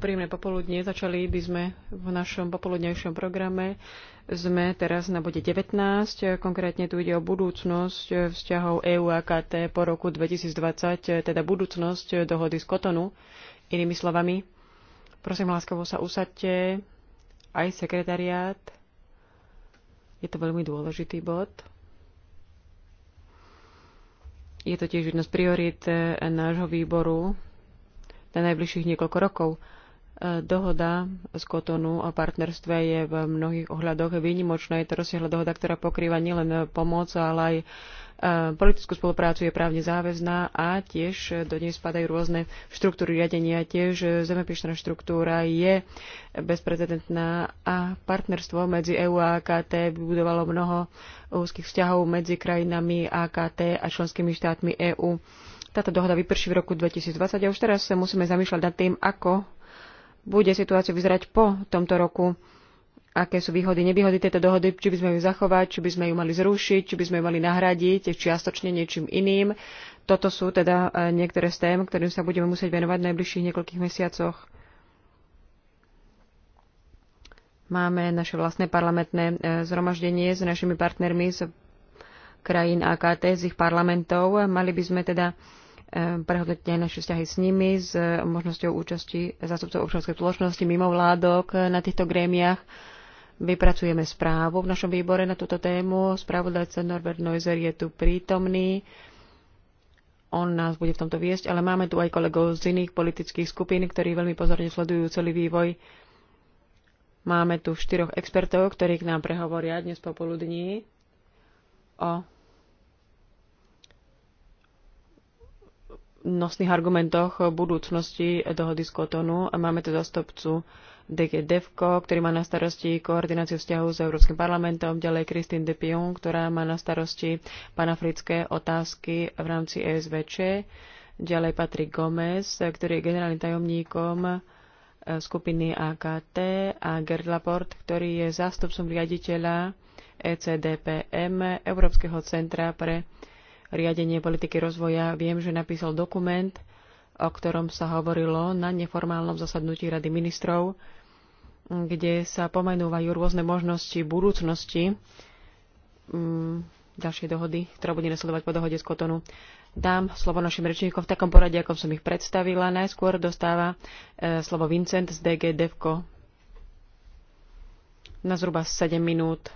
Príjemné popoludne. Začali by sme v našom popoludnejšom programe. Sme teraz na bode 19. Konkrétne tu ide o budúcnosť vzťahov EU a KT po roku 2020, teda budúcnosť dohody z Kotonu. Inými slovami, prosím láskavo sa usadte, aj sekretariát. Je to veľmi dôležitý bod. Je to tiež jedna z priorít eh, nášho výboru na najbližších niekoľko rokov. Dohoda z Kotonu o partnerstve je v mnohých ohľadoch výnimočná. Je to rozsiahla dohoda, ktorá pokrýva nielen pomoc, ale aj eh, politickú spoluprácu je právne záväzná a tiež do nej spadajú rôzne štruktúry riadenia. Tiež zemepišná štruktúra je bezprecedentná a partnerstvo medzi EU a AKT vybudovalo mnoho úzkých vzťahov medzi krajinami AKT a členskými štátmi EÚ. Táto dohoda vyprší v roku 2020 a už teraz sa musíme zamýšľať nad tým, ako bude situácia vyzerať po tomto roku, aké sú výhody, nevýhody tejto dohody, či by sme ju zachovať, či by sme ju mali zrušiť, či by sme ju mali nahradiť čiastočne niečím iným. Toto sú teda e, niektoré z tém, ktorým sa budeme musieť venovať v najbližších niekoľkých mesiacoch. Máme naše vlastné parlamentné e, zhromaždenie s našimi partnermi z krajín AKT, z ich parlamentov. Mali by sme teda Ehm, prehodnotiť aj naše vzťahy s nimi, s možnosťou účasti zástupcov občianskej spoločnosti mimo vládok na týchto grémiach. Vypracujeme správu v našom výbore na túto tému. Spravodajca Norbert Neuser je tu prítomný. On nás bude v tomto viesť, ale máme tu aj kolegov z iných politických skupín, ktorí veľmi pozorne sledujú celý vývoj. Máme tu štyroch expertov, ktorí k nám prehovoria dnes popoludní o nosných argumentoch budúcnosti dohody z Kotonu. A máme tu zastupcu DG Devko, ktorý má na starosti koordináciu vzťahu s Európskym parlamentom, ďalej Christine de Pion, ktorá má na starosti panafrické otázky v rámci ESVČ, ďalej Patrick Gomez, ktorý je generálnym tajomníkom eh, skupiny AKT a Gerd Laport, ktorý je zástupcom riaditeľa ECDPM, Európskeho centra pre riadenie politiky rozvoja. Viem, že napísal dokument, o ktorom sa hovorilo na neformálnom zasadnutí Rady ministrov, kde sa pomenúvajú rôzne možnosti budúcnosti um, mm, ďalšej dohody, ktorá bude nasledovať po dohode z Kotonu. Dám slovo našim rečníkom v takom poradí, ako som ich predstavila. Najskôr dostáva e, slovo Vincent z DG Devko na zhruba 7 minút.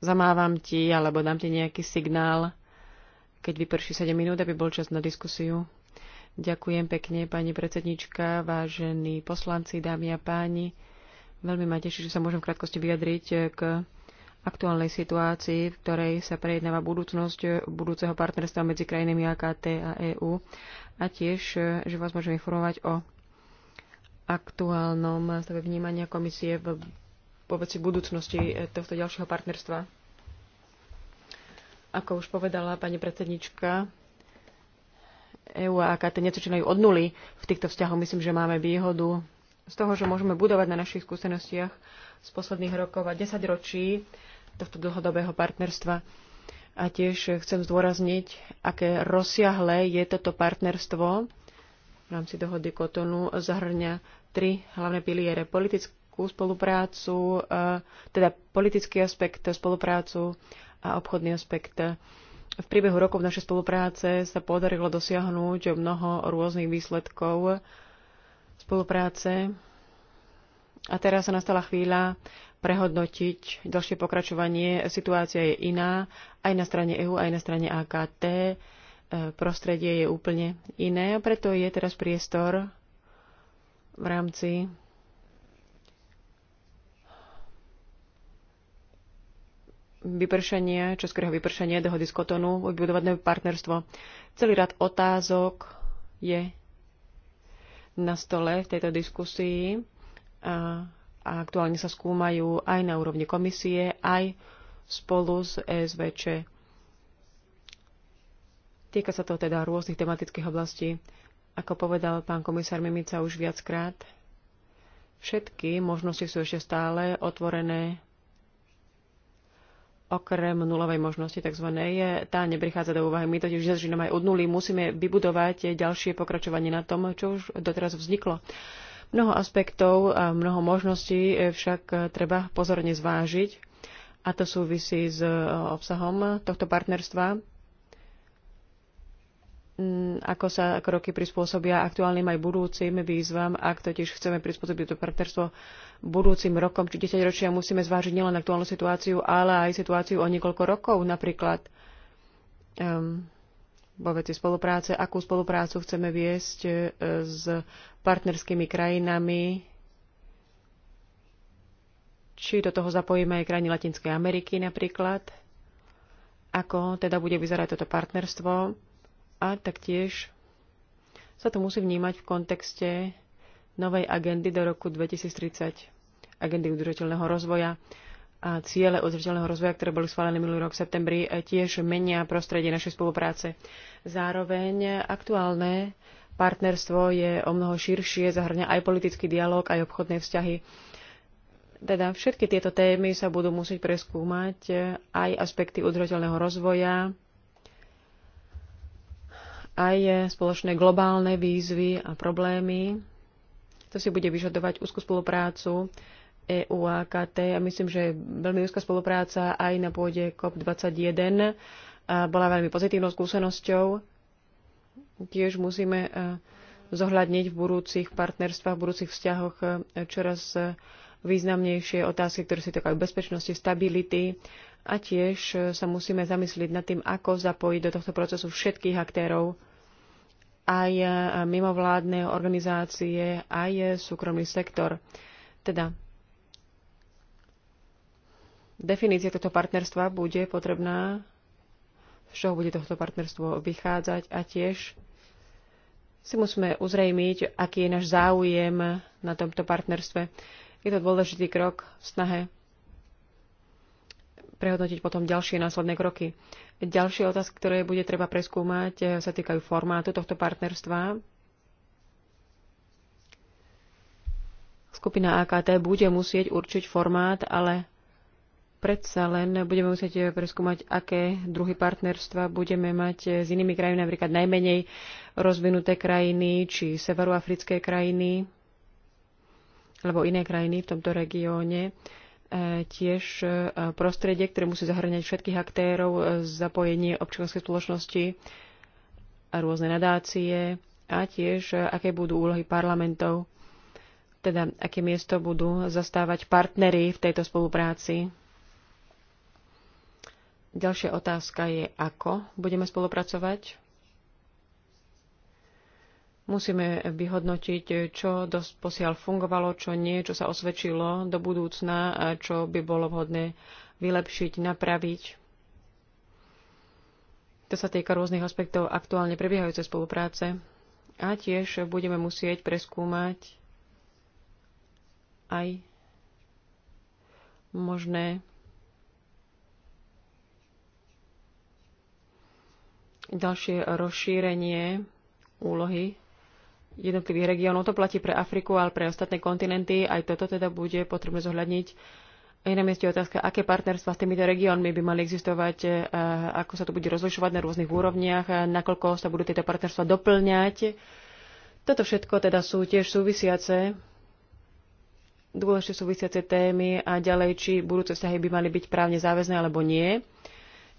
zamávam ti alebo dám ti nejaký signál, keď vyprší 7 minút, aby bol čas na diskusiu. Ďakujem pekne, pani predsednička, vážení poslanci, dámy a páni. Veľmi ma teší, že sa môžem v krátkosti vyjadriť k aktuálnej situácii, v ktorej sa prejednáva budúcnosť budúceho partnerstva medzi krajinami AKT a EÚ a tiež, že vás môžem informovať o aktuálnom stave vnímania komisie v po veci budúcnosti eh, tohto ďalšieho partnerstva. Ako už povedala pani predsednička, EU a AKT nezačínajú od nuly v týchto vzťahoch. Myslím, že máme výhodu z toho, že môžeme budovať na našich skúsenostiach z posledných rokov a desaťročí tohto dlhodobého partnerstva. A tiež chcem zdôrazniť, aké rozsiahle je toto partnerstvo v rámci dohody Kotonu zahrňa tri hlavné piliere. Politické politickú spoluprácu, eh, teda politický aspekt spoluprácu a obchodný aspekt. V priebehu rokov našej spolupráce sa podarilo dosiahnuť mnoho rôznych výsledkov spolupráce. A teraz sa nastala chvíľa prehodnotiť ďalšie pokračovanie. Situácia je iná aj na strane EU, aj na strane AKT. Eh, prostredie je úplne iné, preto je teraz priestor v rámci vypršenie, českého vypršenie dohody z Kotonu, nové partnerstvo. Celý rad otázok je na stole v tejto diskusii a, a aktuálne sa skúmajú aj na úrovni komisie, aj spolu s ESVČ. Týka sa to teda rôznych tematických oblastí. Ako povedal pán komisár Mimica už viackrát, všetky možnosti sú ešte stále otvorené okrem nulovej možnosti tzv. tá neprichádza do úvahy. My totiž ženom aj od nuly, musíme vybudovať ďalšie pokračovanie na tom, čo už doteraz vzniklo. Mnoho aspektov a mnoho možností však treba pozorne zvážiť a to súvisí s obsahom tohto partnerstva Mm, ako sa kroky prispôsobia aktuálnym aj budúcim výzvam. Ak totiž chceme prispôsobiť to partnerstvo budúcim rokom či desaťročia, musíme zvážiť nielen aktuálnu situáciu, ale aj situáciu o niekoľko rokov napríklad um, vo veci spolupráce, akú spoluprácu chceme viesť e, s partnerskými krajinami, či do toho zapojíme aj krajiny Latinskej Ameriky napríklad, ako teda bude vyzerať toto partnerstvo a taktiež sa to musí vnímať v kontexte novej agendy do roku 2030, agendy udržateľného rozvoja a ciele udržateľného rozvoja, ktoré boli schválené minulý rok v septembri, e, tiež menia prostredie našej spolupráce. Zároveň aktuálne partnerstvo je o mnoho širšie, zahrňa aj politický dialog, aj obchodné vzťahy. Teda všetky tieto témy sa budú musieť preskúmať, e, aj aspekty udržateľného rozvoja, aj spoločné globálne výzvy a problémy. To si bude vyžadovať úzku spoluprácu EU a KT a myslím, že veľmi úzka spolupráca aj na pôde COP21 bola veľmi pozitívnou skúsenosťou. Tiež musíme e, zohľadniť v budúcich partnerstvách, v budúcich vzťahoch e, čoraz e, významnejšie otázky, ktoré si týkajú bezpečnosti, stability a tiež sa musíme zamyslieť nad tým, ako zapojiť do tohto procesu všetkých aktérov aj e, mimovládne organizácie, aj e, súkromný sektor. Teda definícia tohto partnerstva bude potrebná, z čoho bude tohto partnerstvo vychádzať a tiež si musíme uzrejmiť, aký je náš záujem na tomto partnerstve. Je to dôležitý krok v snahe prehodnotiť potom ďalšie následné kroky. Ďalšie otázky, ktoré bude treba preskúmať, eh, sa týkajú formátu tohto partnerstva. Skupina AKT bude musieť určiť formát, ale predsa len budeme musieť eh, preskúmať, aké druhy partnerstva budeme mať eh, s inými krajinami, napríklad najmenej rozvinuté krajiny či severoafrické krajiny alebo iné krajiny v tomto regióne tiež e, prostredie, ktoré musí zahrňať všetkých aktérov, e, zapojenie občianskej spoločnosti, a rôzne nadácie a tiež e, aké budú úlohy parlamentov, teda aké miesto budú zastávať partnery v tejto spolupráci. Ďalšia otázka je, ako budeme spolupracovať Musíme vyhodnotiť, čo dosť posiaľ fungovalo, čo nie, čo sa osvedčilo do budúcna a čo by bolo vhodné vylepšiť, napraviť. To sa týka rôznych aspektov aktuálne prebiehajúcej spolupráce. A tiež budeme musieť preskúmať aj možné ďalšie rozšírenie úlohy jednotlivých regiónov. To platí pre Afriku, ale pre ostatné kontinenty. Aj toto teda bude potrebné zohľadniť. Je na mieste otázka, aké partnerstva s týmito regiónmi by mali existovať, eh, ako sa to bude rozlišovať na rôznych úrovniach, eh, nakoľko sa budú tieto partnerstva doplňať. Toto všetko teda sú tiež súvisiace, dôležité súvisiace témy a ďalej, či budúce vzťahy by mali byť právne záväzné alebo nie.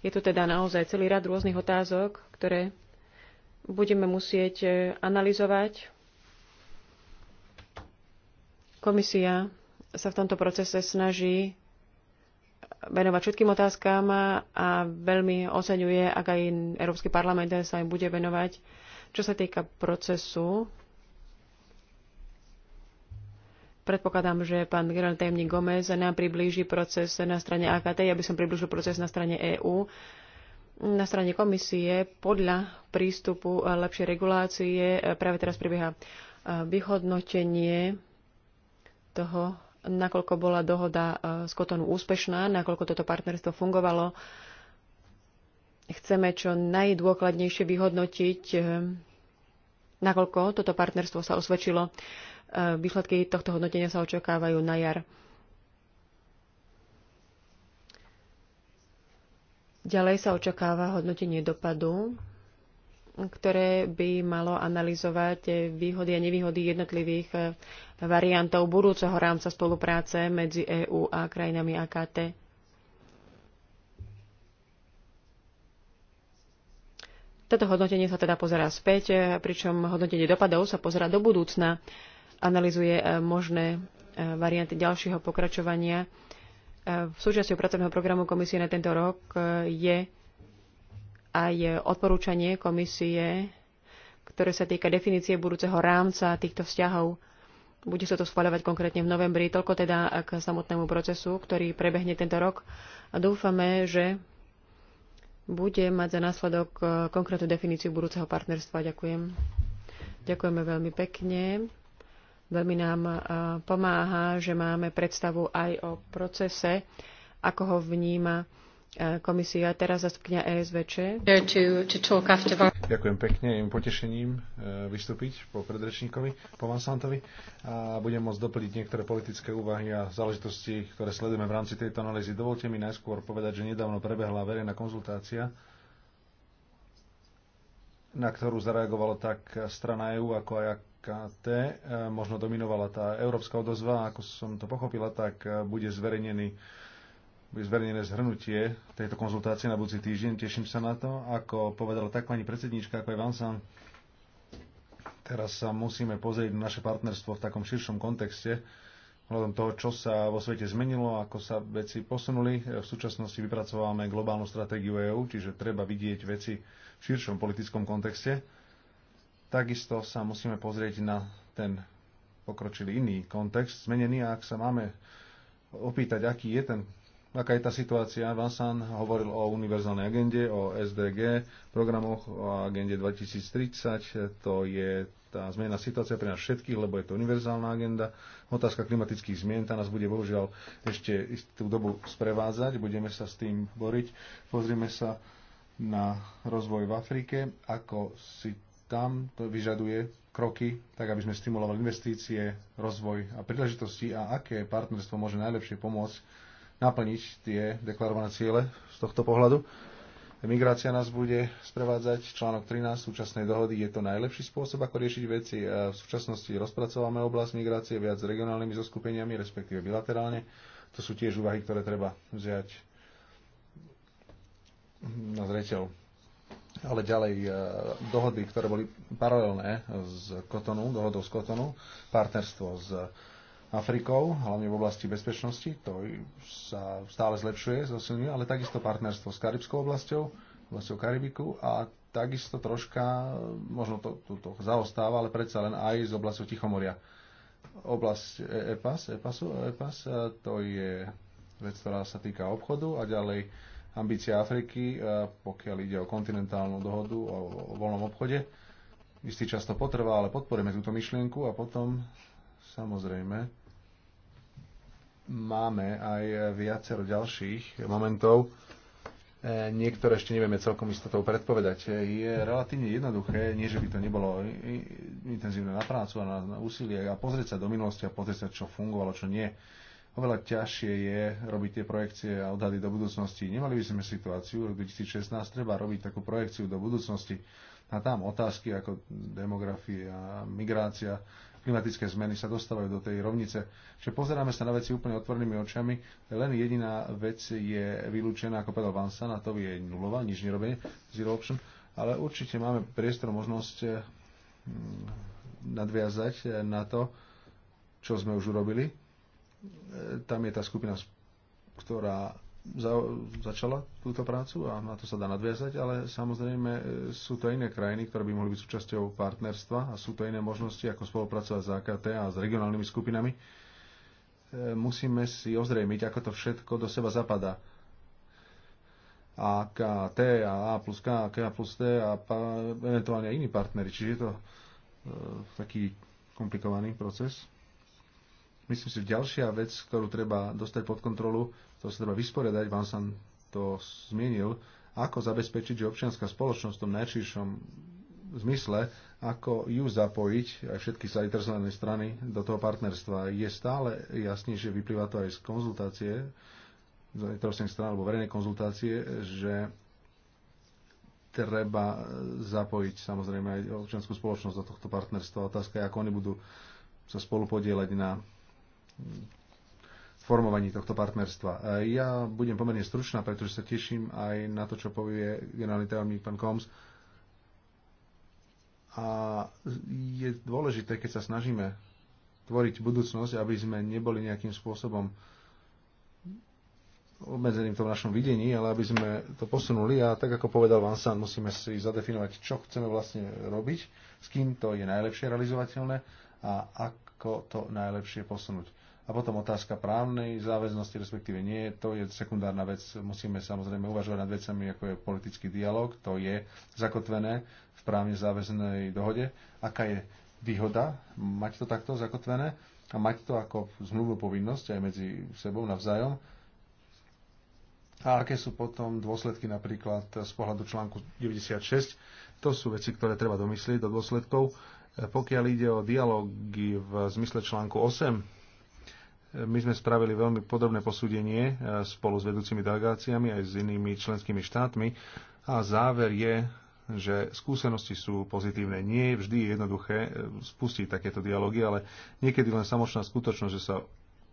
Je tu teda naozaj celý rad rôznych otázok, ktoré budeme musieť e, analyzovať. Komisia sa v tomto procese snaží venovať všetkým otázkám a veľmi oceňuje, ak aj Európsky parlament sa im bude venovať. Čo sa týka procesu, predpokladám, že pán generálny tajemník Gomez nám priblíži proces na strane AKT, ja by som priblížil proces na strane EÚ na strane komisie podľa prístupu eh, lepšej regulácie eh, práve teraz prebieha eh, vyhodnotenie toho, nakoľko bola dohoda z Kotonu úspešná, nakoľko toto partnerstvo fungovalo. Chceme čo najdôkladnejšie vyhodnotiť, nakoľko toto partnerstvo sa osvedčilo. Výsledky tohto hodnotenia sa očakávajú na jar. Ďalej sa očakáva hodnotenie dopadu, ktoré by malo analyzovať výhody a nevýhody jednotlivých eh, variantov budúceho rámca spolupráce medzi EÚ a krajinami AKT. Toto hodnotenie sa teda pozerá späť, eh, pričom hodnotenie dopadov sa pozerá do budúcna, analizuje eh, možné varianty ďalšieho pokračovania súčasťou pracovného programu komisie na tento rok e, je aj odporúčanie komisie, ktoré sa týka definície budúceho rámca týchto vzťahov. Bude sa to schváľovať konkrétne v novembri, toľko teda k samotnému procesu, ktorý prebehne tento rok. A dúfame, že bude mať za následok e, konkrétnu definíciu budúceho partnerstva. Ďakujem. Ďakujeme veľmi pekne. Veľmi nám pomáha, že máme predstavu aj o procese, ako ho vníma komisia, teraz zastupňa ESVČ. Ďakujem pekne, im potešením e, vystúpiť po predrečníkovi, po Vansantovi a budem môcť doplniť niektoré politické úvahy a záležitosti, ktoré sledujeme v rámci tejto analýzy. Dovolte mi najskôr povedať, že nedávno prebehla verejná konzultácia, na ktorú zareagovalo tak strana EU, ako aj KT, eh, možno dominovala tá európska odozva, ako som to pochopila, tak eh, bude zverejnený bude zverejnené zhrnutie tejto konzultácie na budúci týždeň. Teším sa na to. Ako povedala tak pani predsednička, ako aj vám sám, teraz sa musíme pozrieť na naše partnerstvo v takom širšom kontexte, hľadom toho, čo sa vo svete zmenilo, ako sa veci posunuli. V súčasnosti vypracovávame globálnu stratégiu EÚ, čiže treba vidieť veci v širšom politickom kontexte Takisto sa musíme pozrieť na ten pokročilý iný kontext, zmenený a ak sa máme opýtať, aký je ten, aká je tá situácia, Vansan hovoril o univerzálnej agende, o SDG, programoch o agende 2030, to je tá zmena situácia pre nás všetkých, lebo je to univerzálna agenda. Otázka klimatických zmien, tá nás bude bohužiaľ ešte istú dobu sprevádzať, budeme sa s tým boriť. Pozrieme sa na rozvoj v Afrike, ako si tam to vyžaduje kroky, tak aby sme stimulovali investície, rozvoj a príležitosti a aké partnerstvo môže najlepšie pomôcť naplniť tie deklarované ciele z tohto pohľadu. Migrácia nás bude sprevádzať. Článok 13 súčasnej dohody je to najlepší spôsob, ako riešiť veci. V súčasnosti rozpracovávame oblasť migrácie viac s regionálnymi zoskupeniami, respektíve bilaterálne. To sú tiež úvahy, ktoré treba vziať na zreteľ ale ďalej e, dohody, ktoré boli paralelné z Kotonu, dohodou z Kotonu, partnerstvo s Afrikou, hlavne v oblasti bezpečnosti, to sa stále zlepšuje, zosilňuje, ale takisto partnerstvo s Karibskou oblasťou, oblasťou Karibiku a takisto troška, možno to, to, to zaostáva, ale predsa len aj z oblasťou Tichomoria. Oblasť e- EPAS, EPASu, EPAS, e, to je vec, ktorá sa týka obchodu a ďalej ambície Afriky, e, pokiaľ ide o kontinentálnu dohodu o voľnom obchode. Istý čas to potrvá, ale podporíme túto myšlienku a potom samozrejme máme aj viacero ďalších momentov. E, niektoré ešte nevieme celkom istotou predpovedať. E, je relatívne jednoduché, nie že by to nebolo intenzívne na prácu a na, úsilie a pozrieť sa do minulosti a pozrieť sa, čo fungovalo, čo nie oveľa ťažšie je robiť tie projekcie a odhady do budúcnosti. Nemali by sme situáciu, v 2016 treba robiť takú projekciu do budúcnosti a tam otázky ako demografia, migrácia, klimatické zmeny sa dostávajú do tej rovnice. Čiže pozeráme sa na veci úplne otvorenými očami. Len jediná vec je vylúčená, ako povedal Vansan, a to je nulová, nič nerobenie, zero option. Ale určite máme priestor, možnosť hm, nadviazať na to, čo sme už urobili E, tam je tá skupina, ktorá za, začala túto prácu a na to sa dá nadviazať, ale samozrejme e, sú to iné krajiny, ktoré by mohli byť súčasťou partnerstva a sú to iné možnosti, ako spolupracovať s AKT a s regionálnymi skupinami. E, musíme si ozrejmiť, ako to všetko do seba zapadá. AKT a A plus K, K plus T a eventuálne iní partnery. Čiže je to e, taký komplikovaný proces. Myslím si, že ďalšia vec, ktorú treba dostať pod kontrolu, to sa treba vysporiadať, vám som to zmienil, ako zabezpečiť, že občianská spoločnosť v tom najširšom zmysle, ako ju zapojiť, aj všetky zainteresované strany, do toho partnerstva. Je stále jasnejšie, vyplýva to aj z konzultácie, zainteresovaných stran alebo verejnej konzultácie, že treba zapojiť samozrejme aj občianskú spoločnosť do tohto partnerstva. Otázka je, ako oni budú sa spolu na formovaní tohto partnerstva. E, ja budem pomerne stručná, pretože sa teším aj na to, čo povie generálny tajomník pán Koms. A je dôležité, keď sa snažíme tvoriť budúcnosť, aby sme neboli nejakým spôsobom obmedzeným v tom našom videní, ale aby sme to posunuli a tak ako povedal Vansan, musíme si zadefinovať, čo chceme vlastne robiť, s kým to je najlepšie realizovateľné a ako to najlepšie posunúť. A potom otázka právnej záväznosti, respektíve nie, to je sekundárna vec. Musíme samozrejme uvažovať nad vecami, ako je politický dialog, to je zakotvené v právne záväznej dohode. Aká je výhoda mať to takto zakotvené a mať to ako zmluvnú povinnosť aj medzi sebou navzájom. A aké sú potom dôsledky napríklad z pohľadu článku 96. To sú veci, ktoré treba domyslieť do dôsledkov. Pokiaľ ide o dialógy v zmysle článku 8, my sme spravili veľmi podrobné posúdenie e, spolu s vedúcimi delegáciami aj s inými členskými štátmi a záver je, že skúsenosti sú pozitívne. Nie je vždy jednoduché e, spustiť takéto dialógy, ale niekedy len samočná skutočnosť, že sa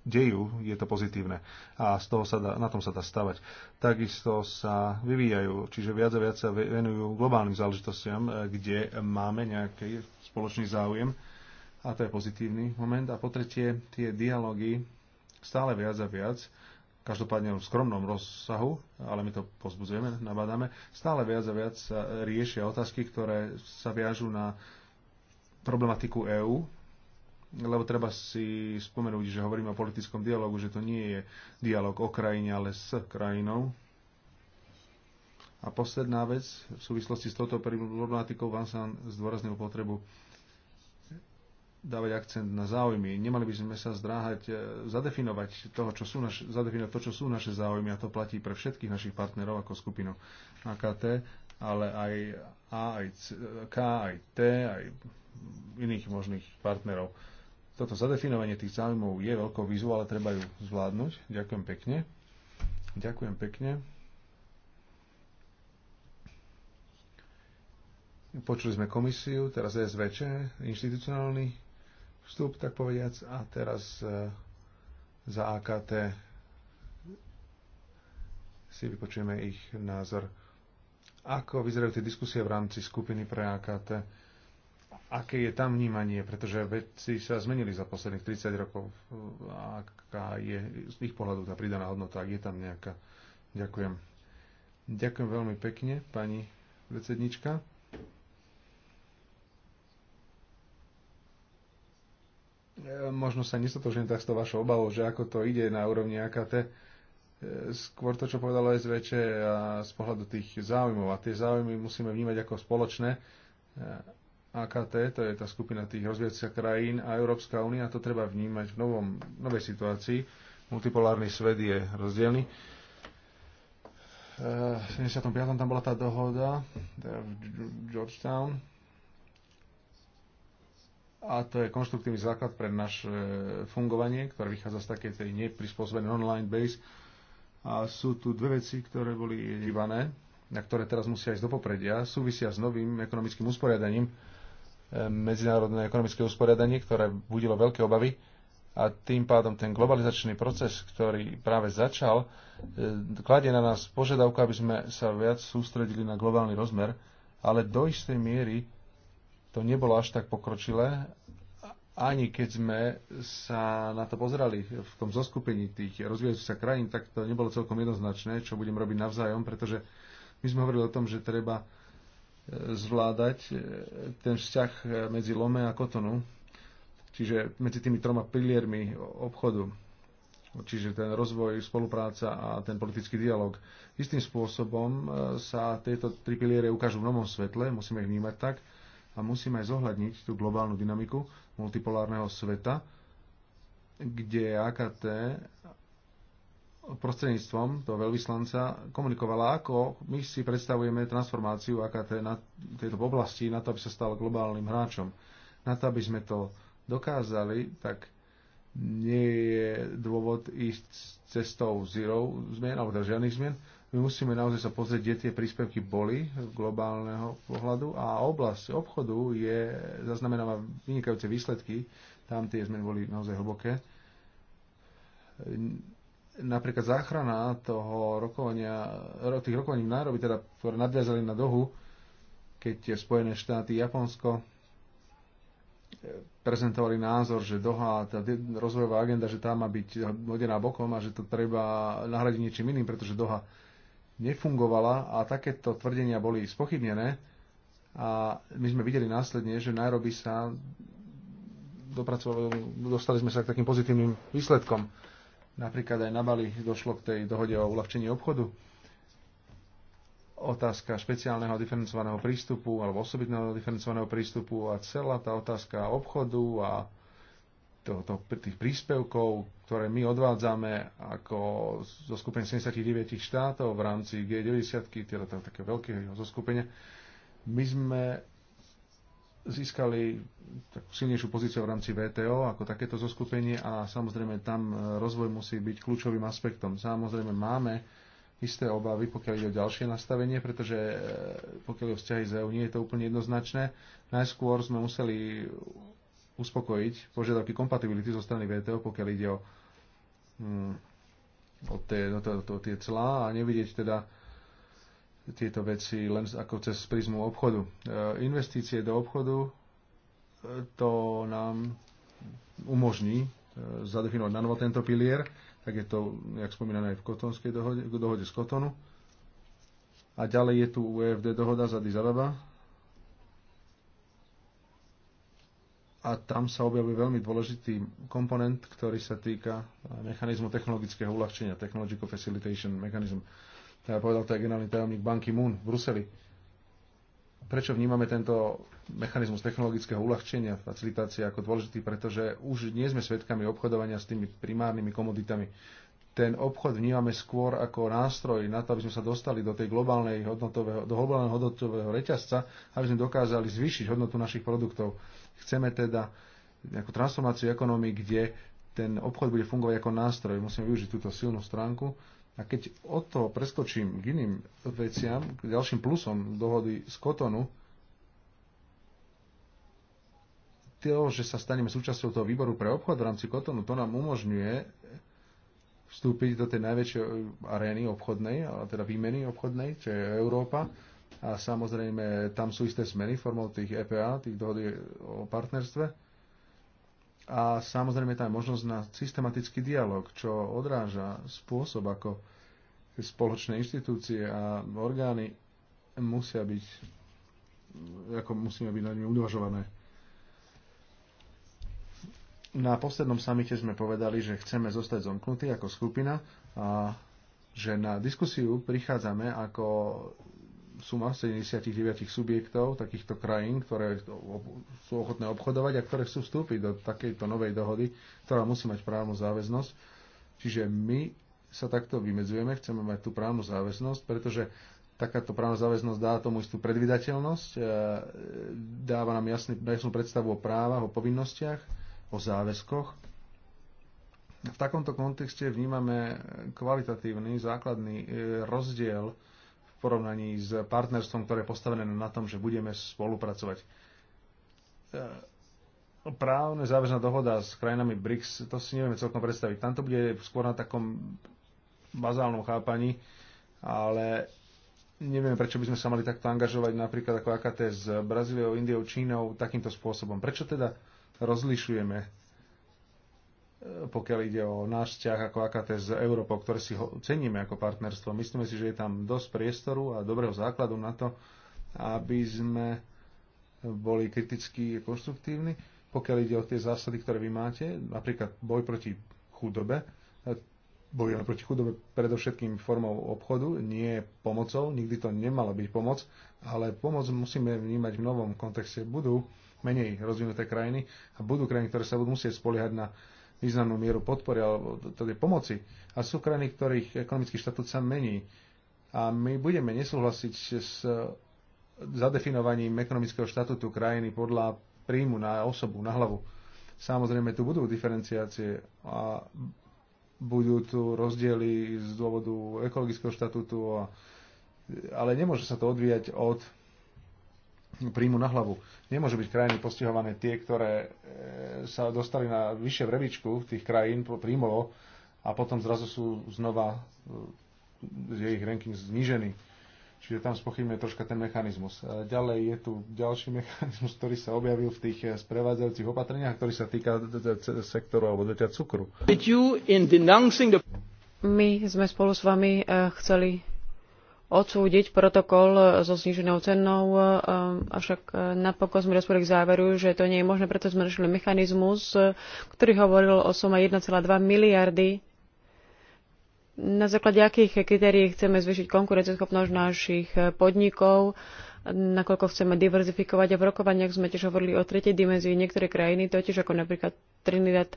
dejú, je to pozitívne a z toho sa dá, na tom sa dá stavať. Takisto sa vyvíjajú, čiže viac a viac sa venujú globálnym záležitostiam, e, kde máme nejaký spoločný záujem a to je pozitívny moment. A po tretie, tie dialógy stále viac a viac, každopádne v skromnom rozsahu, ale my to pozbudzujeme, nabádame, stále viac a viac sa riešia otázky, ktoré sa viažú na problematiku EÚ, lebo treba si spomenúť, že hovoríme o politickom dialogu, že to nie je dialog o krajine, ale s krajinou. A posledná vec, v súvislosti s touto problematikou vám sa zdôraznil potrebu dávať akcent na záujmy. Nemali by sme sa zdráhať e, zadefinovať, toho, čo sú naš, zadefinovať to, čo sú naše záujmy a to platí pre všetkých našich partnerov ako skupinu AKT, ale aj A, aj C, K, aj T, aj iných možných partnerov. Toto zadefinovanie tých záujmov je veľkou výzvou, ale treba ju zvládnuť. Ďakujem pekne. Ďakujem pekne. Počuli sme komisiu, teraz SVČ, inštitucionálny vstup, tak povediac. A teraz e, za AKT si vypočujeme ich názor. Ako vyzerajú tie diskusie v rámci skupiny pre AKT? Aké je tam vnímanie? Pretože veci sa zmenili za posledných 30 rokov. E, aká je z ich pohľadu tá pridaná hodnota? Ak je tam nejaká? Ďakujem. Ďakujem veľmi pekne, pani predsednička. E, možno sa nestotožím tak s tou vašou obavou, že ako to ide na úrovni AKT. E, skôr to, čo povedalo SVČ a z pohľadu tých záujmov. A tie záujmy musíme vnímať ako spoločné. E, AKT, to je tá skupina tých rozvíjacích krajín a Európska únia, to treba vnímať v novom, novej situácii. Multipolárny svet je rozdielny. V 75. tam bola tá dohoda teda v Georgetown, a to je konštruktívny základ pre naše fungovanie, ktoré vychádza z takej tej neprispôsobenej online base. A sú tu dve veci, ktoré boli divané, na ktoré teraz musia ísť do popredia, súvisia s novým ekonomickým usporiadaním, e, medzinárodné ekonomické usporiadanie, ktoré budilo veľké obavy a tým pádom ten globalizačný proces, ktorý práve začal, e, kladie na nás požiadavku, aby sme sa viac sústredili na globálny rozmer, ale do istej miery to nebolo až tak pokročilé, ani keď sme sa na to pozerali v tom zoskupení tých rozvíjajúcich sa krajín, tak to nebolo celkom jednoznačné, čo budem robiť navzájom, pretože my sme hovorili o tom, že treba e, zvládať e, ten vzťah e, medzi Lome a Kotonu, čiže medzi tými troma piliermi obchodu, čiže ten rozvoj, spolupráca a ten politický dialog. Istým spôsobom sa tieto tri piliere ukážu v novom svetle, musíme ich vnímať tak, a musíme aj zohľadniť tú globálnu dynamiku multipolárneho sveta, kde AKT prostredníctvom toho veľvyslanca komunikovala, ako my si predstavujeme transformáciu AKT na tejto oblasti, na to, aby sa stal globálnym hráčom. Na to, aby sme to dokázali, tak nie je dôvod ísť cestou zero zmien, alebo teda žiadnych zmien, my musíme naozaj sa pozrieť, kde tie príspevky boli z globálneho pohľadu a oblasť obchodu je, zaznamenáva vynikajúce výsledky, tam tie zmeny boli naozaj hlboké. Napríklad záchrana toho rokovania, tých rokovaní v Nairobi, teda, ktoré nadviazali na dohu, keď tie Spojené štáty, Japonsko e, prezentovali názor, že Doha, tá rozvojová agenda, že tá má byť hodená bokom a že to treba nahradiť niečím iným, pretože Doha nefungovala a takéto tvrdenia boli spochybnené a my sme videli následne, že Nairobi sa dopracovali, dostali sme sa k takým pozitívnym výsledkom. Napríklad aj na Bali došlo k tej dohode o uľahčení obchodu. Otázka špeciálneho diferencovaného prístupu alebo osobitného diferencovaného prístupu a celá tá otázka obchodu a to, tých príspevkov, ktoré my odvádzame ako zo skupiny 79 štátov v rámci G90, teda to, také veľkého zoskupenia, my sme získali takú silnejšiu pozíciu v rámci VTO ako takéto zoskupenie a samozrejme tam e, rozvoj musí byť kľúčovým aspektom. Samozrejme máme isté obavy, pokiaľ ide o ďalšie nastavenie, pretože e, pokiaľ je vzťahy z EU, nie je to úplne jednoznačné. Najskôr sme museli uspokojiť požiadavky kompatibility zo strany VTO, pokiaľ ide o, mm, o, tie, o, no to, o tie clá a nevidieť teda tieto veci len ako cez prízmu obchodu. E, investície do obchodu e, to nám umožní e, zadefinovať na novo tento pilier, tak je to, jak spomínané, aj v kotonskej dohode, v dohode z Kotonu. A ďalej je tu UFD dohoda za Addis a tam sa objavuje veľmi dôležitý komponent, ktorý sa týka eh, mechanizmu technologického uľahčenia, Technological Facilitation Mechanism. ja povedal to aj generálny tajomník banky Moon v Bruseli. Prečo vnímame tento mechanizmus technologického uľahčenia, facilitácie ako dôležitý? Pretože už nie sme svedkami obchodovania s tými primárnymi komoditami, ten obchod vnímame skôr ako nástroj na to, aby sme sa dostali do tej globálnej hodnotového, do globálneho hodnotového reťazca, aby sme dokázali zvýšiť hodnotu našich produktov. Chceme teda nejakú transformáciu ekonomii, kde ten obchod bude fungovať ako nástroj. Musíme využiť túto silnú stránku. A keď od toho preskočím k iným veciam, k ďalším plusom dohody z Kotonu, to, že sa staneme súčasťou toho výboru pre obchod v rámci Kotonu, to nám umožňuje vstúpiť do tej najväčšej eh, arény obchodnej, teda výmeny obchodnej, čo je Európa. A samozrejme, tam sú isté zmeny formou tých EPA, tých dohod o partnerstve. A samozrejme, tá je možnosť na systematický dialog, čo odráža spôsob, ako spoločné inštitúcie a orgány musia byť, ako musíme byť na nimi uvažované. Na poslednom samite sme povedali, že chceme zostať zomknutí ako skupina a že na diskusiu prichádzame ako suma 79 subjektov takýchto krajín, ktoré sú ochotné obchodovať a ktoré chcú vstúpiť do takejto novej dohody, ktorá musí mať právnu záväznosť. Čiže my sa takto vymedzujeme, chceme mať tú právnu záväznosť, pretože takáto právna záväznosť dá tomu istú predvydateľnosť, e, dáva nám jasný, jasnú predstavu o právach, o povinnostiach o záväzkoch. V takomto kontexte vnímame kvalitatívny základný e, rozdiel v porovnaní s partnerstvom, ktoré je postavené na tom, že budeme spolupracovať. E, právne záväzná dohoda s krajinami BRICS, to si nevieme celkom predstaviť. Tam to bude skôr na takom bazálnom chápaní, ale neviem, prečo by sme sa mali takto angažovať napríklad ako AKT s Brazíliou, Indiou, Čínou takýmto spôsobom. Prečo teda rozlišujeme, e, pokiaľ ide o náš vzťah ako AKT s Európou, ktoré si ho ceníme ako partnerstvo. Myslíme si, že je tam dosť priestoru a dobrého základu na to, aby sme boli a konštruktívni, pokiaľ ide o tie zásady, ktoré vy máte, napríklad boj proti chudobe, e, bojujeme proti chudobe predovšetkým formou obchodu, nie pomocou, nikdy to nemala byť pomoc, ale pomoc musíme vnímať v novom kontexte. Budú menej rozvinuté krajiny a budú krajiny, ktoré sa budú musieť spoliehať na významnú mieru podpory alebo tej pomoci. A sú krajiny, ktorých ekonomický štatút sa mení. A my budeme nesúhlasiť s zadefinovaním ekonomického štatútu krajiny podľa príjmu na osobu, na hlavu. Samozrejme, tu budú diferenciácie a budú tu rozdiely z dôvodu ekologického štatútu, a, ale nemôže sa to odvíjať od príjmu na hlavu. Nemôžu byť krajiny postihované tie, ktoré e, sa dostali na vyššie vrebičku tých krajín príjmovo a potom zrazu sú znova e, je ich ranking znížený. Čiže tam spochybňuje troška ten mechanizmus. E, ďalej je tu ďalší mechanizmus, ktorý sa objavil v tých sprevádzajúcich opatreniach, ktorý sa týka sektoru alebo dotia cukru. My sme spolu s vami chceli odsúdiť protokol so zniženou cenou, e, avšak napokon sme dospeli k záveru, že to nie je možné, preto sme našli mechanizmus, ktorý hovoril o sume 1,2 miliardy. Na základe akých kritérií chceme zvýšiť konkurencieschopnosť našich podnikov, nakoľko chceme diverzifikovať a v rokovaniach sme tiež hovorili o tretej dimenzii niektoré krajiny, totiž ako napríklad Trinidad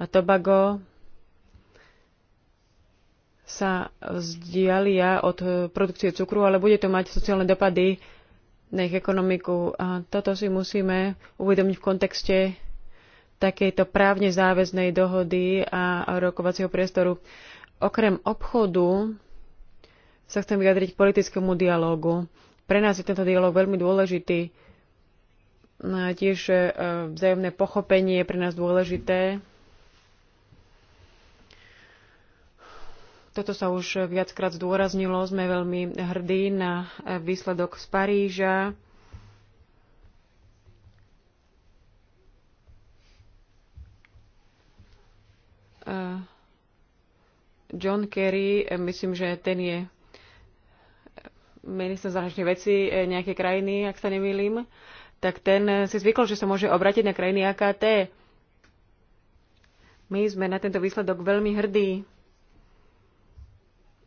a Tobago, sa vzdialia od eh, produkcie cukru, ale bude to mať sociálne dopady na ich ekonomiku. A toto si musíme uvedomiť v kontexte takejto právne záväznej dohody a rokovacieho priestoru. Okrem obchodu sa chcem vyjadriť k politickému dialogu. Pre nás je tento dialog veľmi dôležitý. Tiež eh, vzájomné pochopenie je pre nás dôležité Toto sa už viackrát zdôraznilo. Sme veľmi hrdí na výsledok z Paríža. John Kerry, myslím, že ten je minister zahraničných vecí nejakej krajiny, ak sa nemýlim, tak ten si zvykol, že sa môže obrátiť na krajiny AKT. My sme na tento výsledok veľmi hrdí.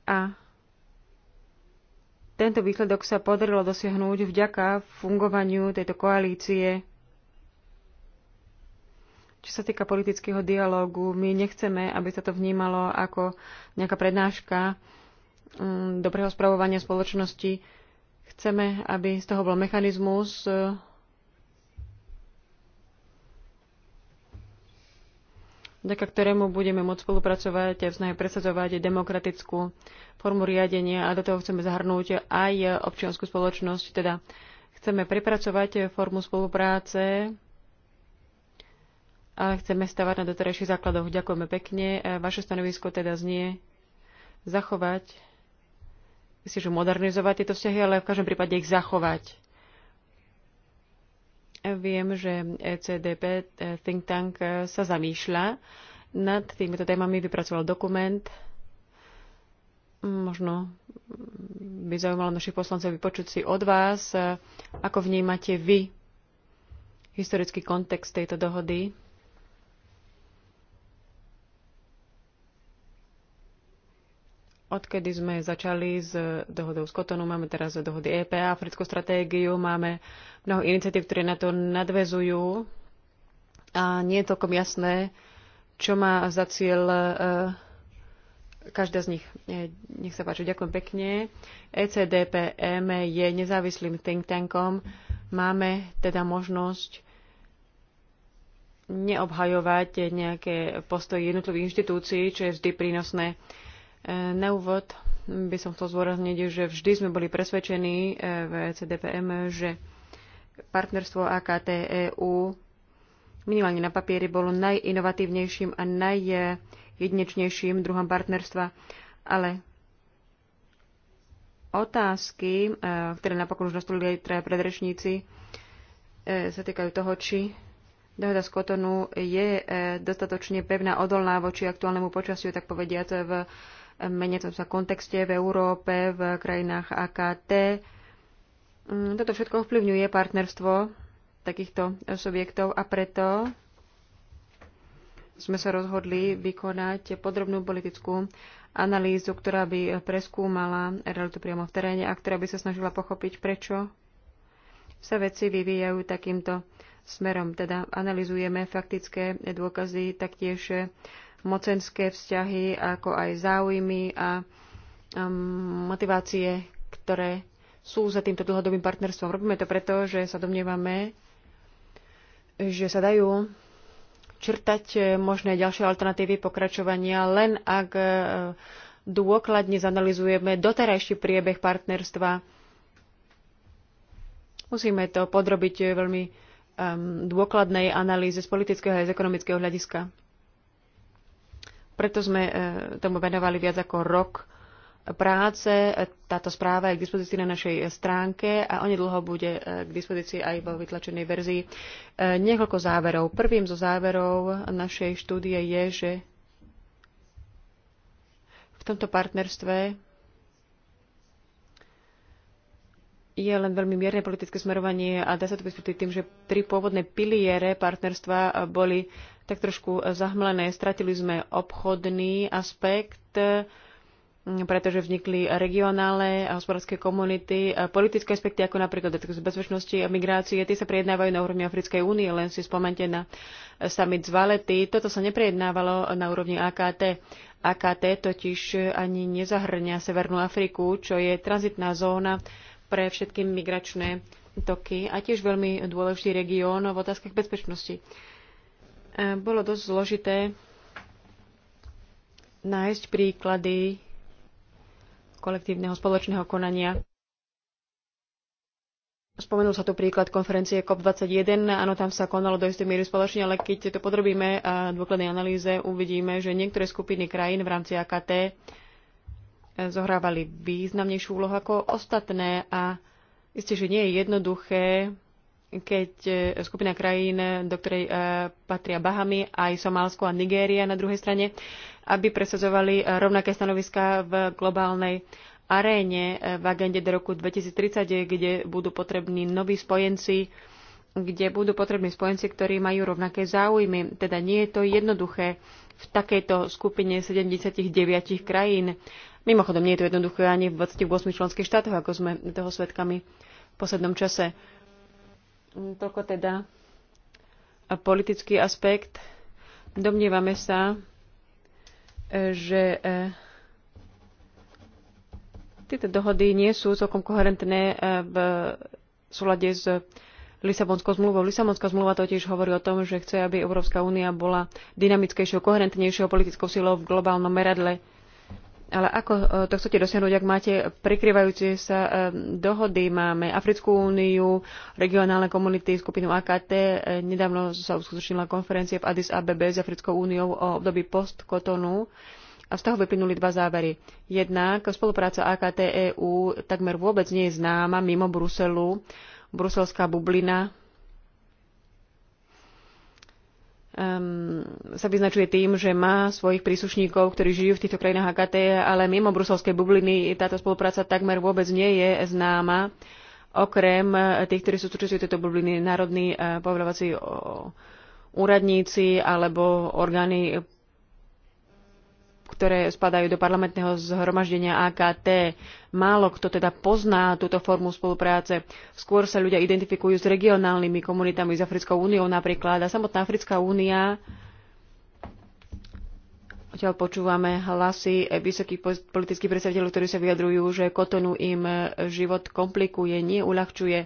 A tento výsledok sa podarilo dosiahnuť vďaka fungovaniu tejto koalície. Čo sa týka politického dialógu, my nechceme, aby sa to vnímalo ako nejaká prednáška mm, dobrého spravovania spoločnosti. Chceme, aby z toho bol mechanizmus, vďaka ktorému budeme môcť spolupracovať a v snahe presadzovať demokratickú formu riadenia a do toho chceme zahrnúť aj občianskú spoločnosť, teda chceme prepracovať formu spolupráce a chceme stavať na doterajších základoch. Ďakujeme pekne. Vaše stanovisko teda znie zachovať, myslím, že modernizovať tieto vzťahy, ale v každom prípade ich zachovať. Viem, že ECDP, e, think tank, e, sa zamýšľa nad týmito témami, vypracoval dokument. Možno by zaujímalo našich poslancov vypočuť si od vás, e, ako vnímate vy historický kontext tejto dohody Odkedy sme začali s dohodou z Kotonu, máme teraz dohody EPA, africkú stratégiu, máme mnoho iniciatív, ktoré na to nadvezujú a nie je celkom jasné, čo má za cieľ e, každá z nich. E, nech sa páči, ďakujem pekne. ECDPM je nezávislým think tankom. Máme teda možnosť neobhajovať nejaké postoje jednotlivých inštitúcií, čo je vždy prínosné. Na úvod by som chcel zdôrazniť, že vždy sme boli presvedčení eh, v e CDPM, že partnerstvo AKT EU minimálne na papieri bolo najinovatívnejším a najjedinečnejším druhom partnerstva, ale otázky, eh, ktoré napokon už nastolili aj traja predrečníci, eh, sa týkajú toho, či dohoda z Kotonu je dostatočne pevná, odolná voči aktuálnemu počasiu, tak povediať, v menia sa kontexte v Európe, v krajinách AKT. Mm, toto všetko ovplyvňuje partnerstvo takýchto subjektov a preto sme sa rozhodli vykonať podrobnú politickú analýzu, ktorá by preskúmala realitu priamo v teréne a ktorá by sa snažila pochopiť, prečo sa veci vyvíjajú takýmto smerom. Teda analizujeme faktické dôkazy, taktiež mocenské vzťahy, ako aj záujmy a um, motivácie, ktoré sú za týmto dlhodobým partnerstvom. Robíme to preto, že sa domnievame, že sa dajú črtať eh, možné ďalšie alternatívy pokračovania, len ak eh, dôkladne zanalizujeme doterajší priebeh partnerstva. Musíme to podrobiť eh, veľmi um, dôkladnej analýze z politického a z ekonomického hľadiska. Preto sme e, tomu venovali viac ako rok práce. Táto správa je k dispozícii na našej stránke a onedlho bude e, k dispozícii aj vo vytlačenej verzii. E, niekoľko záverov. Prvým zo záverov našej štúdie je, že v tomto partnerstve je len veľmi mierne politické smerovanie a dá sa to vysvetliť tým, že tri pôvodné piliere partnerstva boli tak trošku e, zahmlené. Stratili sme obchodný aspekt, e, pretože vznikli regionálne a hospodárske komunity, e, politické aspekty ako napríklad z bezpečnosti a migrácie, tie sa prejednávajú na úrovni Africkej únie, len si spomente na summit z Valety. Toto sa neprejednávalo na úrovni AKT. AKT totiž ani nezahrňa Severnú Afriku, čo je tranzitná zóna pre všetky migračné toky a tiež veľmi dôležitý región v otázkach bezpečnosti bolo dosť zložité nájsť príklady kolektívneho spoločného konania. Spomenul sa tu príklad konferencie COP21. Áno, tam sa konalo do istej miery spoločne, ale keď to podrobíme a dôkladnej analýze, uvidíme, že niektoré skupiny krajín v rámci AKT zohrávali významnejšiu úlohu ako ostatné a isté, že nie je jednoduché keď e, skupina krajín, e, do ktorej e, patria Bahamy, aj Somálsko a Nigéria na druhej strane, aby presadzovali rovnaké stanoviská v globálnej aréne v agende do roku 2030, kde budú potrební noví spojenci, kde budú potrební spojenci, ktorí majú rovnaké záujmy. Teda nie je to jednoduché v takejto skupine 79 krajín. Mimochodom, nie je to jednoduché ani v 28 členských štátoch, ako sme toho svedkami v poslednom čase. Toľko teda politický aspekt. Domnievame sa, že e, tieto dohody nie sú celkom koherentné e, v súlade s Lisabonskou zmluvou. Lisabonská zmluva totiž hovorí o tom, že chce, aby Európska únia bola dynamickejšou, koherentnejšou politickou silou v globálnom meradle. Ale ako e, to chcete dosiahnuť, ak máte prikryvajúce sa e, dohody? Máme Africkú úniu, regionálne komunity, skupinu AKT. E, nedávno sa uskutočnila konferencia v Addis ABB s Africkou úniou o období postkotonu. A z toho vyplynuli dva závery. Jednak spolupráca AKT-EU takmer vôbec nie je známa mimo Bruselu. Bruselská bublina um, sa vyznačuje tým, že má svojich príslušníkov, ktorí žijú v týchto krajinách AKT, ale mimo bruselskej bubliny táto spolupráca takmer vôbec nie je známa. Okrem eh, tých, ktorí sú súčasťou tejto bubliny, národní uh, uh, úradníci alebo orgány ktoré spadajú do parlamentného zhromaždenia AKT. Málo kto teda pozná túto formu spolupráce. Skôr sa ľudia identifikujú s regionálnymi komunitami, s Africkou úniou napríklad. A samotná Africká únia, odtiaľ počúvame hlasy vysokých politických predstaviteľov, ktorí sa vyjadrujú, že kotonu im život komplikuje, nie uľahčuje,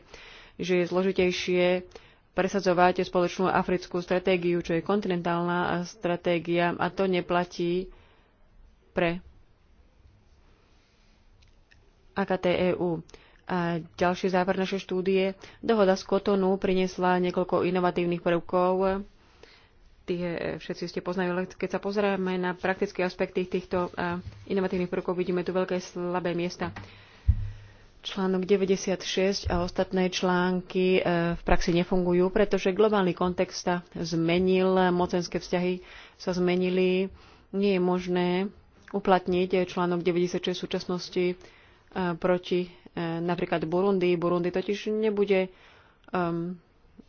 že je zložitejšie presadzovať spoločnú africkú stratégiu, čo je kontinentálna stratégia a to neplatí pre AKTEU. A e ďalší záver našej štúdie. Dohoda z Kotonu priniesla niekoľko inovatívnych prvkov. Tých e, všetci ste poznajú, ale keď sa pozrieme na praktické aspekty týchto e, inovatívnych prvkov, vidíme tu veľké slabé miesta. Článok 96 a ostatné články v praxi nefungujú, pretože globálny kontext sa zmenil, mocenské vzťahy sa zmenili, nie je možné uplatniť článok 96 v súčasnosti e, proti e, napríklad Burundi. Burundi totiž nebude um,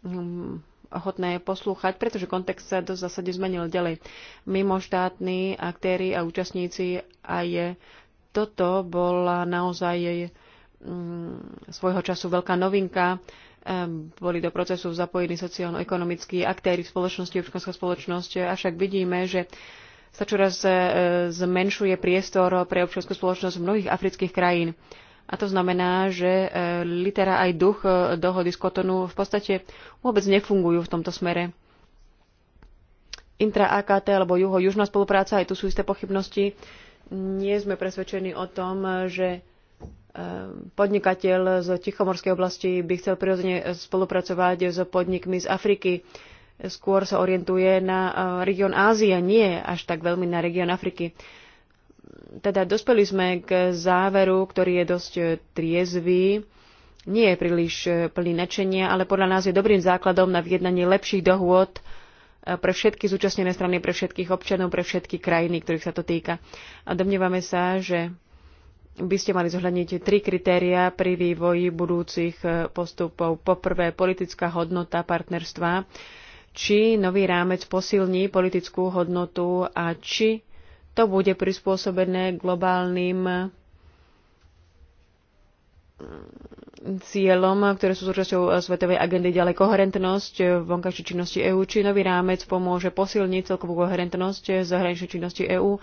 um, ochotné poslúchať, pretože kontext sa dosť zásade zmenil ďalej. Mimo štátni aktéry a účastníci aj toto bola naozaj mm, svojho času veľká novinka. Ehm, boli do procesu zapojení sociálno-ekonomickí aktéry v spoločnosti, občianská spoločnosť, avšak vidíme, že sa čoraz e, zmenšuje priestor pre občianskú spoločnosť mnohých afrických krajín. A to znamená, že e, litera aj duch e, dohody z Kotonu v podstate vôbec nefungujú v tomto smere. Intra-AKT alebo juho-južná spolupráca, aj tu sú isté pochybnosti. Nie sme presvedčení o tom, že podnikateľ z Tichomorskej oblasti by chcel prirodzene spolupracovať s podnikmi z Afriky skôr sa orientuje na eh, región Ázie, nie až tak veľmi na región Afriky. Teda dospeli sme k záveru, ktorý je dosť eh, triezvy, nie je príliš eh, plný nadšenia, ale podľa nás je dobrým základom na vyjednanie lepších dohôd pre všetky zúčastnené strany, pre všetkých občanov, pre všetky krajiny, ktorých sa to týka. A domnievame sa, že by ste mali zohľadniť tri kritéria pri vývoji budúcich postupov. Poprvé, politická hodnota partnerstva či nový rámec posilní politickú hodnotu a či to bude prispôsobené globálnym mm, cieľom, ktoré sú súčasťou eh, svetovej agendy, ďalej koherentnosť eh, vonkajšej činnosti EÚ, či nový rámec pomôže posilniť celkovú koherentnosť eh, zahraničnej činnosti EÚ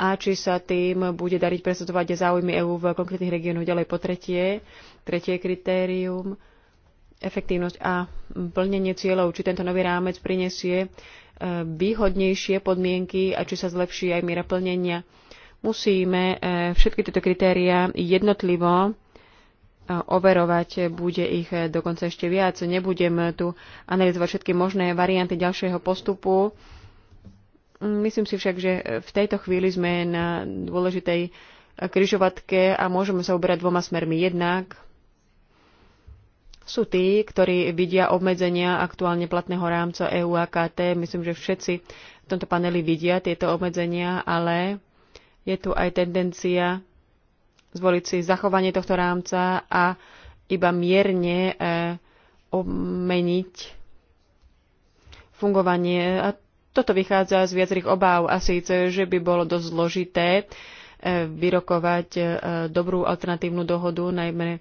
a či sa tým bude dariť presadzovať záujmy EÚ v konkrétnych regiónoch ďalej po tretie. Tretie kritérium efektívnosť a plnenie cieľov, či tento nový rámec prinesie e, výhodnejšie podmienky a či sa zlepší aj miera plnenia. Musíme e, všetky tieto kritéria jednotlivo e, overovať, bude ich dokonca ešte viac. Nebudem tu analyzovať všetky možné varianty ďalšieho postupu. Myslím si však, že v tejto chvíli sme na dôležitej križovatke a môžeme sa uberať dvoma smermi. Jednak sú tí, ktorí vidia obmedzenia aktuálne platného rámca EU a KT. Myslím, že všetci v tomto paneli vidia tieto obmedzenia, ale je tu aj tendencia zvoliť si zachovanie tohto rámca a iba mierne e, obmeniť fungovanie. A toto vychádza z viacerých obáv a síce, že by bolo dosť zložité e, vyrokovať e, dobrú alternatívnu dohodu, najmä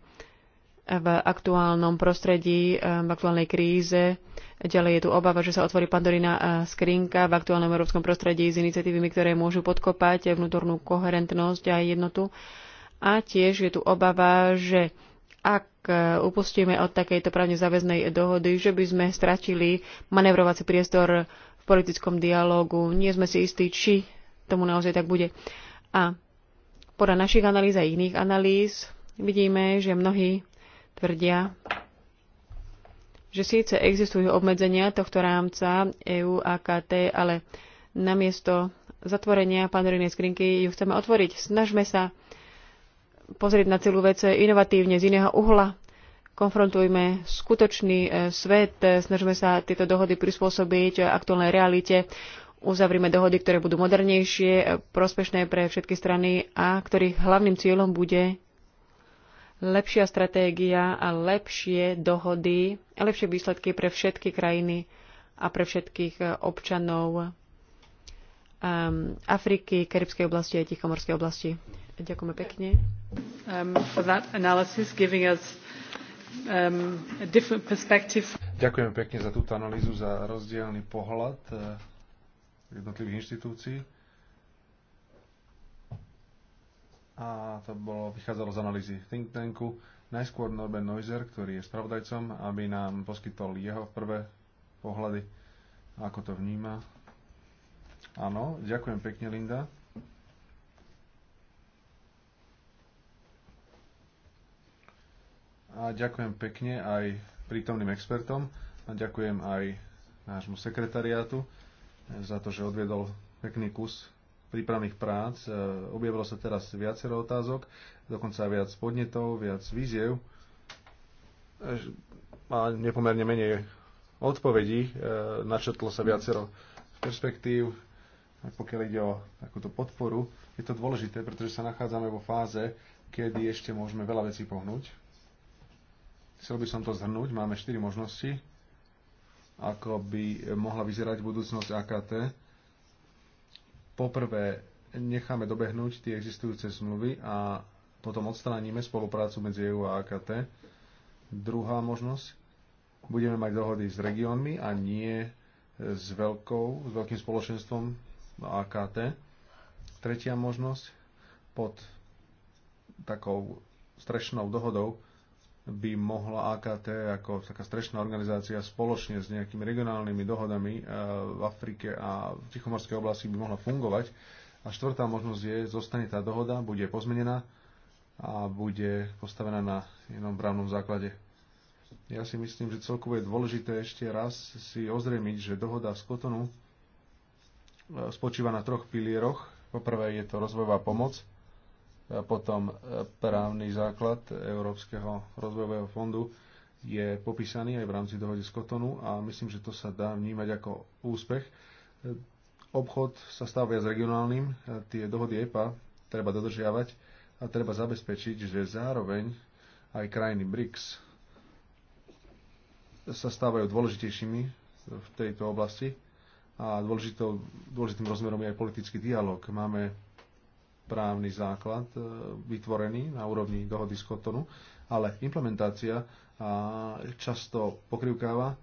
v aktuálnom prostredí, e, v aktuálnej kríze. Ďalej je tu obava, že sa otvorí pandorina e, skrinka v aktuálnom európskom prostredí s iniciatívami, ktoré môžu podkopať vnútornú koherentnosť a jednotu. A tiež je tu obava, že ak e, upustíme od takejto právne záväznej dohody, že by sme stratili manevrovací priestor v politickom dialógu. Nie sme si istí, či tomu naozaj tak bude. A podľa našich analýz a iných analýz vidíme, že mnohí tvrdia, že síce existujú obmedzenia tohto rámca EU a KT, ale namiesto zatvorenia pandorínej skrinky ju chceme otvoriť. Snažme sa pozrieť na celú vec inovatívne z iného uhla. Konfrontujme skutočný e, svet, e, snažme sa tieto dohody prispôsobiť aktuálnej realite, uzavrime dohody, ktoré budú modernejšie, e, prospešné pre všetky strany a ktorých hlavným cieľom bude lepšia stratégia a lepšie dohody a lepšie výsledky pre všetky krajiny a pre všetkých eh, občanov um, Afriky, Karibskej oblasti a Tichomorskej oblasti. Ďakujeme pekne. Um, for that analysis, giving us um, a different perspective. Ďakujeme pekne za túto analýzu, za rozdielný pohľad eh, jednotlivých inštitúcií. a to bolo, vychádzalo z analýzy think tanku. Najskôr Norben Neuser, ktorý je spravodajcom, aby nám poskytol jeho prvé pohľady, ako to vníma. Áno, ďakujem pekne, Linda. A ďakujem pekne aj prítomným expertom a ďakujem aj nášmu sekretariátu za to, že odviedol pekný kus prípravných prác. E, objavilo sa teraz viacero otázok, dokonca viac podnetov, viac víziev a nepomerne menej odpovedí. E, Načetlo sa viacero perspektív, pokiaľ ide o takúto podporu. Je to dôležité, pretože sa nachádzame vo fáze, kedy ešte môžeme veľa vecí pohnúť. Chcel by som to zhrnúť. Máme 4 možnosti, ako by mohla vyzerať budúcnosť AKT Poprvé, necháme dobehnúť tie existujúce zmluvy a potom odstraníme spoluprácu medzi EU a AKT. Druhá možnosť, budeme mať dohody s regiónmi a nie s, veľkou, s veľkým spoločenstvom AKT. Tretia možnosť, pod takou strešnou dohodou by mohla AKT ako taká strešná organizácia spoločne s nejakými regionálnymi dohodami eh, v Afrike a v Tichomorskej oblasti by mohla fungovať. A štvrtá možnosť je, zostane tá dohoda, bude pozmenená a bude postavená na jednom právnom základe. Ja si myslím, že celkovo je dôležité ešte raz si ozriemiť, že dohoda z Kotonu eh, spočíva na troch pilieroch. Poprvé je to rozvojová pomoc, potom e, právny základ Európskeho rozvojového fondu je popísaný aj v rámci dohody z Kotonu a myslím, že to sa dá vnímať ako úspech. E, obchod sa stáva viac regionálnym, e, tie dohody EPA treba dodržiavať a treba zabezpečiť, že zároveň aj krajiny BRICS sa stávajú dôležitejšími v tejto oblasti a dôležitou, dôležitým rozmerom je aj politický dialog. Máme právny základ e, vytvorený na úrovni dohody z Kotonu, ale implementácia často pokrivkáva e,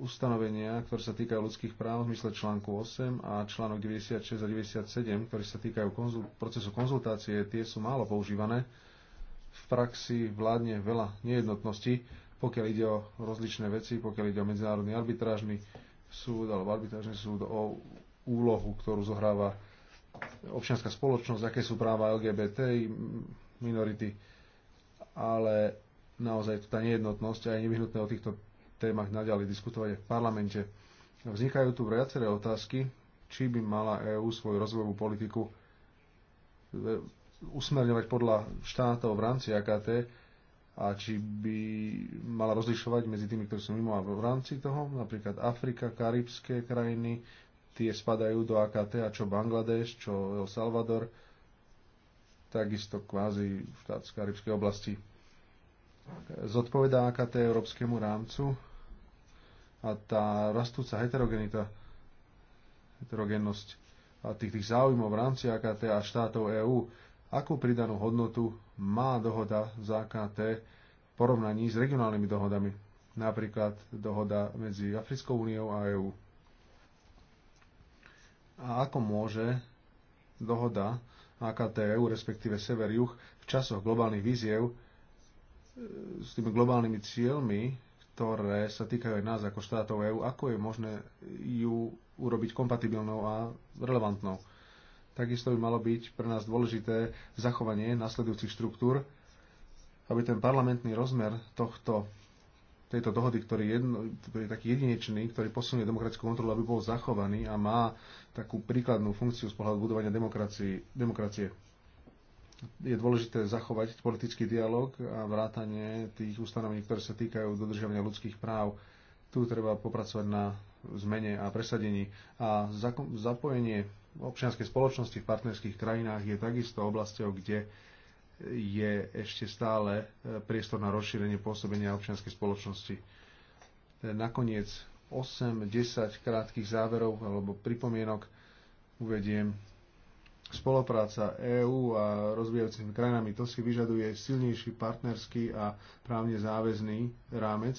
ustanovenia, ktoré sa týkajú ľudských práv v mysle článku 8 a článok 96 a 97, ktoré sa týkajú konzul- procesu konzultácie, tie sú málo používané. V praxi vládne veľa nejednotností, pokiaľ ide o rozličné veci, pokiaľ ide o medzinárodný arbitrážny súd alebo arbitrážny súd, o úlohu, ktorú zohráva občianská spoločnosť, aké sú práva LGBT, minority, ale naozaj tá nejednotnosť a je nevyhnutné o týchto témach naďalej diskutovať aj v parlamente. Vznikajú tu viaceré otázky, či by mala EÚ svoju rozvojovú politiku e, usmerňovať podľa štátov v rámci AKT a či by mala rozlišovať medzi tými, ktorí sú mimo a v rámci toho, napríklad Afrika, karibské krajiny, tie spadajú do AKT a čo Bangladeš, čo El Salvador, takisto kvázi štát z Karibskej oblasti. Zodpovedá AKT európskemu rámcu a tá rastúca heterogenita, heterogennosť a tých, tých záujmov v rámci AKT a štátov EÚ, akú pridanú hodnotu má dohoda z AKT v porovnaní s regionálnymi dohodami, napríklad dohoda medzi Africkou úniou a EÚ a ako môže dohoda AKTU, e respektíve sever-juh, v časoch globálnych víziev e, s tými globálnymi cieľmi, ktoré sa týkajú aj nás ako štátov EÚ, ako je možné ju urobiť kompatibilnou a relevantnou. Takisto by malo byť pre nás dôležité zachovanie nasledujúcich štruktúr, aby ten parlamentný rozmer tohto tejto dohody, ktorý, jedno, ktorý je taký jedinečný, ktorý posunie demokratickú kontrolu, aby bol zachovaný a má takú príkladnú funkciu z pohľadu budovania demokracie. Je dôležité zachovať politický dialog a vrátanie tých ustanovení, ktoré sa týkajú dodržiavania ľudských práv. Tu treba popracovať na zmene a presadení. A zapojenie občianskej spoločnosti v partnerských krajinách je takisto oblasťou, kde je ešte stále e, priestor na rozšírenie pôsobenia občianskej spoločnosti. E, nakoniec 8-10 krátkých záverov alebo pripomienok uvediem. Spolupráca EÚ a rozvíjajúcimi krajinami to si vyžaduje silnejší partnerský a právne záväzný rámec.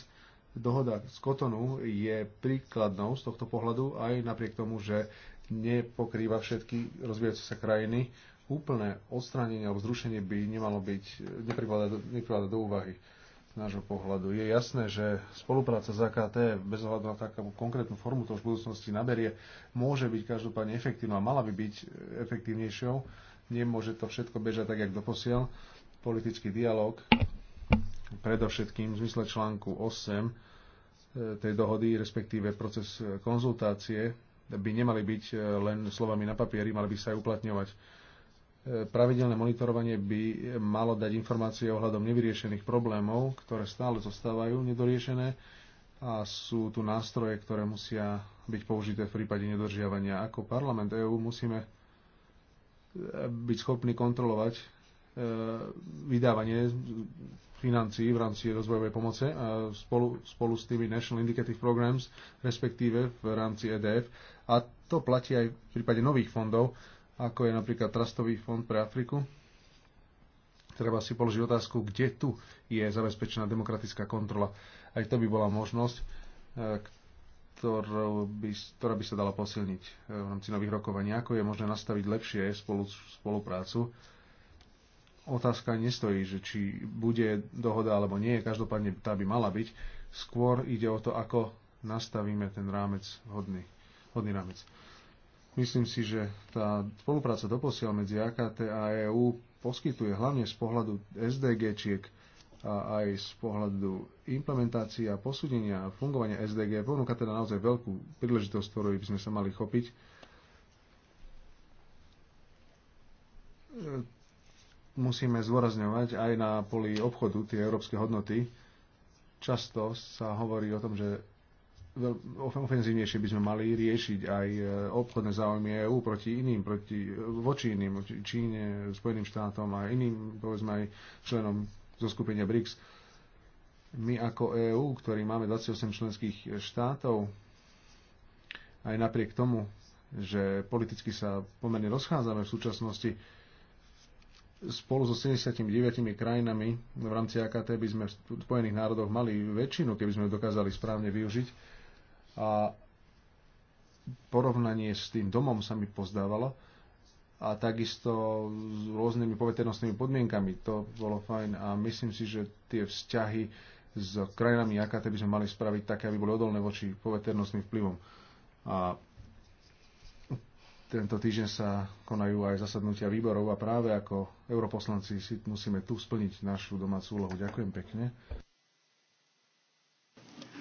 Dohoda z Kotonu je príkladnou z tohto pohľadu aj napriek tomu, že nepokrýva všetky rozvíjajúce sa krajiny úplné odstránenie alebo zrušenie by nemalo byť, neprivádza do úvahy z nášho pohľadu. Je jasné, že spolupráca s AKT, bez ohľadu na takú konkrétnu formu to v budúcnosti naberie, môže byť každopádne efektívna a mala by byť efektívnejšou. Nemôže to všetko bežať tak, jak doposiaľ. Politický dialog, predovšetkým v zmysle článku 8 e, tej dohody, respektíve proces e, konzultácie, by nemali byť e, len slovami na papieri, mali by sa aj uplatňovať pravidelné monitorovanie by malo dať informácie ohľadom nevyriešených problémov, ktoré stále zostávajú nedoriešené a sú tu nástroje, ktoré musia byť použité v prípade nedržiavania. Ako parlament EÚ musíme e, byť schopní kontrolovať e, vydávanie financií v rámci rozvojovej pomoce a spolu, spolu s tými National Indicative Programs, respektíve v rámci EDF. A to platí aj v prípade nových fondov, ako je napríklad Trastový fond pre Afriku. Treba si položiť otázku, kde tu je zabezpečená demokratická kontrola. Aj to by bola možnosť, e, ktorou by, ktorá by sa dala posilniť e, v rámci nových rokovaní. Ako je možné nastaviť lepšie spolu, spoluprácu? Otázka nestojí, že či bude dohoda alebo nie, každopádne tá by mala byť. Skôr ide o to, ako nastavíme ten rámec hodný, hodný rámec. Myslím si, že tá spolupráca doposiaľ medzi AKT a EÚ poskytuje hlavne z pohľadu SDG-čiek a aj z pohľadu implementácie a posúdenia a fungovania SDG ponúka teda naozaj veľkú príležitosť, ktorú by sme sa mali chopiť. Musíme zvorazňovať aj na poli obchodu tie európske hodnoty. Často sa hovorí o tom, že ofenzívnejšie by sme mali riešiť aj e, obchodné záujmy EÚ proti iným, proti, e, voči iným, Číne, Spojeným štátom a iným, povedzme aj členom zo skupenia BRICS. My ako EÚ, ktorí máme 28 členských štátov, aj napriek tomu, že politicky sa pomerne rozchádzame v súčasnosti, spolu so 79 krajinami v rámci AKT by sme v Spojených národoch mali väčšinu, keby sme dokázali správne využiť a porovnanie s tým domom sa mi pozdávalo a takisto s rôznymi poveternostnými podmienkami. To bolo fajn a myslím si, že tie vzťahy s krajinami AKT by sme mali spraviť také, aby boli odolné voči poveternostným vplyvom. A tento týždeň sa konajú aj zasadnutia výborov a práve ako europoslanci si musíme tu splniť našu domácu úlohu. Ďakujem pekne.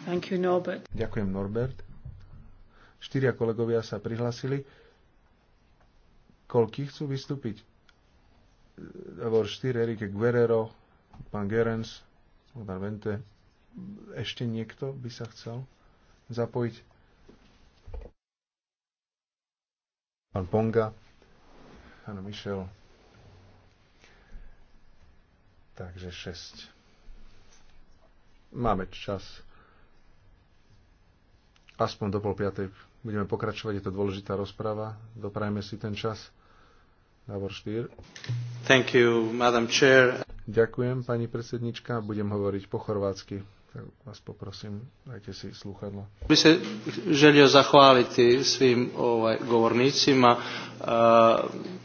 Thank you, Norbert. Ďakujem, Norbert. Štyria kolegovia sa prihlasili. Koľký chcú vystúpiť? Dobor, 4, Erike Guerrero, pán Gerens, Lodan Vente. Ešte niekto by sa chcel zapojiť? Pán Ponga, áno, Michel. Takže 6. Máme čas aspoň do pol piatej budeme pokračovať, je to dôležitá rozprava, doprajme si ten čas. Davor Štýr. Thank you, Madam Chair. Ďakujem, pani predsednička, budem hovoriť po chorvátsky. Tak vás poprosím, dajte si sluchadlo. By sa želio zachváliť svým ovaj, govornicima,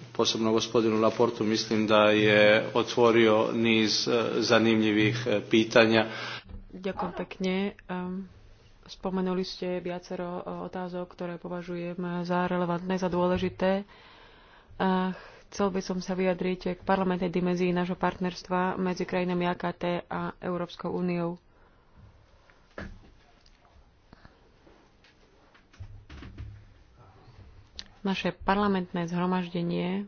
posebno gospodinu Laportu, mislim da je otvorio niz e, zanimljivih e, pitanja. Ďakujem pekne. Um, Spomenuli ste viacero e, otázok, ktoré považujem za relevantné, za dôležité. E, chcel by som sa vyjadriť k parlamentnej dimenzii nášho partnerstva medzi krajinami AKT a Európskou úniou. Naše parlamentné zhromaždenie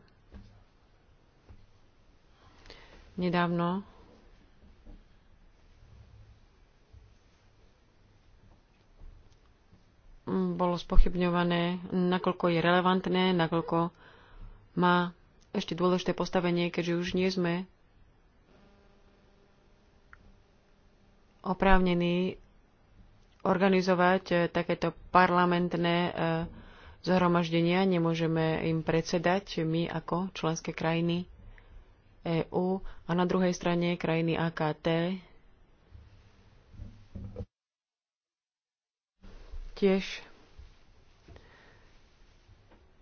nedávno bolo spochybňované, nakoľko je relevantné, nakoľko má ešte dôležité postavenie, keďže už nie sme oprávnení organizovať eh, takéto parlamentné eh, zhromaždenia, nemôžeme im predsedať my ako členské krajiny EÚ a na druhej strane krajiny AKT tiež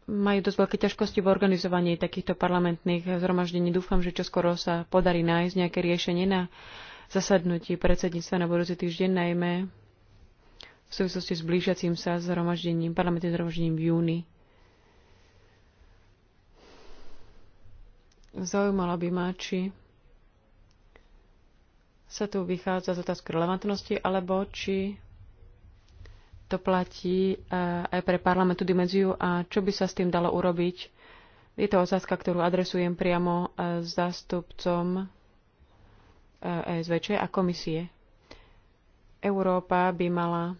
majú dosť veľké ťažkosti v organizovaní takýchto parlamentných zhromaždení. Dúfam, že čoskoro sa podarí nájsť nejaké riešenie na zasadnutí predsedníctva na budúci týždeň, najmä v súvislosti s blížiacím sa zhromaždením, parlamentným zhromaždením v júni. Zaujímalo by ma, či sa tu vychádza z otázky relevantnosti, alebo či to platí eh, aj pre parlamentu dimenziu a čo by sa s tým dalo urobiť. Je to otázka, ktorú adresujem priamo eh, zástupcom eh, e SVČ a komisie. Európa by mala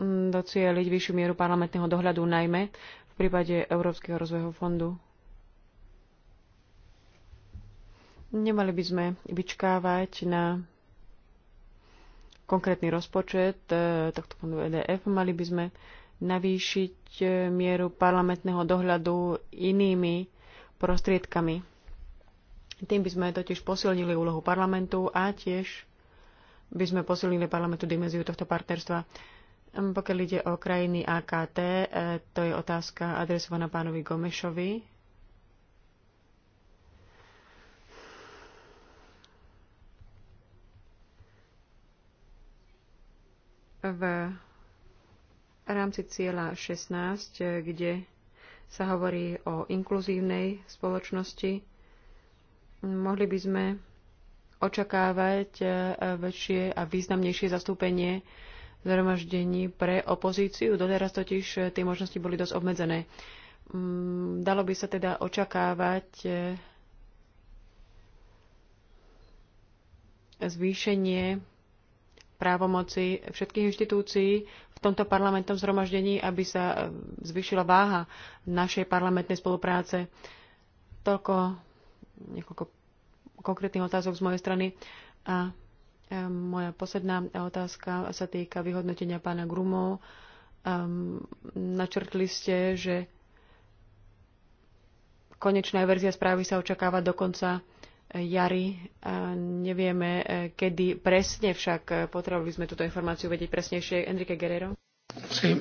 mm, docieliť vyššiu mieru parlamentného dohľadu najmä v prípade Európskeho rozvojho fondu. Nemali by sme vyčkávať na konkrétny rozpočet e, tohto fondu EDF, mali by sme navýšiť e, mieru parlamentného dohľadu inými prostriedkami. Tým by sme totiž posilnili úlohu parlamentu a tiež by sme posilnili parlamentu dimenziu tohto partnerstva. Pokiaľ ide o krajiny AKT, e, to je otázka adresovaná pánovi Gomešovi v rámci cieľa 16, kde sa hovorí o inkluzívnej spoločnosti, mohli by sme očakávať e, väčšie a významnejšie zastúpenie zhromaždení pre opozíciu. Doteraz totiž e, tie možnosti boli dosť obmedzené. Mm, dalo by sa teda očakávať e, zvýšenie právomoci všetkých inštitúcií v tomto parlamentnom zhromaždení, aby sa e, zvyšila váha našej parlamentnej spolupráce. Toľko niekoľko konkrétnych otázok z mojej strany. A e, moja posledná otázka sa týka vyhodnotenia pána Grumov. Um, e, načrtli ste, že konečná verzia správy sa očakáva do konca jary. Nevieme, e, kedy presne, však e, potrebovali sme túto informáciu vedieť presnejšie. Enrique Guerrero. Sí,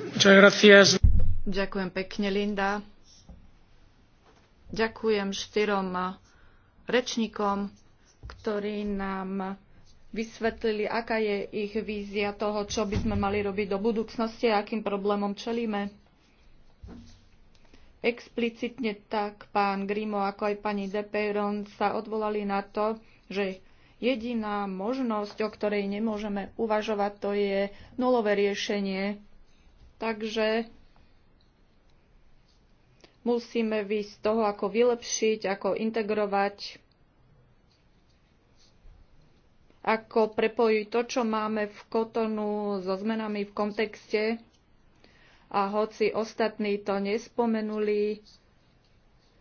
Ďakujem pekne, Linda. Ďakujem štyrom rečníkom, ktorí nám vysvetlili, aká je ich vízia toho, čo by sme mali robiť do budúcnosti a akým problémom čelíme explicitne tak pán Grimo, ako aj pani Peyron sa odvolali na to, že jediná možnosť, o ktorej nemôžeme uvažovať, to je nulové riešenie. Takže musíme výjsť z toho, ako vylepšiť, ako integrovať, ako prepojiť to, čo máme v kotonu so zmenami v kontexte a hoci ostatní to nespomenuli,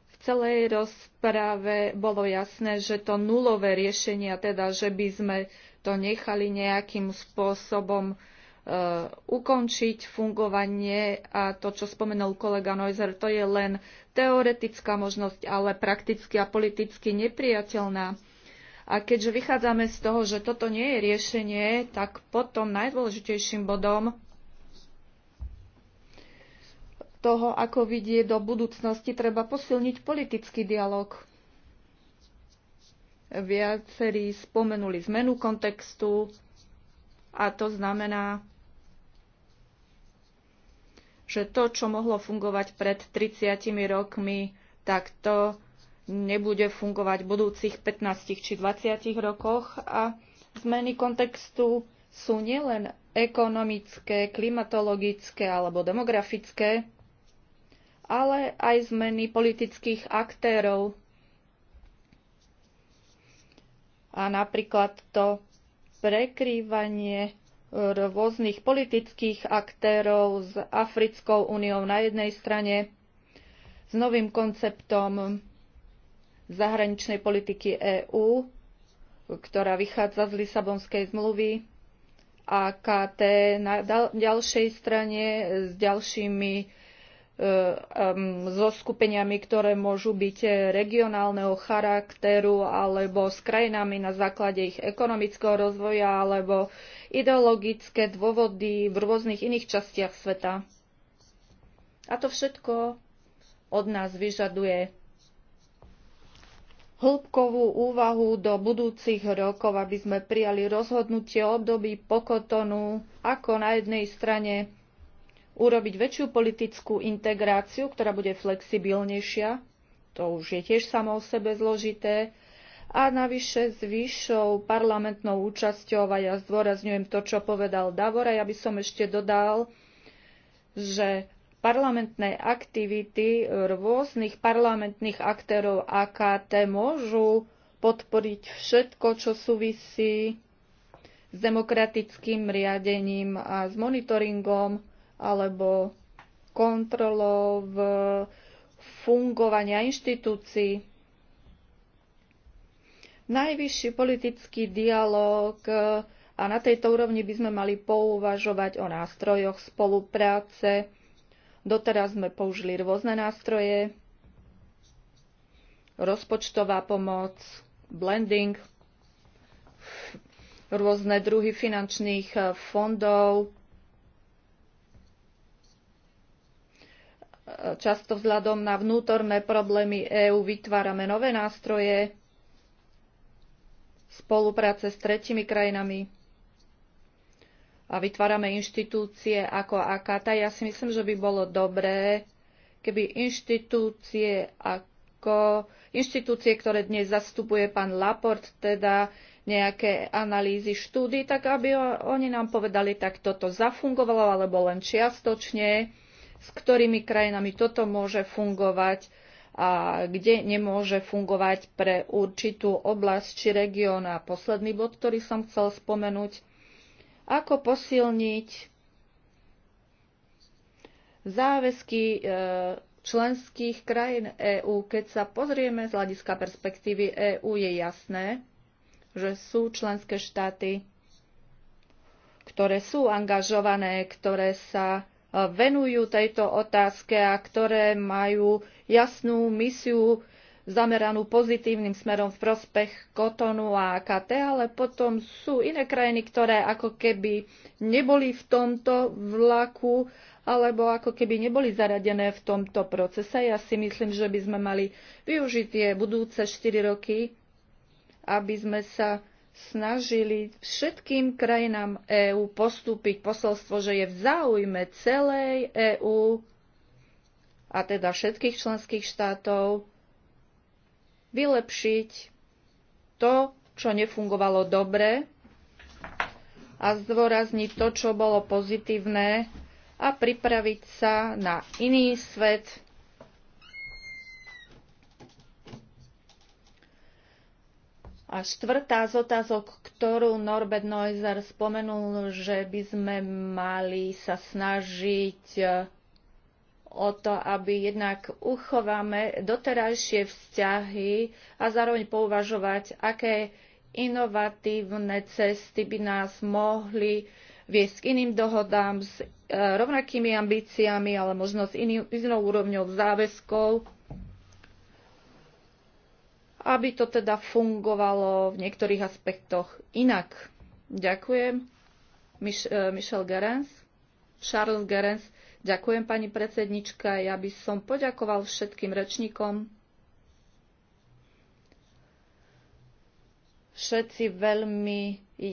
v celej rozprave bolo jasné, že to nulové riešenie, teda že by sme to nechali nejakým spôsobom e, ukončiť fungovanie a to, čo spomenul kolega Neuser, to je len teoretická možnosť, ale prakticky a politicky nepriateľná. A keďže vychádzame z toho, že toto nie je riešenie, tak potom najdôležitejším bodom toho, ako vidie do budúcnosti, treba posilniť politický dialog. Viacerí spomenuli zmenu kontextu a to znamená, že to, čo mohlo fungovať pred 30 rokmi, tak to nebude fungovať v budúcich 15 či 20 rokoch a zmeny kontextu sú nielen ekonomické, klimatologické alebo demografické, ale aj zmeny politických aktérov. A napríklad to prekrývanie e, rôznych politických aktérov s Africkou úniou na jednej strane, s novým konceptom zahraničnej politiky EÚ, ktorá vychádza z Lisabonskej zmluvy, a KT na ďalšej strane s ďalšími Eh, so skupeniami, ktoré môžu byť regionálneho charakteru alebo s krajinami na základe ich ekonomického rozvoja alebo ideologické dôvody v rôznych iných častiach sveta. A to všetko od nás vyžaduje hĺbkovú úvahu do budúcich rokov, aby sme prijali rozhodnutie o období pokotonu, ako na jednej strane urobiť väčšiu politickú integráciu, ktorá bude flexibilnejšia, to už je tiež samo o sebe zložité, a navyše s vyššou parlamentnou účasťou, a ja zdôrazňujem to, čo povedal Davora, ja by som ešte dodal, že parlamentné aktivity rôznych parlamentných aktérov AKT môžu podporiť všetko, čo súvisí s demokratickým riadením a s monitoringom alebo kontrolou v fungovania inštitúcií. Najvyšší politický dialog a na tejto úrovni by sme mali pouvažovať o nástrojoch spolupráce. Doteraz sme použili rôzne nástroje, rozpočtová pomoc, blending, rôzne druhy finančných fondov, Často vzhľadom na vnútorné problémy EÚ vytvárame nové nástroje spolupráce s tretimi krajinami a vytvárame inštitúcie ako AKATA. Ja si myslím, že by bolo dobré, keby inštitúcie ako inštitúcie, ktoré dnes zastupuje pán Laport, teda nejaké analýzy štúdy, tak aby oni nám povedali, tak toto zafungovalo alebo len čiastočne s ktorými krajinami toto môže fungovať a kde nemôže fungovať pre určitú oblasť či región. A posledný bod, ktorý som chcel spomenúť, ako posilniť záväzky e, členských krajín EÚ. Keď sa pozrieme z hľadiska perspektívy EÚ, je jasné, že sú členské štáty, ktoré sú angažované, ktoré sa venujú tejto otázke a ktoré majú jasnú misiu zameranú pozitívnym smerom v prospech Kotonu a AKT, ale potom sú iné krajiny, ktoré ako keby neboli v tomto vlaku alebo ako keby neboli zaradené v tomto procese. Ja si myslím, že by sme mali využiť tie budúce 4 roky, aby sme sa snažili všetkým krajinám EÚ postúpiť posolstvo, že je v záujme celej EÚ a teda všetkých členských štátov vylepšiť to, čo nefungovalo dobre a zdôrazniť to, čo bolo pozitívne a pripraviť sa na iný svet, A štvrtá z otázok, ktorú Norbert Neuser spomenul, že by sme mali sa snažiť e, o to, aby jednak uchováme doterajšie vzťahy a zároveň pouvažovať, aké inovatívne cesty by nás mohli viesť k iným dohodám s e, rovnakými ambíciami, ale možno s, iný, s inou úrovňou záväzkov aby to teda fungovalo v niektorých aspektoch inak. Ďakujem. Mich- e, Michel Gerens, Charles Gerens, ďakujem pani predsednička. Ja by som poďakoval všetkým rečníkom. Všetci veľmi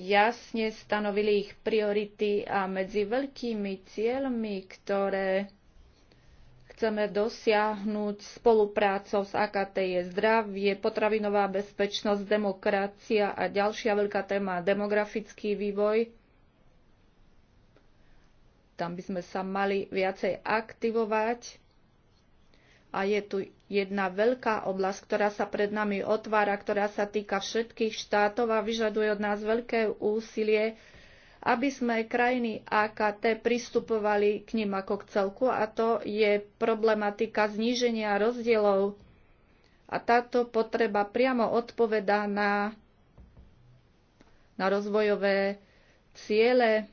jasne stanovili ich priority a medzi veľkými cieľmi, ktoré chceme dosiahnuť spoluprácou s AKT je zdravie, potravinová bezpečnosť, demokracia a ďalšia veľká téma demografický vývoj. Tam by sme sa mali viacej aktivovať. A je tu jedna veľká oblasť, ktorá sa pred nami otvára, ktorá sa týka všetkých štátov a vyžaduje od nás veľké úsilie aby sme krajiny AKT pristupovali k nim ako k celku a to je problematika zníženia rozdielov. A táto potreba priamo odpovedá na, na rozvojové ciele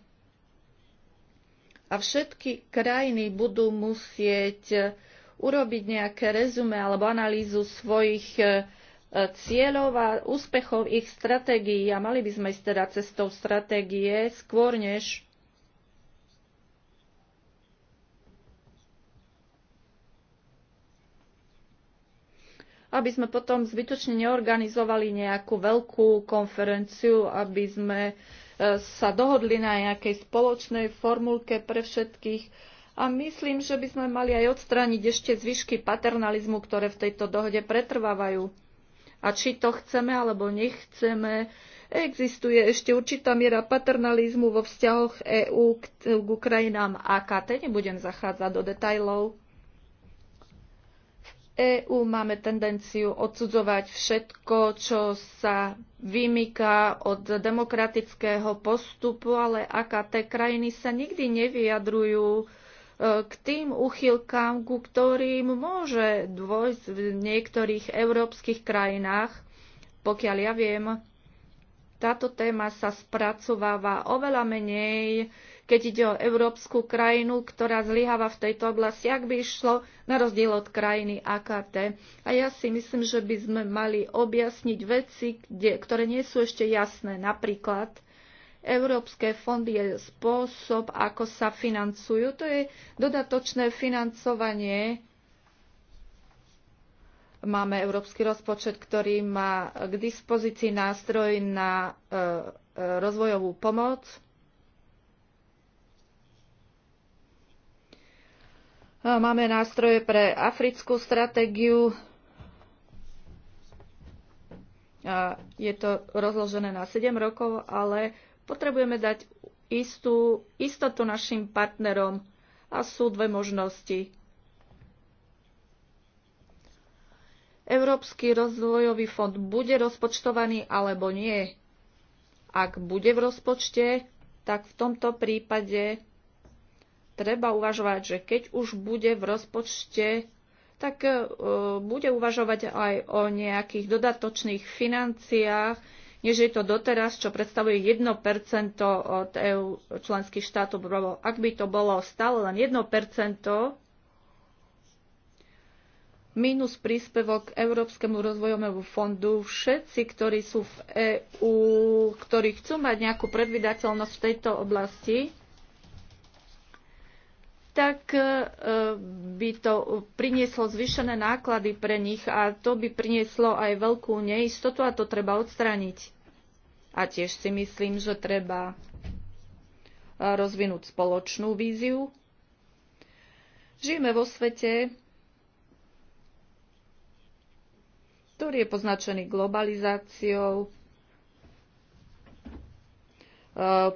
a všetky krajiny budú musieť urobiť nejaké rezume alebo analýzu svojich cieľov a úspechov ich stratégií a mali by sme ísť teda cestou stratégie skôr než aby sme potom zbytočne neorganizovali nejakú veľkú konferenciu, aby sme e, sa dohodli na nejakej spoločnej formulke pre všetkých. A myslím, že by sme mali aj odstrániť ešte zvyšky paternalizmu, ktoré v tejto dohode pretrvávajú. A či to chceme alebo nechceme, existuje ešte určitá miera paternalizmu vo vzťahoch EÚ k, k Ukrajinám KT. Nebudem zachádzať do detajlov. EÚ máme tendenciu odsudzovať všetko, čo sa vymyká od demokratického postupu, ale AKT krajiny sa nikdy nevyjadrujú k tým uchylkám, ku ktorým môže dôjsť v niektorých európskych krajinách. Pokiaľ ja viem, táto téma sa spracováva oveľa menej, keď ide o európsku krajinu, ktorá zlyháva v tejto oblasti, ak by išlo na rozdiel od krajiny AKT. A ja si myslím, že by sme mali objasniť veci, kde, ktoré nie sú ešte jasné. Napríklad, Európske fondy je spôsob, ako sa financujú. To je dodatočné financovanie. Máme európsky rozpočet, ktorý má k dispozícii nástroj na e, e, rozvojovú pomoc. Máme nástroje pre africkú stratégiu. Je to rozložené na 7 rokov, ale Potrebujeme dať istú istotu našim partnerom a sú dve možnosti. Európsky rozvojový fond bude rozpočtovaný alebo nie. Ak bude v rozpočte, tak v tomto prípade treba uvažovať, že keď už bude v rozpočte, tak e, bude uvažovať aj o nejakých dodatočných financiách, než je to doteraz, čo predstavuje 1% od EU členských štátov. Ak by to bolo stále len 1%, minus príspevok k Európskemu rozvojovému fondu. Všetci, ktorí sú v EÚ, ktorí chcú mať nejakú predvydateľnosť v tejto oblasti, tak e, by to prinieslo zvýšené náklady pre nich a to by prinieslo aj veľkú neistotu a to treba odstrániť. A tiež si myslím, že treba e, rozvinúť spoločnú víziu. Žijeme vo svete, ktorý je poznačený globalizáciou,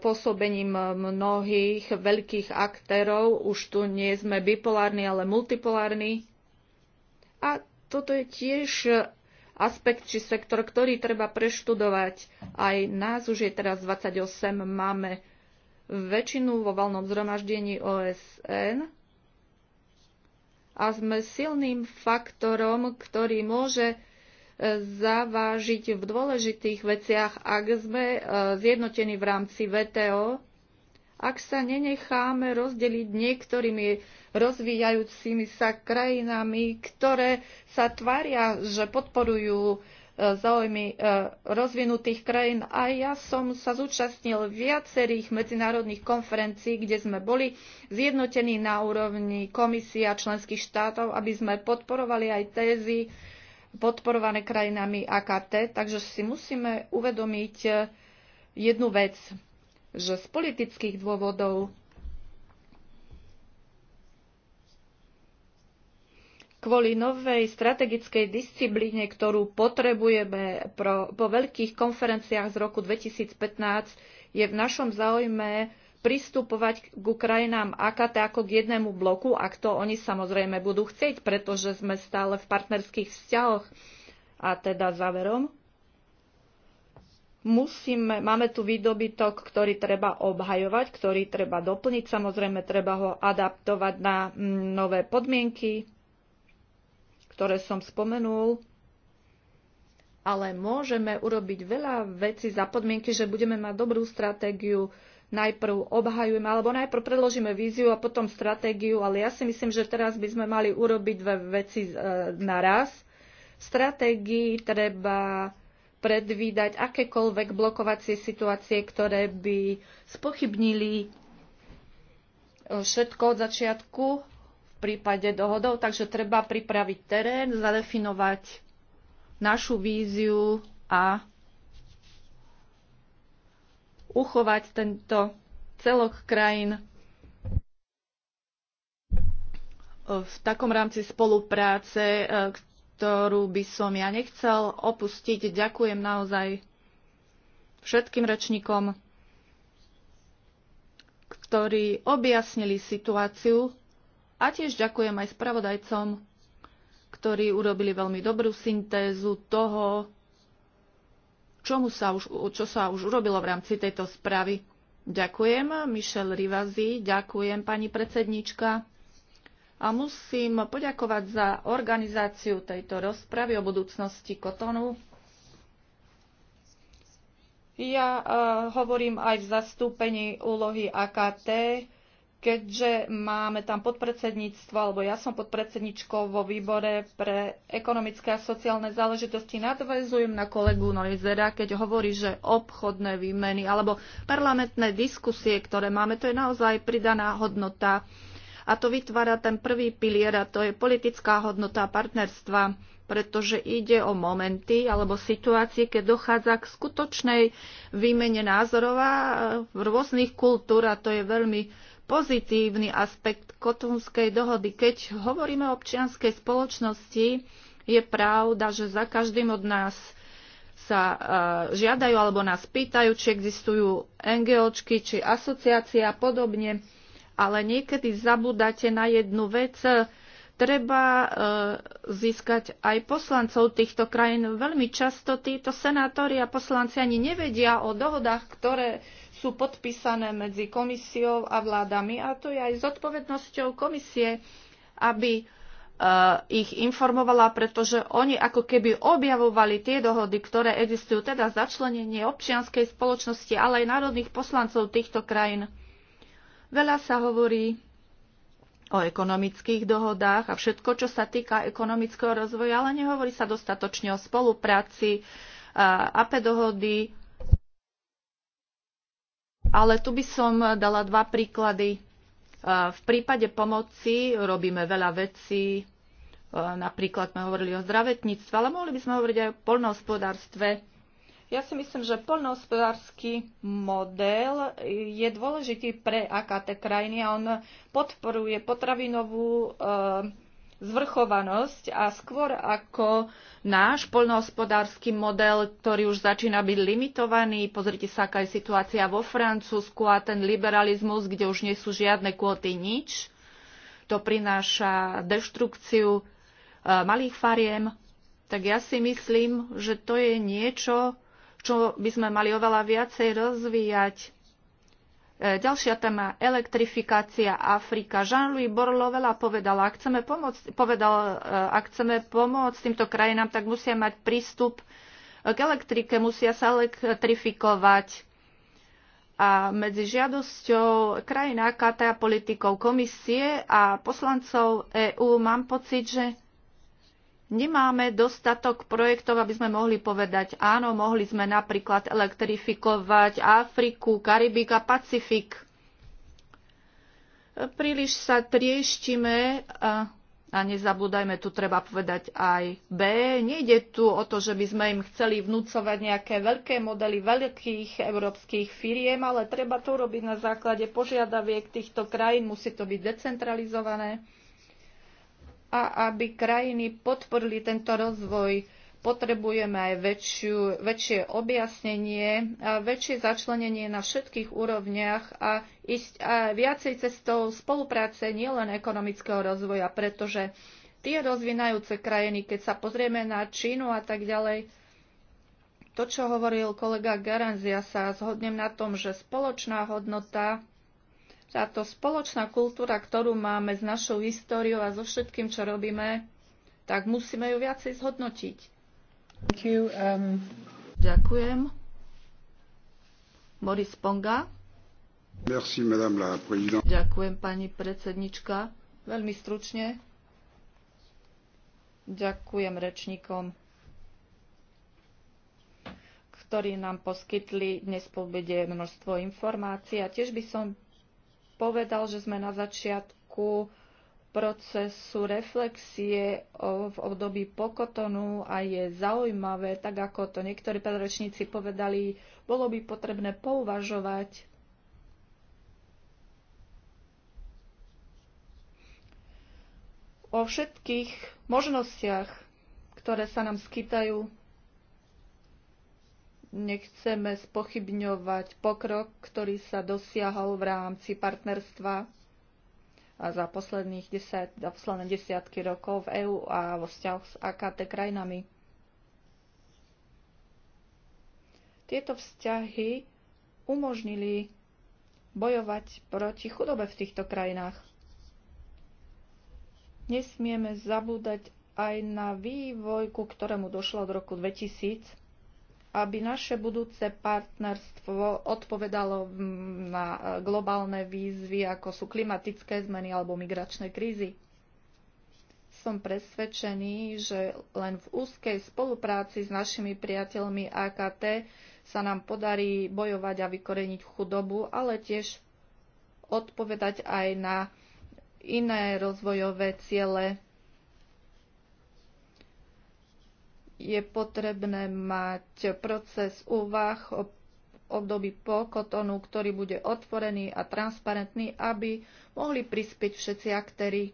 pôsobením mnohých veľkých aktérov. Už tu nie sme bipolárni, ale multipolárni. A toto je tiež aspekt či sektor, ktorý treba preštudovať. Aj nás už je teraz 28, máme väčšinu vo valnom zhromaždení OSN a sme silným faktorom, ktorý môže zavážiť v dôležitých veciach, ak sme e, zjednotení v rámci VTO, ak sa nenecháme rozdeliť niektorými rozvíjajúcimi sa krajinami, ktoré sa tvária, že podporujú e, záujmy e, rozvinutých krajín. A ja som sa zúčastnil viacerých medzinárodných konferencií, kde sme boli zjednotení na úrovni komisia členských štátov, aby sme podporovali aj tézy podporované krajinami AKT, takže si musíme uvedomiť eh, jednu vec, že z politických dôvodov kvôli novej strategickej disciplíne, ktorú potrebujeme pro, po veľkých konferenciách z roku 2015, je v našom záujme pristupovať k krajinám AKT ako k jednému bloku, ak to oni samozrejme budú chcieť, pretože sme stále v partnerských vzťahoch. A teda záverom, musíme, máme tu výdobytok, ktorý treba obhajovať, ktorý treba doplniť, samozrejme treba ho adaptovať na mm, nové podmienky, ktoré som spomenul ale môžeme urobiť veľa vecí za podmienky, že budeme mať dobrú stratégiu, najprv obhajujeme, alebo najprv predložíme víziu a potom stratégiu, ale ja si myslím, že teraz by sme mali urobiť dve veci e, naraz. V stratégii treba predvídať akékoľvek blokovacie situácie, ktoré by spochybnili e, všetko od začiatku v prípade dohodov, takže treba pripraviť terén, zadefinovať našu víziu a uchovať tento celok krajín v takom rámci spolupráce, e, ktorú by som ja nechcel opustiť. Ďakujem naozaj všetkým rečníkom, ktorí objasnili situáciu a tiež ďakujem aj spravodajcom, ktorí urobili veľmi dobrú syntézu toho, čomu sa už, čo sa už urobilo v rámci tejto správy. Ďakujem, Michel Rivazi, ďakujem, pani predsednička. A musím poďakovať za organizáciu tejto rozpravy o budúcnosti Kotonu. Ja uh, hovorím aj v zastúpení úlohy AKT keďže máme tam podpredsedníctvo, alebo ja som podpredsedničkou vo výbore pre ekonomické a sociálne záležitosti, nadvezujem na kolegu Noizera, keď hovorí, že obchodné výmeny alebo parlamentné diskusie, ktoré máme, to je naozaj pridaná hodnota. A to vytvára ten prvý pilier a to je politická hodnota partnerstva, pretože ide o momenty alebo situácie, keď dochádza k skutočnej výmene názorov a v rôznych kultúr a to je veľmi pozitívny aspekt kotúnskej dohody. Keď hovoríme o občianskej spoločnosti, je pravda, že za každým od nás sa e, žiadajú alebo nás pýtajú, či existujú NGOčky, či asociácie a podobne. Ale niekedy zabudáte na jednu vec. Treba e, získať aj poslancov týchto krajín. Veľmi často títo senátori a poslanci ani nevedia o dohodách, ktoré sú podpísané medzi komisiou a vládami a to je aj zodpovednosťou komisie, aby e, ich informovala, pretože oni ako keby objavovali tie dohody, ktoré existujú, teda začlenenie občianskej spoločnosti, ale aj národných poslancov týchto krajín. Veľa sa hovorí o ekonomických dohodách a všetko, čo sa týka ekonomického rozvoja, ale nehovorí sa dostatočne o spolupráci, APE dohody, ale tu by som dala dva príklady. E, v prípade pomoci robíme veľa vecí, e, napríklad sme hovorili o zdravotníctve, ale mohli by sme hovoriť aj o poľnohospodárstve. Ja si myslím, že poľnohospodársky model je dôležitý pre AKT krajiny a on podporuje potravinovú e, zvrchovanosť a skôr ako náš poľnohospodársky model, ktorý už začína byť limitovaný. Pozrite sa, aká je situácia vo Francúzsku a ten liberalizmus, kde už nie sú žiadne kvóty, nič. To prináša deštrukciu e, malých fariem. Tak ja si myslím, že to je niečo, čo by sme mali oveľa viacej rozvíjať E, ďalšia téma, elektrifikácia Afrika. Jean-Louis Borlo veľa povedal, ak chceme pomôcť, povedal, e, ak chceme pomôcť týmto krajinám, tak musia mať prístup e, k elektrike, musia sa elektrifikovať. A medzi žiadosťou krajín AKT a politikov komisie a poslancov EÚ mám pocit, že nemáme dostatok projektov, aby sme mohli povedať, áno, mohli sme napríklad elektrifikovať Afriku, Karibik a Pacifik. Príliš sa trieštime a, a nezabúdajme, tu treba povedať aj B. Nejde tu o to, že by sme im chceli vnúcovať nejaké veľké modely veľkých európskych firiem, ale treba to robiť na základe požiadaviek týchto krajín, musí to byť decentralizované a aby krajiny podporili tento rozvoj. Potrebujeme aj väčšiu, väčšie objasnenie, a väčšie začlenenie na všetkých úrovniach a ísť a viacej cestou spolupráce nielen ekonomického rozvoja, pretože tie rozvinajúce krajiny, keď sa pozrieme na Čínu a tak ďalej, to, čo hovoril kolega Garanzia, ja sa zhodnem na tom, že spoločná hodnota táto spoločná kultúra, ktorú máme s našou históriou a so všetkým, čo robíme, tak musíme ju viacej zhodnotiť. You, um... Ďakujem. Boris Ponga. Merci, madame la présidente. Ďakujem, pani predsednička. Veľmi stručne. Ďakujem rečníkom, ktorí nám poskytli dnes po množstvo informácií a tiež by som povedal, že sme na začiatku procesu reflexie v období pokotonu a je zaujímavé, tak ako to niektorí predročníci povedali, bolo by potrebné pouvažovať o všetkých možnostiach, ktoré sa nám skytajú nechceme spochybňovať pokrok, ktorý sa dosiahol v rámci partnerstva a za, posledných desať, za posledné desiatky rokov v EÚ a vo vzťahoch s AKT krajinami. Tieto vzťahy umožnili bojovať proti chudobe v týchto krajinách. Nesmieme zabúdať aj na vývoj, ku ktorému došlo od roku 2000 aby naše budúce partnerstvo odpovedalo mm, na e, globálne výzvy, ako sú klimatické zmeny alebo migračné krízy. Som presvedčený, že len v úzkej spolupráci s našimi priateľmi AKT sa nám podarí bojovať a vykoreniť chudobu, ale tiež odpovedať aj na iné rozvojové ciele je potrebné mať proces úvah o období po kotonu, ktorý bude otvorený a transparentný, aby mohli prispieť všetci aktéry.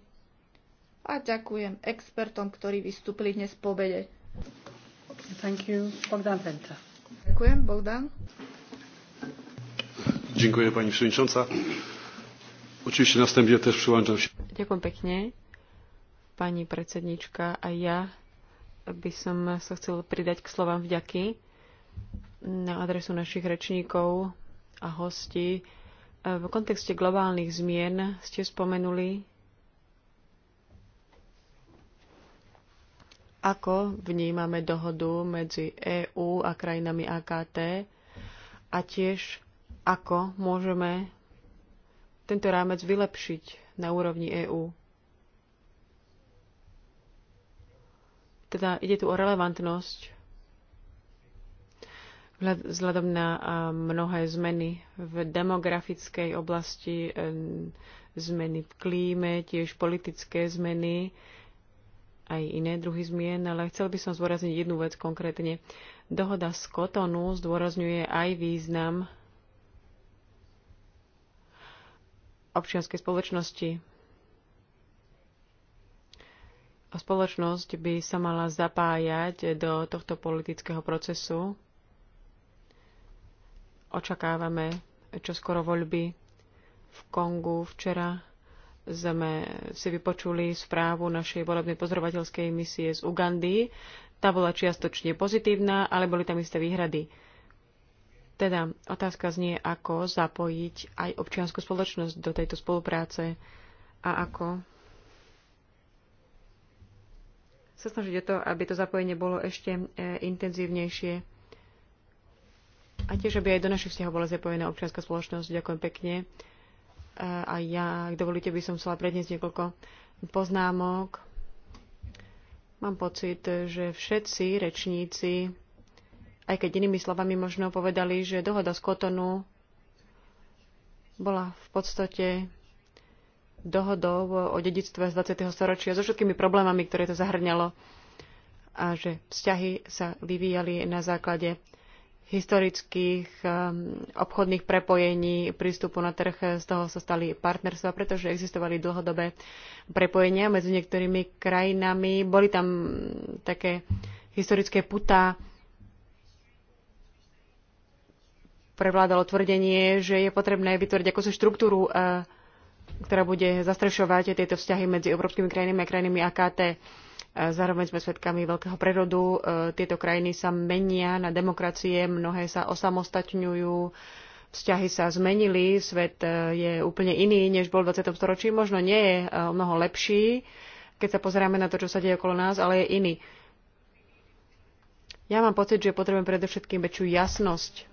A ďakujem expertom, ktorí vystúpili dnes po obede. Thank you. Bogdan Penta. Ďakujem, Bogdan. Dziękuję pani przewodnicząca. Oczywiście następnie też przyłączam się. Ďakujem pekne, pani predsednička. A ja by som sa chcel pridať k slovám vďaky na adresu našich rečníkov a hostí. V kontexte globálnych zmien ste spomenuli, ako vnímame dohodu medzi EÚ a krajinami AKT a tiež ako môžeme tento rámec vylepšiť na úrovni EÚ. Teda ide tu o relevantnosť vzhľadom na mnohé zmeny v demografickej oblasti, zmeny v klíme, tiež politické zmeny, aj iné druhy zmien, ale chcel by som zdôrazniť jednu vec konkrétne. Dohoda z Kotonu zdôrazňuje aj význam občianskej spoločnosti spoločnosť by sa mala zapájať do tohto politického procesu. Očakávame čo skoro voľby v Kongu. Včera sme si vypočuli správu našej volebnej pozorovateľskej misie z Ugandy. Tá bola čiastočne pozitívna, ale boli tam isté výhrady. Teda otázka znie, ako zapojiť aj občianskú spoločnosť do tejto spolupráce a ako sa snažiť o to, aby to zapojenie bolo ešte e, intenzívnejšie a tiež, aby aj do našich vzťahov bola zapojená občianská spoločnosť. Ďakujem pekne. E, a ja, ak dovolíte, by som chcela predniesť niekoľko poznámok. Mám pocit, že všetci rečníci, aj keď inými slovami možno povedali, že dohoda z Kotonu bola v podstate dohodou o dedictve z 20. storočia so všetkými problémami, ktoré to zahrňalo a že vzťahy sa vyvíjali na základe historických um, obchodných prepojení, prístupu na trh, z toho sa stali partnerstva, pretože existovali dlhodobé prepojenia medzi niektorými krajinami. Boli tam také historické putá, prevládalo tvrdenie, že je potrebné vytvoriť akúsi štruktúru uh, ktorá bude zastrešovať tieto vzťahy medzi európskymi krajinami a krajinami AKT. E, zároveň sme svedkami veľkého prerodu. E, tieto krajiny sa menia na demokracie, mnohé sa osamostatňujú, vzťahy sa zmenili, svet e, je úplne iný, než bol v 20. storočí. Možno nie je mnoho lepší, keď sa pozeráme na to, čo sa deje okolo nás, ale je iný. Ja mám pocit, že potrebujem predovšetkým väčšiu jasnosť.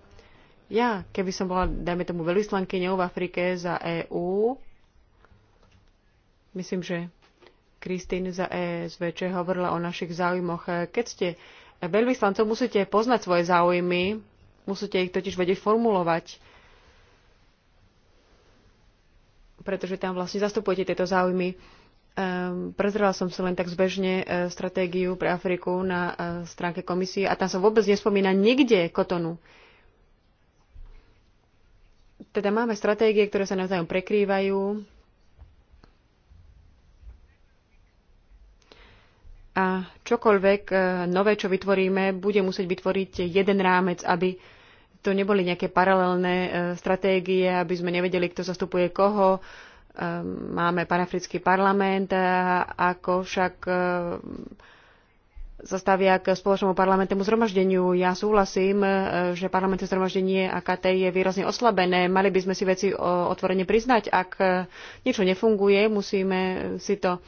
Ja, keby som bola, dajme tomu, veľvyslankyňou v Afrike za EÚ, Myslím, že Kristýn za ESVČ hovorila o našich záujmoch. Keď ste veľvyslancov, musíte poznať svoje záujmy, musíte ich totiž vedieť formulovať, pretože tam vlastne zastupujete tieto záujmy. Um, prezrela som si len tak zbežne uh, stratégiu pre Afriku na uh, stránke komisie a tam sa vôbec nespomína nikde kotonu. Teda máme stratégie, ktoré sa navzájom prekrývajú, a čokoľvek e, nové, čo vytvoríme, bude musieť vytvoriť jeden rámec, aby to neboli nejaké paralelné e, stratégie, aby sme nevedeli, kto zastupuje koho. E, máme panafrický parlament, ako však zastavia k spoločnému parlamentnému zhromaždeniu. Ja súhlasím, že parlamentné zhromaždenie AKT je výrazne oslabené. Mali by sme si veci otvorene priznať. Ak niečo nefunguje, musíme si to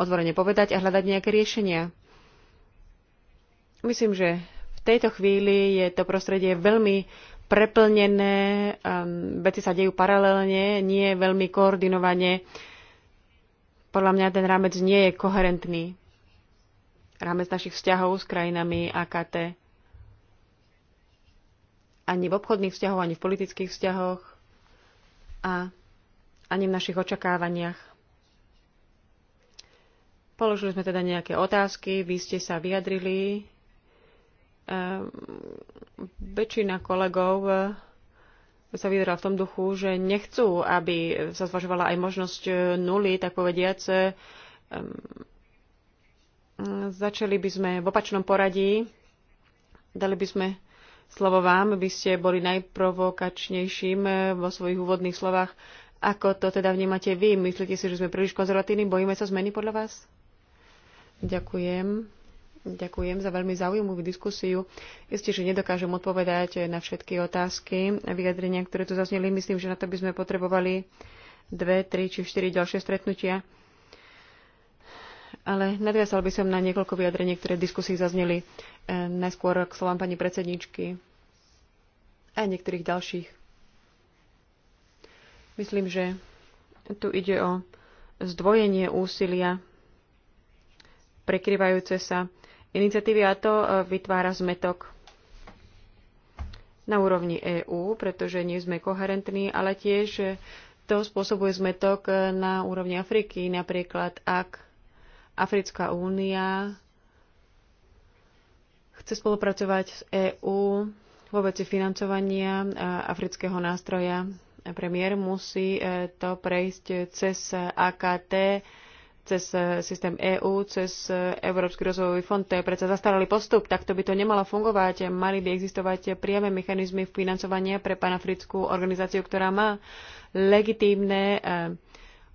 otvorene povedať a hľadať nejaké riešenia. Myslím, že v tejto chvíli je to prostredie veľmi preplnené, um, veci sa dejú paralelne, nie veľmi koordinovane. Podľa mňa ten rámec nie je koherentný. Rámec našich vzťahov s krajinami AKT. Ani v obchodných vzťahoch, ani v politických vzťahoch a ani v našich očakávaniach. Položili sme teda nejaké otázky, vy ste sa vyjadrili. Ehm, väčšina kolegov eh, sa vyjadrila v tom duchu, že nechcú, aby sa zvažovala aj možnosť eh, nuly, tak povediac. Ehm, začali by sme v opačnom poradí. Dali by sme slovo vám, by ste boli najprovokačnejším eh, vo svojich úvodných slovách. Ako to teda vnímate vy? Myslíte si, že sme príliš konzervatívni? Bojíme sa zmeny podľa vás? Ďakujem. Ďakujem za veľmi zaujímavú diskusiu. Isté, že nedokážem odpovedať na všetky otázky a vyjadrenia, ktoré tu zazneli. Myslím, že na to by sme potrebovali dve, tri či štyri ďalšie stretnutia. Ale nadviazal by som na niekoľko vyjadrení, ktoré v diskusii zazneli e, najskôr k slovám pani predsedničky a niektorých ďalších. Myslím, že tu ide o zdvojenie úsilia prekryvajúce sa iniciatívy a to e, vytvára zmetok na úrovni EÚ, pretože nie sme koherentní, ale tiež e, to spôsobuje zmetok e, na úrovni Afriky. Napríklad, ak Africká únia chce spolupracovať s EÚ vo veci financovania afrického nástroja, premiér musí to prejsť cez AKT, cez eh, systém EÚ, cez eh, Európsky rozvojový fond. To je predsa zastaralý postup, takto by to nemalo fungovať. Mali by existovať priame mechanizmy financovania pre panafrickú organizáciu, ktorá má legitímne eh,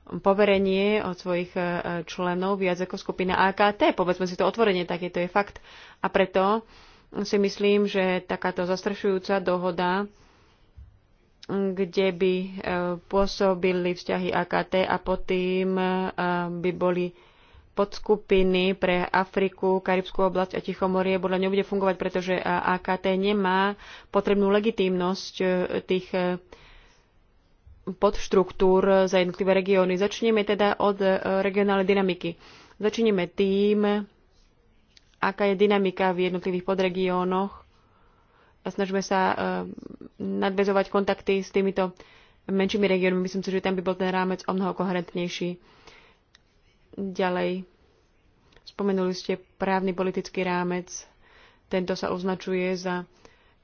poverenie od svojich členov viac ako skupina AKT. Povedzme si to otvorenie, to je fakt. A preto si myslím, že takáto zastrašujúca dohoda kde by e, pôsobili vzťahy AKT a potom e, by boli podskupiny pre Afriku, Karibskú oblasť a Tichomorie podľa nebude bude fungovať, pretože e, AKT nemá potrebnú legitímnosť tých podštruktúr za jednotlivé regióny. Začneme teda od regionálnej dynamiky. Začneme tým, aká je dynamika v jednotlivých podregiónoch a snažíme sa eh, nadvezovať kontakty s týmito menšími regiónmi. Myslím si, že tam by bol ten rámec o mnoho koherentnejší. Ďalej, spomenuli ste právny politický rámec. Tento sa označuje za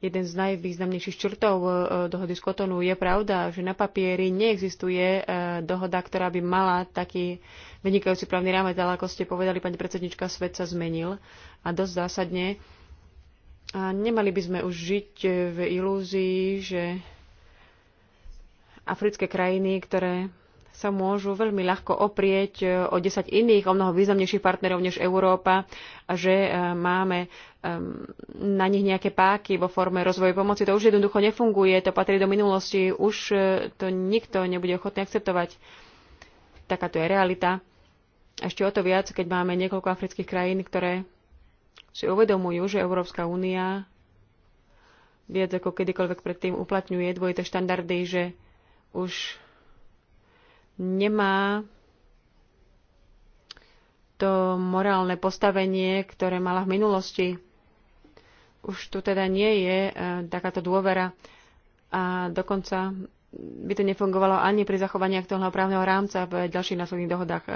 jeden z najvýznamnejších črtov eh, dohody z Kotonu. Je pravda, že na papieri neexistuje eh, dohoda, ktorá by mala taký vynikajúci právny rámec, ale ako ste povedali, pani predsednička, svet sa zmenil a dosť zásadne a nemali by sme už žiť v ilúzii, že africké krajiny, ktoré sa môžu veľmi ľahko oprieť e, o 10 iných, o mnoho významnejších partnerov než Európa a že e, máme e, na nich nejaké páky vo forme rozvoju pomoci. To už jednoducho nefunguje, to patrí do minulosti, už to nikto nebude ochotný akceptovať. Takáto je realita. Ešte o to viac, keď máme niekoľko afrických krajín, ktoré si uvedomujú, že Európska únia viac ako kedykoľvek predtým uplatňuje dvojité štandardy, že už nemá to morálne postavenie, ktoré mala v minulosti. Už tu teda nie je eh, takáto dôvera a dokonca by to nefungovalo ani pri zachovaní aktuálneho právneho rámca v ďalších následných dohodách. E,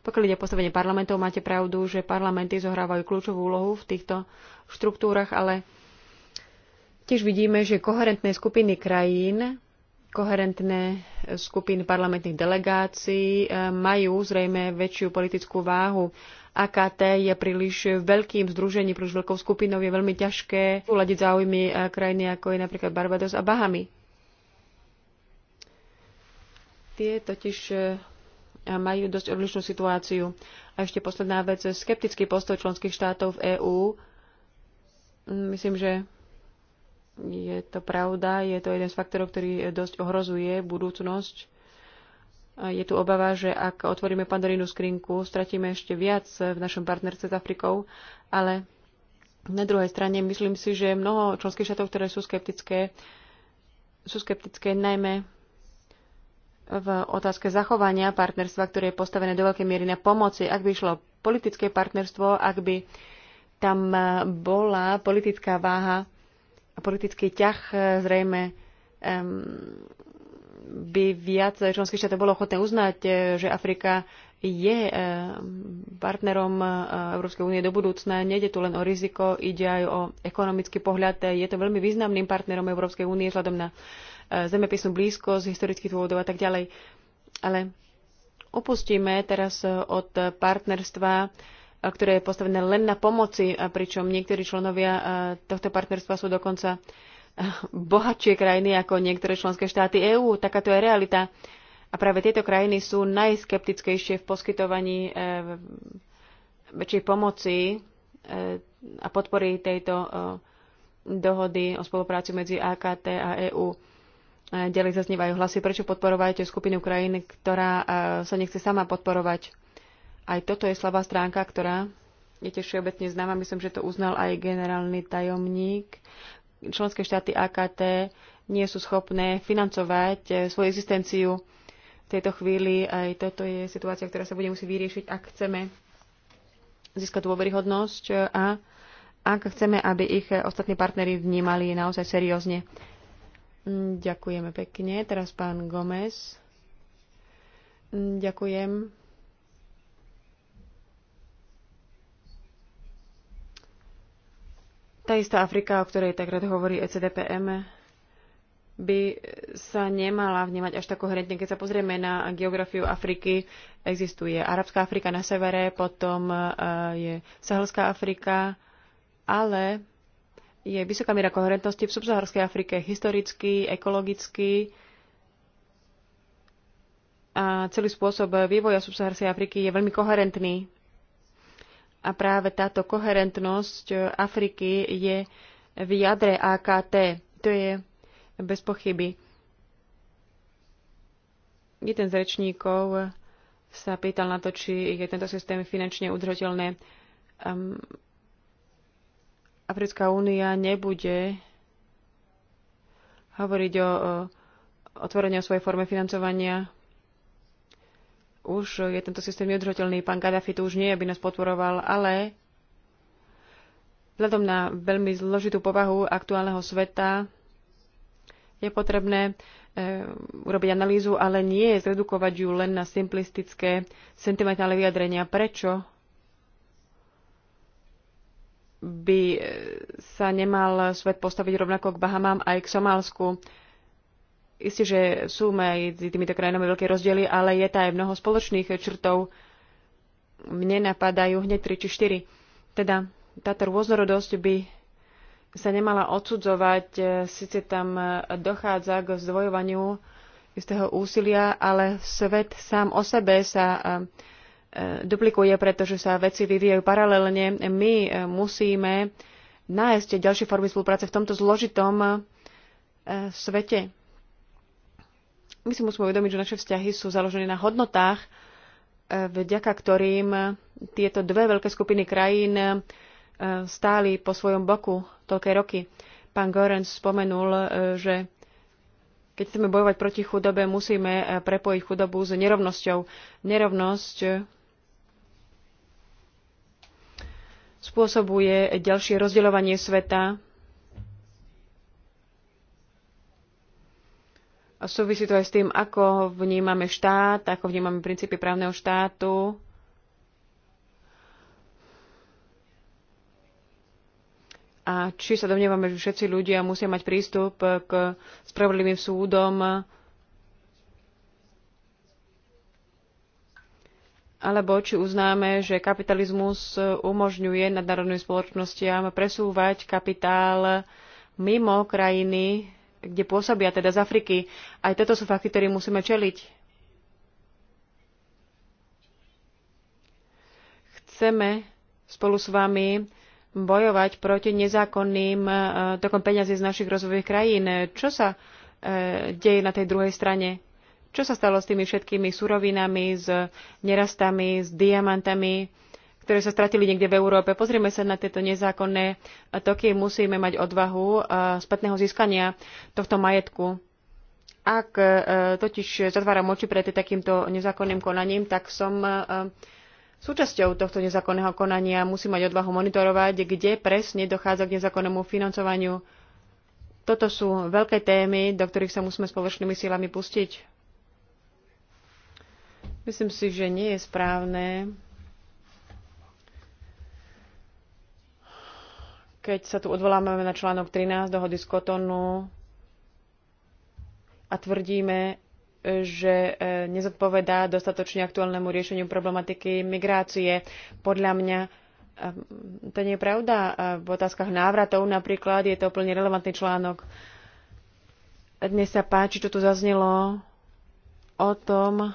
pokiaľ ide o postavenie parlamentov, máte pravdu, že parlamenty zohrávajú kľúčovú úlohu v týchto štruktúrach, ale tiež vidíme, že koherentné skupiny krajín, koherentné skupiny parlamentných delegácií e, majú zrejme väčšiu politickú váhu. AKT je príliš veľkým združením, príliš veľkou skupinou, je veľmi ťažké uľadiť záujmy e, krajiny ako je napríklad Barbados a Bahamy Tie totiž e, majú dosť odlišnú situáciu. A ešte posledná vec, skeptický postoj členských štátov v EÚ. Mm, myslím, že je to pravda, je to jeden z faktorov, ktorý e, dosť ohrozuje budúcnosť. Je tu obava, že ak otvoríme pandorínu skrinku, stratíme ešte viac e, v našom partnerce s Afrikou, ale na druhej strane myslím si, že mnoho členských štátov, ktoré sú skeptické, sú skeptické najmä v otázke zachovania partnerstva, ktoré je postavené do veľkej miery na pomoci. Ak by išlo politické partnerstvo, ak by tam bola politická váha a politický ťah zrejme um, by viac členských štátov bolo ochotné uznať, že Afrika je partnerom eh, Európskej únie do budúcna. nede tu len o riziko, ide aj o ekonomický pohľad. Je to veľmi významným partnerom Európskej únie vzhľadom na zemepisnú blízkosť, historických dôvodov a tak ďalej. Ale opustíme teraz e, od partnerstva, e, ktoré je postavené len na pomoci, a pričom niektorí členovia e, tohto partnerstva sú dokonca bohatšie krajiny ako niektoré členské štáty EÚ. Takáto je realita. A práve tieto krajiny sú najskeptickejšie v poskytovaní väčšej pomoci a podpory tejto dohody o spolupráci medzi AKT a EÚ. E, ďalej zaznievajú hlasy, prečo podporovajte skupinu krajín, ktorá e, sa nechce sama podporovať. Aj toto je slabá stránka, ktorá je tiež všeobecne známa. Myslím, že to uznal aj generálny tajomník. Členské štáty AKT nie sú schopné financovať e, svoju existenciu v tejto chvíli. Aj toto je situácia, ktorá sa bude musieť vyriešiť, ak chceme získať dôveryhodnosť a ak chceme, aby ich ostatní partnery vnímali naozaj seriózne. Ďakujeme pekne. Teraz pán Gomez. Ďakujem. Tá istá Afrika, o ktorej tak rád hovorí ECDPM, by sa nemala vnímať až tako hredne. Keď sa pozrieme na geografiu Afriky, existuje Arabská Afrika na severe, potom eh, je Sahelská Afrika, ale je vysoká miera koherentnosti v subsaharskej Afrike, historicky, ekologicky a celý spôsob vývoja subsaharskej Afriky je veľmi koherentný. A práve táto koherentnosť Afriky je v jadre AKT. To je bez pochyby. Jeden z rečníkov sa pýtal na to, či je tento systém finančne udržateľné. Um, Africká únia nebude hovoriť o, o otvorení o svojej forme financovania. Už je tento systém neudržateľný. Pán Gaddafi tu už nie, aby nás podporoval, ale vzhľadom na veľmi zložitú povahu aktuálneho sveta je potrebné e, urobiť analýzu, ale nie zredukovať ju len na simplistické sentimentálne vyjadrenia. Prečo by sa nemal svet postaviť rovnako k Bahamám aj k Somálsku. Isté, že sú medzi týmito krajinami veľké rozdiely, ale je tam aj mnoho spoločných črtov. Mne napadajú hneď 3 či 4. Teda táto rôznorodosť by sa nemala odsudzovať, e, síce tam dochádza k zdvojovaniu istého úsilia, ale svet sám o sebe sa e, duplikuje, pretože sa veci vyvíjajú paralelne. My e, musíme nájsť ďalšie formy spolupráce v tomto zložitom e, svete. My si musíme uvedomiť, že naše vzťahy sú založené na hodnotách, e, vďaka ktorým tieto dve veľké skupiny krajín stáli po svojom boku toľké roky. Pán Gorenc spomenul, že keď chceme bojovať proti chudobe, musíme prepojiť chudobu s nerovnosťou. Nerovnosť spôsobuje ďalšie rozdeľovanie sveta a súvisí to aj s tým, ako vnímame štát, ako vnímame princípy právneho štátu. A či sa domnievame, že všetci ľudia musia mať prístup k spravodlivým súdom, alebo či uznáme, že kapitalizmus umožňuje nadnárodným spoločnostiam presúvať kapitál mimo krajiny, kde pôsobia, teda z Afriky. Aj toto sú fakty, ktorým musíme čeliť. Chceme spolu s vami bojovať proti nezákonným eh, tokom peňazí z našich rozvojových krajín. Čo sa eh, deje na tej druhej strane? Čo sa stalo s tými všetkými surovinami, s nerastami, s diamantami, ktoré sa stratili niekde v Európe? Pozrieme sa na tieto nezákonné toky. Musíme mať odvahu eh, spätného získania tohto majetku. Ak eh, totiž zatváram oči pred takýmto nezákonným konaním, tak som eh, Súčasťou tohto nezákonného konania musím mať odvahu monitorovať, kde presne dochádza k nezákonnému financovaniu. Toto sú veľké témy, do ktorých sa musíme spoločnými silami pustiť. Myslím si, že nie je správne, keď sa tu odvolávame na článok 13 dohody z Kotonu a tvrdíme, že e, nezodpovedá dostatočne aktuálnemu riešeniu problematiky migrácie. Podľa mňa e, to nie je pravda. E, v otázkach návratov napríklad je to úplne relevantný článok. Dnes sa páči, čo tu zaznelo o tom,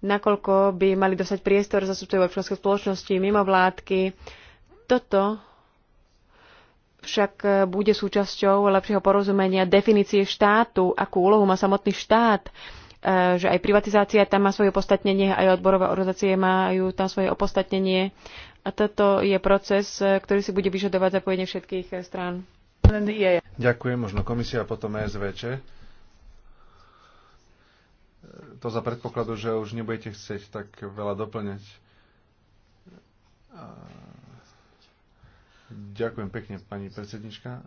nakoľko by mali dostať priestor zastupcovia občianske spoločnosti, mimo vládky. Toto však bude súčasťou lepšieho porozumenia definície štátu, akú úlohu má samotný štát, e, že aj privatizácia tam má svoje opodstatnenie, aj odborové organizácie majú tam svoje opodstatnenie. A toto je proces, ktorý si bude vyžadovať zapojenie všetkých e, strán. Ďakujem, možno komisia a potom SVČ to za predpokladu, že už nebudete chcieť tak veľa doplňať. Ďakujem pekne, pani predsednička.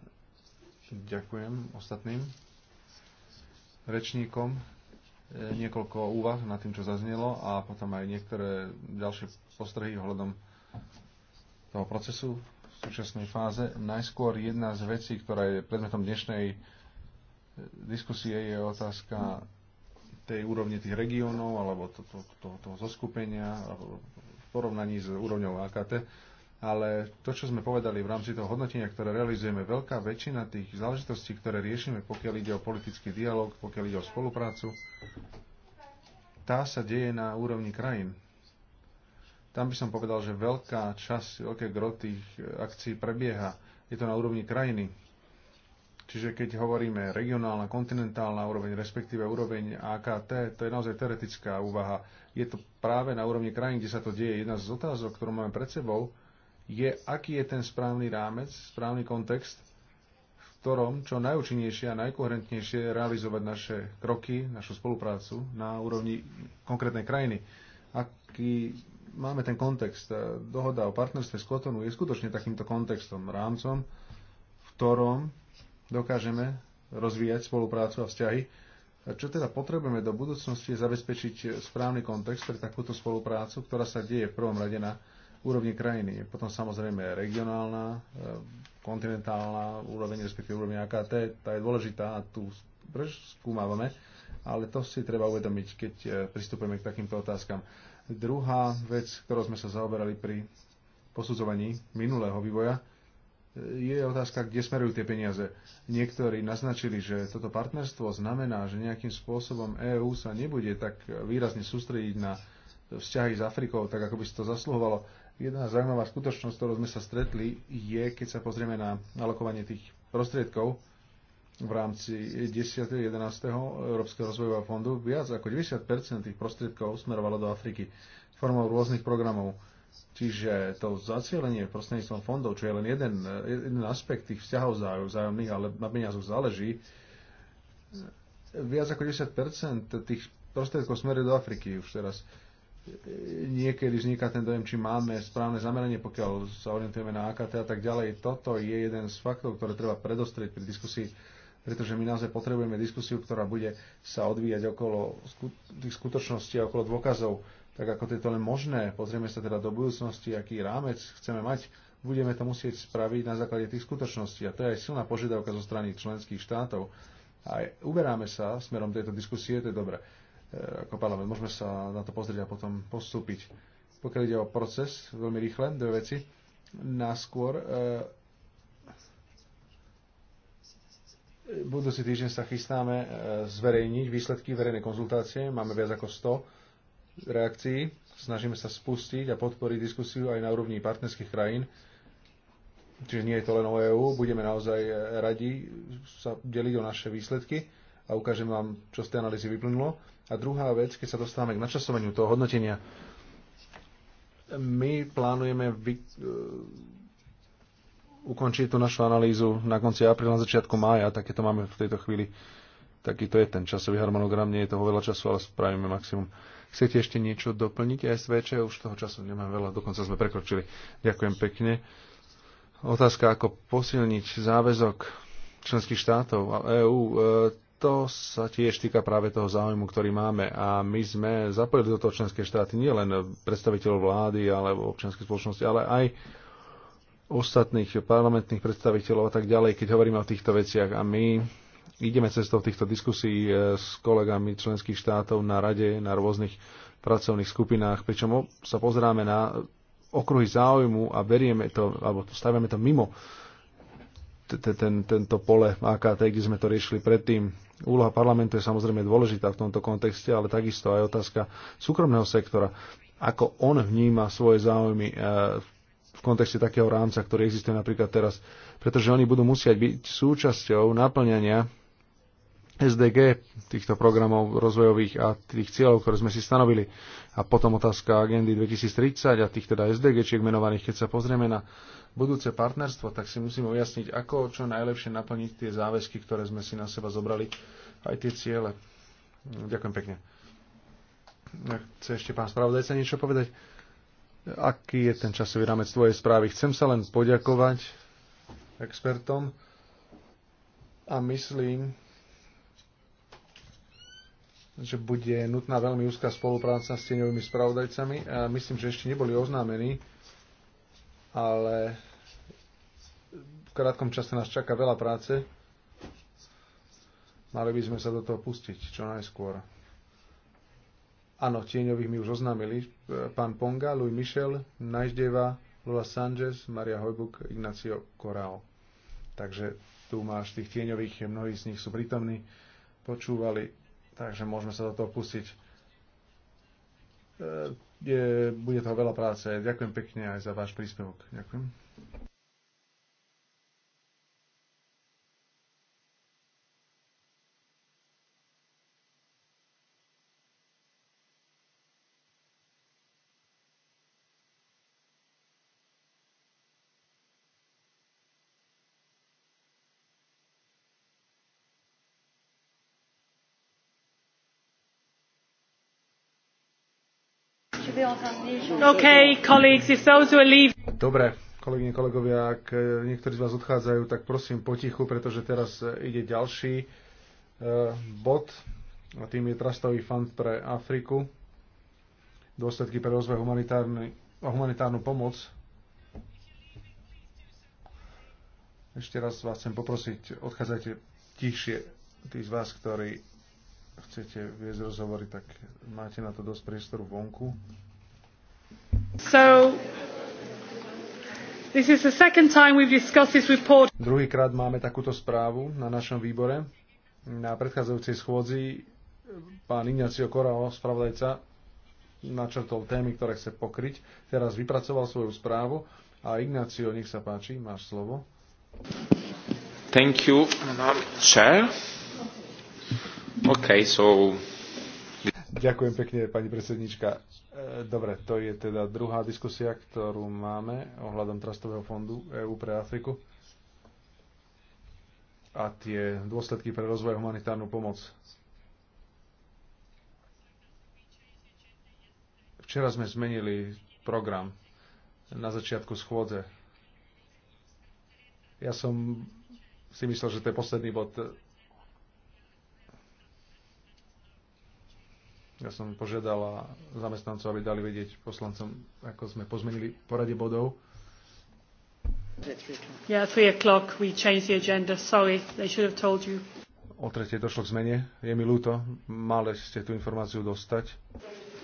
Ďakujem ostatným rečníkom. E, niekoľko úvah nad tým, čo zaznelo a potom aj niektoré ďalšie postrehy ohľadom toho procesu v súčasnej fáze. Najskôr jedna z vecí, ktorá je predmetom dnešnej e, diskusie, je otázka tej úrovne tých regiónov alebo to, to, to, toho zoskupenia v porovnaní s úrovňou AKT, ale to, čo sme povedali v rámci toho hodnotenia, ktoré realizujeme, veľká väčšina tých záležitostí, ktoré riešime, pokiaľ ide o politický dialog, pokiaľ ide o spoluprácu, tá sa deje na úrovni krajín. Tam by som povedal, že veľká časť, veľké groty akcií prebieha. Je to na úrovni krajiny Čiže keď hovoríme regionálna, kontinentálna úroveň, respektíve úroveň AKT, to je naozaj teoretická úvaha. Je to práve na úrovni krajín, kde sa to deje. Jedna z otázok, ktorú máme pred sebou, je, aký je ten správny rámec, správny kontext, v ktorom čo najúčinnejšie a najkoherentnejšie realizovať naše kroky, našu spoluprácu na úrovni konkrétnej krajiny. Aký máme ten kontext. Dohoda o partnerstve s Kotonu je skutočne takýmto kontextom, rámcom, v ktorom dokážeme rozvíjať spoluprácu a vzťahy. Čo teda potrebujeme do budúcnosti je zabezpečiť správny kontext pre takúto spoluprácu, ktorá sa deje v prvom rade na úrovni krajiny. Potom samozrejme regionálna, e, kontinentálna úroveň, respektíve úroveň AKT, tá je dôležitá a tu skúmavame, ale to si treba uvedomiť, keď e, pristupujeme k takýmto otázkam. Druhá vec, ktorou sme sa zaoberali pri posudzovaní minulého vývoja, je otázka, kde smerujú tie peniaze. Niektorí naznačili, že toto partnerstvo znamená, že nejakým spôsobom EÚ sa nebude tak výrazne sústrediť na vzťahy s Afrikou, tak ako by si to zasluhovalo. Jedna zaujímavá skutočnosť, ktorou sme sa stretli, je, keď sa pozrieme na alokovanie tých prostriedkov v rámci 10. 11. Európskeho rozvojového fondu, viac ako 90 tých prostriedkov smerovalo do Afriky formou rôznych programov Čiže to zacielenie prostredníctvom fondov, čo je len jeden, jeden aspekt tých vzťahov vzájomných, ale na peniazoch záleží, viac ako 10% tých prostriedkov smeruje do Afriky už teraz. Niekedy vzniká ten dojem, či máme správne zameranie, pokiaľ sa orientujeme na AKT a tak ďalej. Toto je jeden z faktov, ktoré treba predostrieť pri diskusii, pretože my naozaj potrebujeme diskusiu, ktorá bude sa odvíjať okolo tých skutočností a okolo dôkazov tak ako to je to len možné. Pozrieme sa teda do budúcnosti, aký rámec chceme mať. Budeme to musieť spraviť na základe tých skutočností. A to je aj silná požiadavka zo strany členských štátov. A uberáme sa smerom tejto diskusie, to je dobré. E, ako parlament môžeme sa na to pozrieť a potom postúpiť. Pokiaľ ide o proces, veľmi rýchle, dve veci. Naskôr e, budúci týždeň sa chystáme e, zverejniť výsledky verejnej konzultácie. Máme viac ako 100 reakcií. Snažíme sa spustiť a podporiť diskusiu aj na úrovni partnerských krajín. Čiže nie je to len o EÚ. Budeme naozaj radi sa deliť o naše výsledky a ukážem vám, čo z tej analýzy vyplnulo. A druhá vec, keď sa dostávame k načasovaniu toho hodnotenia, my plánujeme vy, e, ukončiť tú našu analýzu na konci apríla, na začiatku mája, to máme v tejto chvíli. Taký to je ten časový harmonogram, nie je toho veľa času, ale spravíme maximum. Chcete ešte niečo doplniť? SVČ už toho času nemám veľa, dokonca sme prekročili. Ďakujem pekne. Otázka, ako posilniť záväzok členských štátov a EÚ, e, to sa tiež týka práve toho záujmu, ktorý máme. A my sme zapojili do toho členské štáty nielen predstaviteľov vlády alebo občianskej spoločnosti, ale aj ostatných parlamentných predstaviteľov a tak ďalej, keď hovoríme o týchto veciach. A my ideme cestou týchto diskusí eh, s kolegami členských štátov na rade, na rôznych pracovných skupinách, pričom sa pozráme na okruhy záujmu a berieme to, alebo stavíme to mimo tento pole AKT, kde sme to riešili predtým. Úloha parlamentu je samozrejme dôležitá v tomto kontexte, ale takisto aj otázka súkromného sektora, ako on vníma svoje záujmy eh, v kontexte takého rámca, ktorý existuje napríklad teraz. Pretože oni budú musieť byť súčasťou naplňania SDG týchto programov rozvojových a tých cieľov, ktoré sme si stanovili. A potom otázka agendy 2030 a tých teda SDG, čiek menovaných, keď sa pozrieme na budúce partnerstvo, tak si musíme ujasniť, ako čo najlepšie naplniť tie záväzky, ktoré sme si na seba zobrali, aj tie ciele. Ďakujem pekne. Chce ešte pán spravodajca niečo povedať? aký je ten časový rámec tvojej správy. Chcem sa len poďakovať expertom a myslím, že bude nutná veľmi úzká spolupráca s tieňovými spravodajcami. A myslím, že ešte neboli oznámení, ale v krátkom čase nás čaká veľa práce. Mali by sme sa do toho pustiť čo najskôr. Áno, tieňových mi už oznámili. Pán Ponga, Louis Michel, Najdeva, Lula Sanchez, Maria Hojbuk, Ignacio Corao. Takže tu máš tých tieňových, mnohí z nich sú prítomní, počúvali, takže môžeme sa do toho pustiť. E, je, bude toho veľa práce. Ďakujem pekne aj za váš príspevok. Ďakujem. Okay, colleagues, if those who are leaving... Dobre, kolegyne, kolegovia, ak e, niektorí z vás odchádzajú, tak prosím potichu, pretože teraz e, ide ďalší e, bod a tým je Trastový fond pre Afriku. Dôsledky pre rozvoj humanitárny, humanitárnu pomoc. Ešte raz vás chcem poprosiť, odchádzajte tichšie. Tí z vás, ktorí chcete viesť rozhovory, tak máte na to dosť priestoru vonku. Druhýkrát máme takúto správu na našom výbore. Na predchádzajúcej schôdzi pán Ignacio Korao, spravodajca, načrtol témy, ktoré chce pokryť. Teraz vypracoval svoju správu a Ignacio, nech sa páči, máš slovo. Thank you, Madam Chair. Okay, so Ďakujem pekne, pani predsednička. E, dobre, to je teda druhá diskusia, ktorú máme ohľadom Trastového fondu EÚ pre Afriku a tie dôsledky pre rozvoj a humanitárnu pomoc. Včera sme zmenili program na začiatku schôdze. Ja som si myslel, že to je posledný bod Ja som požiadala zamestnancov, aby dali vedieť poslancom, ako sme pozmenili poradie bodov. Yeah, agenda, sorry, o tretej došlo k zmene. Je mi ľúto, mali ste tú informáciu dostať.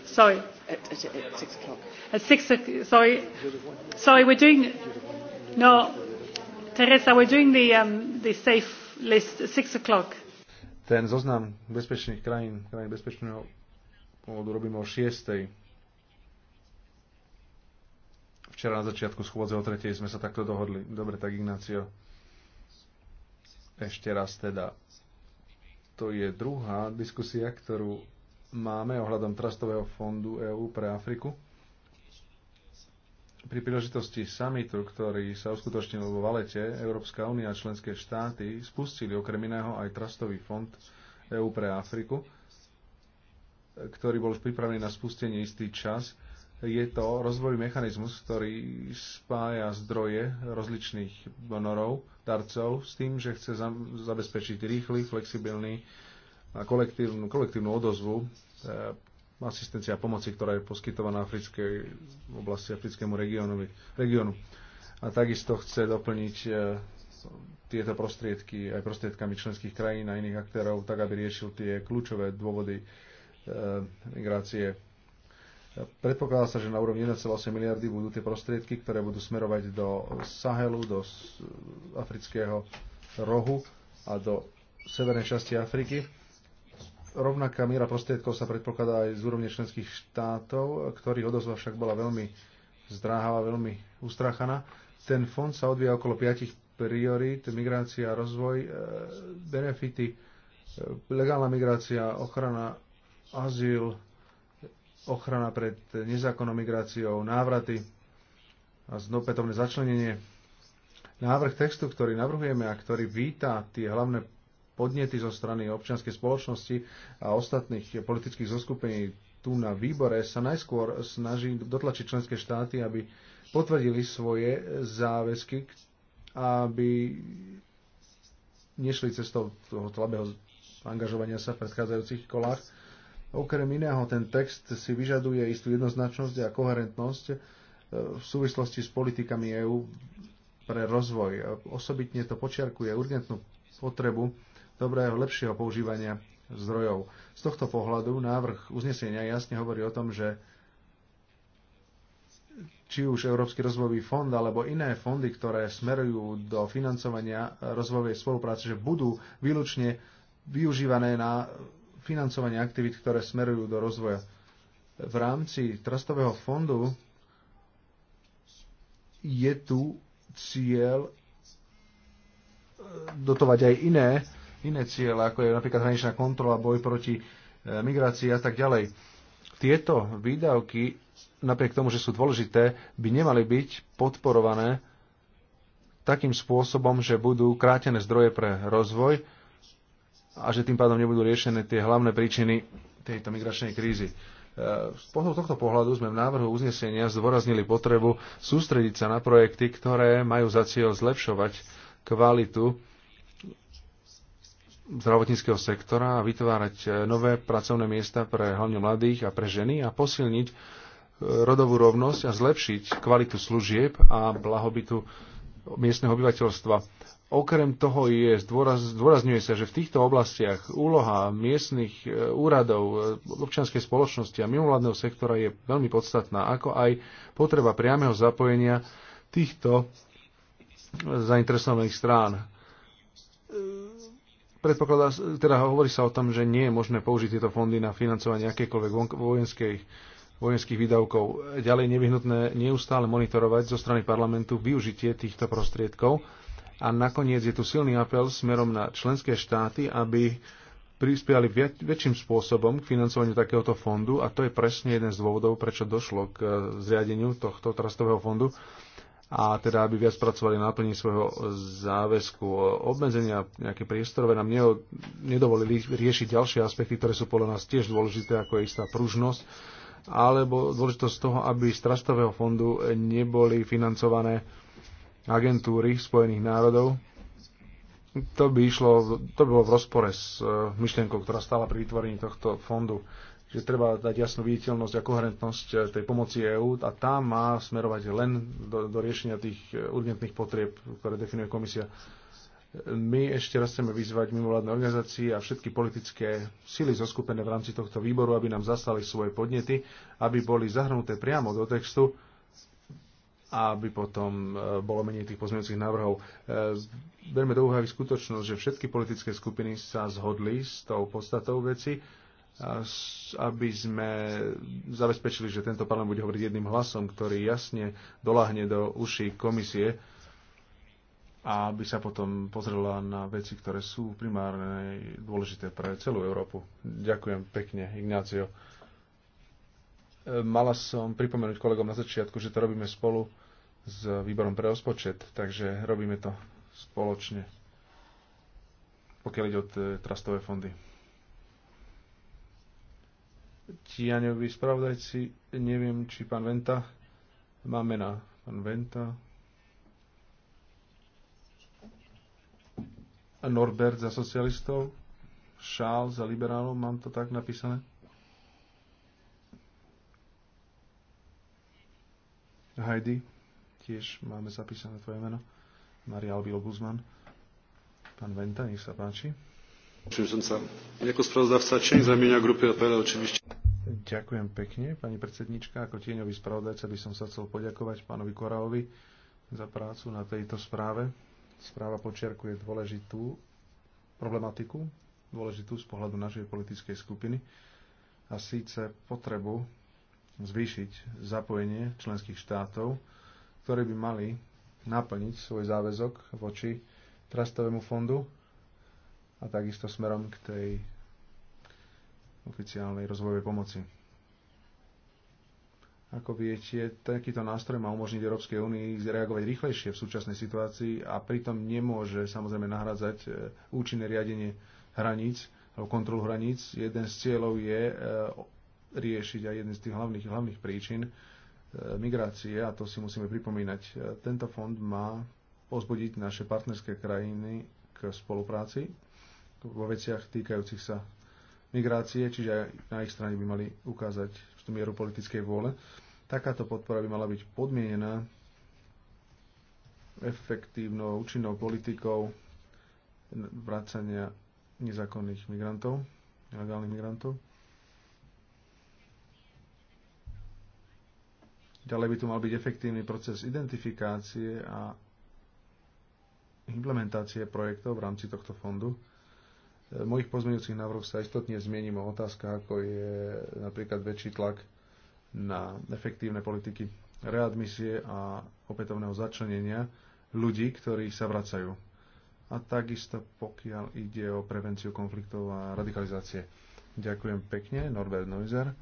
Sorry. At, at, at six o'clock. At six o'clock, sorry. Sorry, we're doing... No, Teresa, we're doing the, um, the safe list at six o'clock. Ten zoznam bezpečných krajín, krajín bezpečného urobíme o 6. Včera na začiatku schôdze o 3. sme sa takto dohodli. Dobre, tak Ignácio. Ešte raz teda. To je druhá diskusia, ktorú máme ohľadom Trastového fondu EÚ pre Afriku. Pri príležitosti samitu, ktorý sa uskutočnil vo Valete, Európska únia a členské štáty spustili okrem iného aj Trastový fond EÚ pre Afriku ktorý bol už pripravený na spustenie istý čas. Je to rozvoj mechanizmus, ktorý spája zdroje rozličných donorov, darcov, s tým, že chce zabezpečiť rýchly, flexibilný a kolektívnu, kolektívnu odozvu e, asistencia a pomoci, ktorá je poskytovaná africkej oblasti, africkému regiónu. A takisto chce doplniť e, tieto prostriedky aj prostriedkami členských krajín a iných aktérov, tak aby riešil tie kľúčové dôvody Eh, migrácie. Predpokladá sa, že na úrovni 1,8 miliardy budú tie prostriedky, ktoré budú smerovať do Sahelu, do afrického rohu a do severnej časti Afriky. Rovnaká miera prostriedkov sa predpokladá aj z úrovne členských štátov, ktorých odozva však bola veľmi zdráhavá, veľmi ustráchaná. Ten fond sa odvíja okolo piatich priorít, migrácia, rozvoj, eh, benefity, eh, legálna migrácia, ochrana azyl, ochrana pred nezákonnou migráciou, návraty a znopetovné začlenenie. Návrh textu, ktorý navrhujeme a ktorý víta tie hlavné podnety zo strany občianskej spoločnosti a ostatných politických zoskupení tu na výbore, sa najskôr snaží dotlačiť členské štáty, aby potvrdili svoje záväzky, aby nešli cestou toho slabého angažovania sa v predchádzajúcich kolách Okrem iného, ten text si vyžaduje istú jednoznačnosť a koherentnosť e, v súvislosti s politikami EÚ pre rozvoj. Osobitne to počiarkuje urgentnú potrebu dobrého, lepšieho používania zdrojov. Z tohto pohľadu návrh uznesenia jasne hovorí o tom, že či už Európsky rozvojový fond alebo iné fondy, ktoré smerujú do financovania rozvojovej spolupráce, že budú výlučne využívané na financovanie aktivít, ktoré smerujú do rozvoja. V rámci trastového fondu je tu cieľ e, dotovať aj iné, iné ciele, ako je napríklad hraničná kontrola, boj proti e, migrácii a tak ďalej. Tieto výdavky, napriek tomu, že sú dôležité, by nemali byť podporované takým spôsobom, že budú krátené zdroje pre rozvoj, a že tým pádom nebudú riešené tie hlavné príčiny tejto migračnej krízy. E, z tohto pohľadu sme v návrhu uznesenia zdôraznili potrebu sústrediť sa na projekty, ktoré majú za cieľ zlepšovať kvalitu zdravotníckého sektora a vytvárať e, nové pracovné miesta pre hlavne mladých a pre ženy a posilniť e, rodovú rovnosť a zlepšiť kvalitu služieb a blahobytu miestneho obyvateľstva. Okrem toho je, zdôraz, zdôrazňuje sa, že v týchto oblastiach úloha miestnych e, úradov, e, občianskej spoločnosti a mimovládneho sektora je veľmi podstatná, ako aj potreba priameho zapojenia týchto e, zainteresovaných strán. Predpokladá, teda hovorí sa o tom, že nie je možné použiť tieto fondy na financovanie akékoľvek vojenskej vojenských výdavkov. Ďalej nevyhnutné neustále monitorovať zo strany parlamentu využitie týchto prostriedkov. A nakoniec je tu silný apel smerom na členské štáty, aby prispiali väčším spôsobom k financovaniu takéhoto fondu a to je presne jeden z dôvodov, prečo došlo k eh, zriadeniu tohto trastového fondu a teda aby viac pracovali na plnení svojho záväzku. Obmedzenia nejaké priestorové nám nedovolili riešiť ďalšie aspekty, ktoré sú podľa nás tiež dôležité, ako je istá pružnosť alebo dôležitosť toho, aby z trastového fondu neboli financované agentúry Spojených národov. To by, išlo, to by bolo v rozpore s e, myšlienkou, ktorá stála pri vytvorení tohto fondu. Čiže treba dať jasnú viditeľnosť a koherentnosť e, tej pomoci EÚ a tá má smerovať len do, do riešenia tých e, urgentných potrieb, ktoré definuje komisia. My ešte raz chceme vyzvať mimovládne organizácie a všetky politické sily zoskupené v rámci tohto výboru, aby nám zaslali svoje podnety, aby boli zahrnuté priamo do textu a aby potom e, bolo menej tých pozmeňujúcich návrhov. E, berme do úvahy skutočnosť, že všetky politické skupiny sa zhodli s tou podstatou veci, aby sme zabezpečili, že tento parlament bude hovoriť jedným hlasom, ktorý jasne doláhne do uší komisie, a aby sa potom pozrela na veci, ktoré sú primárne dôležité pre celú Európu. Ďakujem pekne, Ignácio. E, mala som pripomenúť kolegom na začiatku, že to robíme spolu s výborom pre rozpočet, takže robíme to spoločne, pokiaľ ide o trastové fondy. Tiaňovi spravodajci, neviem, či pán Venta má mena. Pán Venta, Norbert za socialistov, Šál za liberálov, mám to tak napísané. Heidi, tiež máme zapísané tvoje meno. Maria Albilo Guzman. Pán Venta, nech sa páči. Ako spravodavca grupy APL Ďakujem pekne, pani predsednička. Ako tieňový spravodajca by som sa chcel poďakovať pánovi Koraovi za prácu na tejto správe Správa počiarkuje dôležitú problematiku, dôležitú z pohľadu našej politickej skupiny, a síce potrebu zvýšiť zapojenie členských štátov, ktoré by mali naplniť svoj záväzok voči Trastovému fondu a takisto smerom k tej oficiálnej rozvojovej pomoci. Ako viete, takýto nástroj má umožniť Európskej únii reagovať rýchlejšie v súčasnej situácii a pritom nemôže samozrejme nahradzať e, účinné riadenie hraníc alebo kontrolu hraníc. Jeden z cieľov je e, riešiť aj jeden z tých hlavných, hlavných príčin e, migrácie a to si musíme pripomínať. Tento fond má pozbudiť naše partnerské krajiny k spolupráci vo veciach týkajúcich sa migrácie, čiže aj na ich strane by mali ukázať istú mieru politickej vôle. Takáto podpora by mala byť podmienená efektívnou, účinnou politikou vracania nezákonných migrantov, nelegálnych migrantov. Ďalej by tu mal byť efektívny proces identifikácie a implementácie projektov v rámci tohto fondu. E, mojich pozmeňujúcich návrhov sa istotne zmením o otázka, ako je napríklad väčší tlak na efektívne politiky readmisie a opätovného začlenenia ľudí, ktorí sa vracajú. A takisto pokiaľ ide o prevenciu konfliktov a radikalizácie. Ďakujem pekne, Norbert Neuser. E,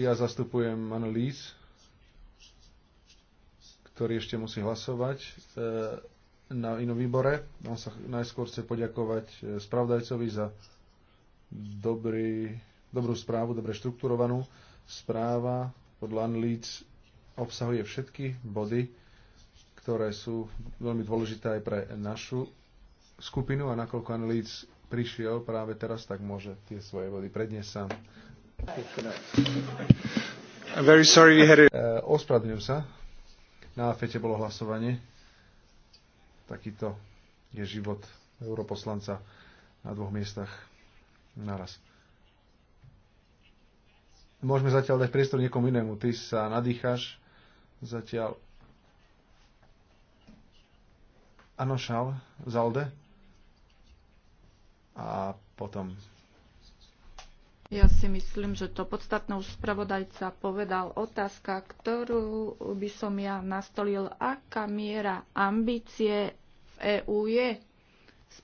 ja zastupujem Annelies, ktorý ešte musí hlasovať e, na inom výbore. On sa najskôr chce poďakovať e, spravdajcovi za dobrý, dobrú správu, dobre štrukturovanú. Správa podľa Unleads obsahuje všetky body, ktoré sú veľmi dôležité aj pre našu skupinu a nakoľko Anlíc prišiel práve teraz, tak môže tie svoje body predniesť sám. E, ospravedlňujem sa, na AFETE bolo hlasovanie. Takýto je život europoslanca na dvoch miestach naraz. Môžeme zatiaľ dať priestor niekomu inému. Ty sa nadýcháš zatiaľ. Ano, šal, zalde. A potom ja si myslím, že to podstatnou spravodajca povedal otázka, ktorú by som ja nastolil, aká miera ambície v EÚ je.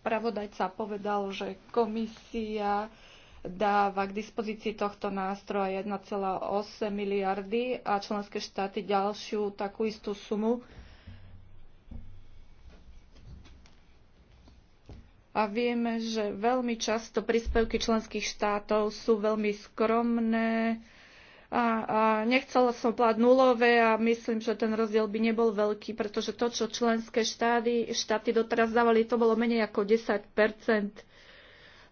Spravodajca povedal, že komisia dáva k dispozícii tohto nástroja 1,8 miliardy a členské štáty ďalšiu takú istú sumu. a vieme, že veľmi často príspevky členských štátov sú veľmi skromné a, a nechcela som plať nulové a myslím, že ten rozdiel by nebol veľký, pretože to, čo členské štáty, štáty doteraz dávali, to bolo menej ako 10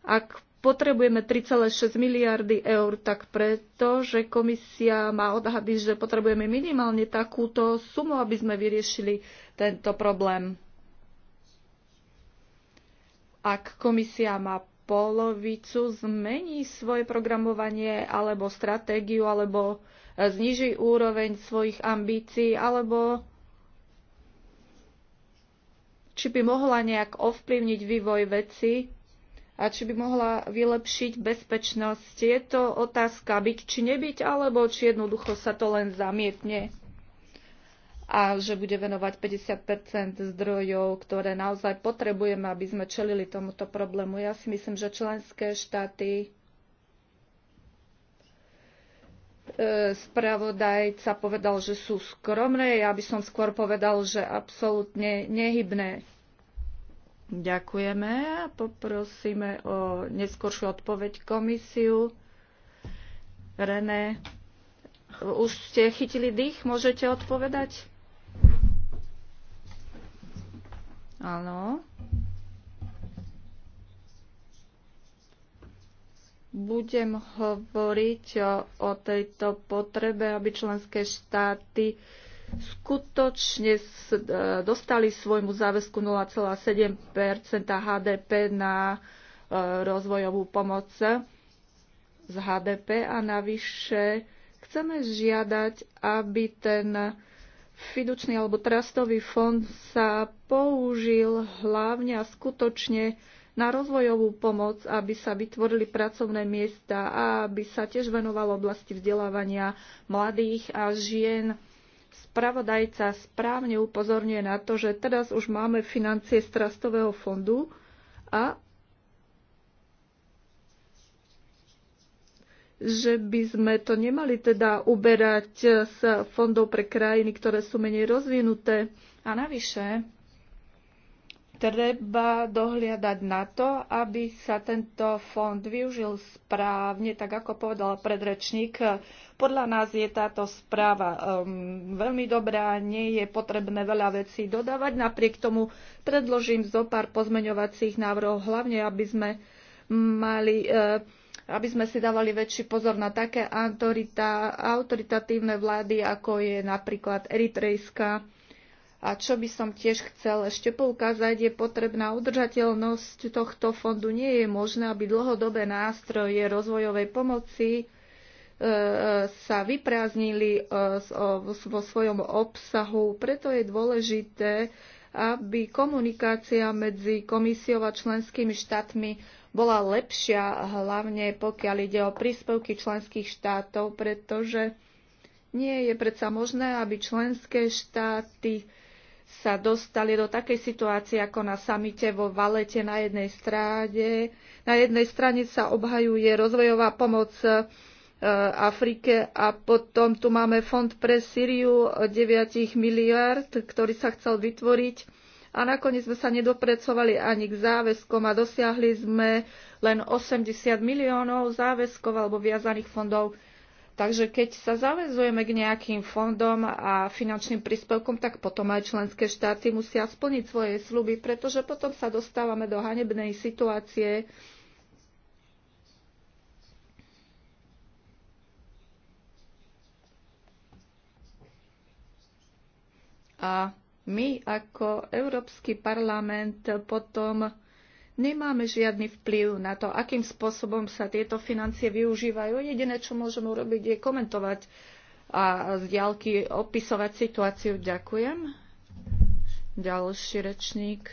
Ak potrebujeme 3,6 miliardy eur, tak preto, že komisia má odhady, že potrebujeme minimálne takúto sumu, aby sme vyriešili tento problém. Ak komisia má polovicu, zmení svoje programovanie alebo stratégiu, alebo e, zniží úroveň svojich ambícií, alebo či by mohla nejak ovplyvniť vývoj veci a či by mohla vylepšiť bezpečnosť. Je to otázka byť či nebyť, alebo či jednoducho sa to len zamietne a že bude venovať 50 zdrojov, ktoré naozaj potrebujeme, aby sme čelili tomuto problému. Ja si myslím, že členské štáty e, spravodajca povedal, že sú skromné. Ja by som skôr povedal, že absolútne nehybné. Ďakujeme. Poprosíme o neskôršiu odpoveď komisiu. René, už ste chytili dých? Môžete odpovedať? Áno. Budem hovoriť o, o tejto potrebe, aby členské štáty skutočne e, dostali svojmu záväzku 0,7 HDP na e, rozvojovú pomoc z HDP a navyše chceme žiadať, aby ten fidučný alebo trastový fond sa použil hlavne a skutočne na rozvojovú pomoc, aby sa vytvorili pracovné miesta a aby sa tiež venovalo oblasti vzdelávania mladých a žien. Spravodajca správne upozorňuje na to, že teraz už máme financie z trastového fondu a že by sme to nemali teda uberať z fondov pre krajiny, ktoré sú menej rozvinuté. A navyše, treba dohliadať na to, aby sa tento fond využil správne, tak ako povedal predrečník. Podľa nás je táto správa um, veľmi dobrá, nie je potrebné veľa vecí dodávať. Napriek tomu predložím zo pár pozmeňovacích návrhov, hlavne aby sme mali uh, aby sme si dávali väčší pozor na také autorita, autoritatívne vlády, ako je napríklad eritrejská. A čo by som tiež chcel ešte poukázať, je potrebná udržateľnosť tohto fondu. Nie je možné, aby dlhodobé nástroje rozvojovej pomoci e, e, sa vyprázdnili e, vo svojom obsahu. Preto je dôležité, aby komunikácia medzi komisiou a členskými štátmi bola lepšia, hlavne pokiaľ ide o príspevky členských štátov, pretože nie je predsa možné, aby členské štáty sa dostali do takej situácie ako na samite vo Valete na jednej strane. Na jednej strane sa obhajuje rozvojová pomoc e, Afrike a potom tu máme fond pre Syriu 9 miliard, ktorý sa chcel vytvoriť a nakoniec sme sa nedopracovali ani k záväzkom a dosiahli sme len 80 miliónov záväzkov alebo viazaných fondov. Takže keď sa zavezujeme k nejakým fondom a finančným príspevkom, tak potom aj členské štáty musia splniť svoje sluby, pretože potom sa dostávame do hanebnej situácie, a my ako Európsky parlament potom nemáme žiadny vplyv na to, akým spôsobom sa tieto financie využívajú. Jediné, čo môžeme urobiť, je komentovať a z diálky opisovať situáciu. Ďakujem. Ďalší rečník.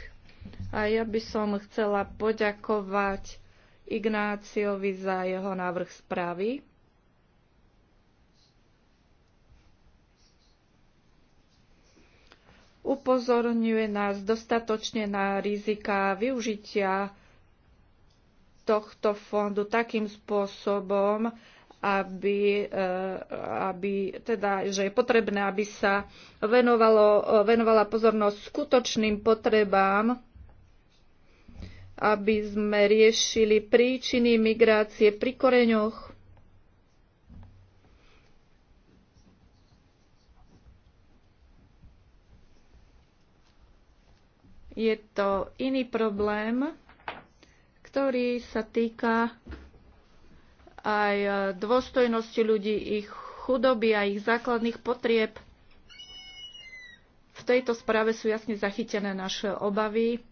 A ja by som chcela poďakovať Ignáciovi za jeho návrh správy. upozorňuje nás dostatočne na rizika využitia tohto fondu takým spôsobom, aby, eh, aby teda, že je potrebné, aby sa venovalo, venovala pozornosť skutočným potrebám, aby sme riešili príčiny migrácie pri koreňoch Je to iný problém, ktorý sa týka aj eh, dôstojnosti ľudí, ich chudoby a ich základných potrieb. V tejto správe sú jasne zachytené naše obavy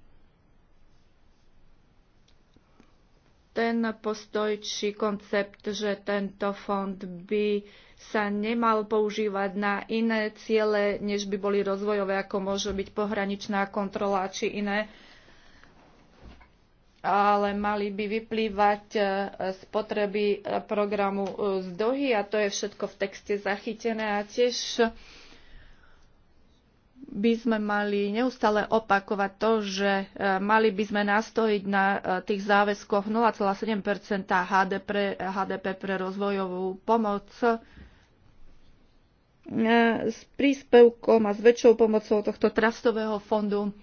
ten postoj či koncept, že tento fond by sa nemal používať na iné ciele, než by boli rozvojové, ako môže byť pohraničná kontrola či iné, ale mali by vyplývať e, z potreby e, programu e, z Dohy a to je všetko v texte zachytené a tiež by sme mali neustále opakovať to, že e, mali by sme nastojiť na e, tých záväzkoch 0,7 HDP, HDP pre rozvojovú pomoc e, s príspevkom a s väčšou pomocou tohto trastového fondu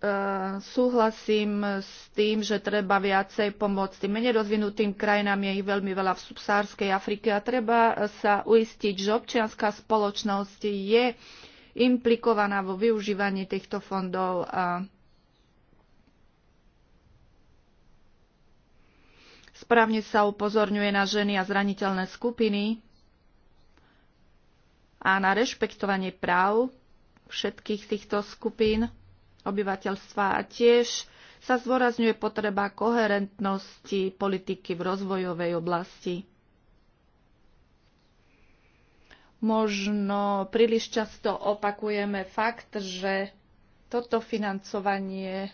E, súhlasím s tým, že treba viacej pomôcť tým menej rozvinutým krajinám, je ich veľmi veľa v subsárskej Afrike a treba sa uistiť, že občianská spoločnosť je implikovaná vo využívaní týchto fondov a správne sa upozorňuje na ženy a zraniteľné skupiny a na rešpektovanie práv všetkých týchto skupín obyvateľstva a tiež sa zdôrazňuje potreba koherentnosti politiky v rozvojovej oblasti. Možno príliš často opakujeme fakt, že toto financovanie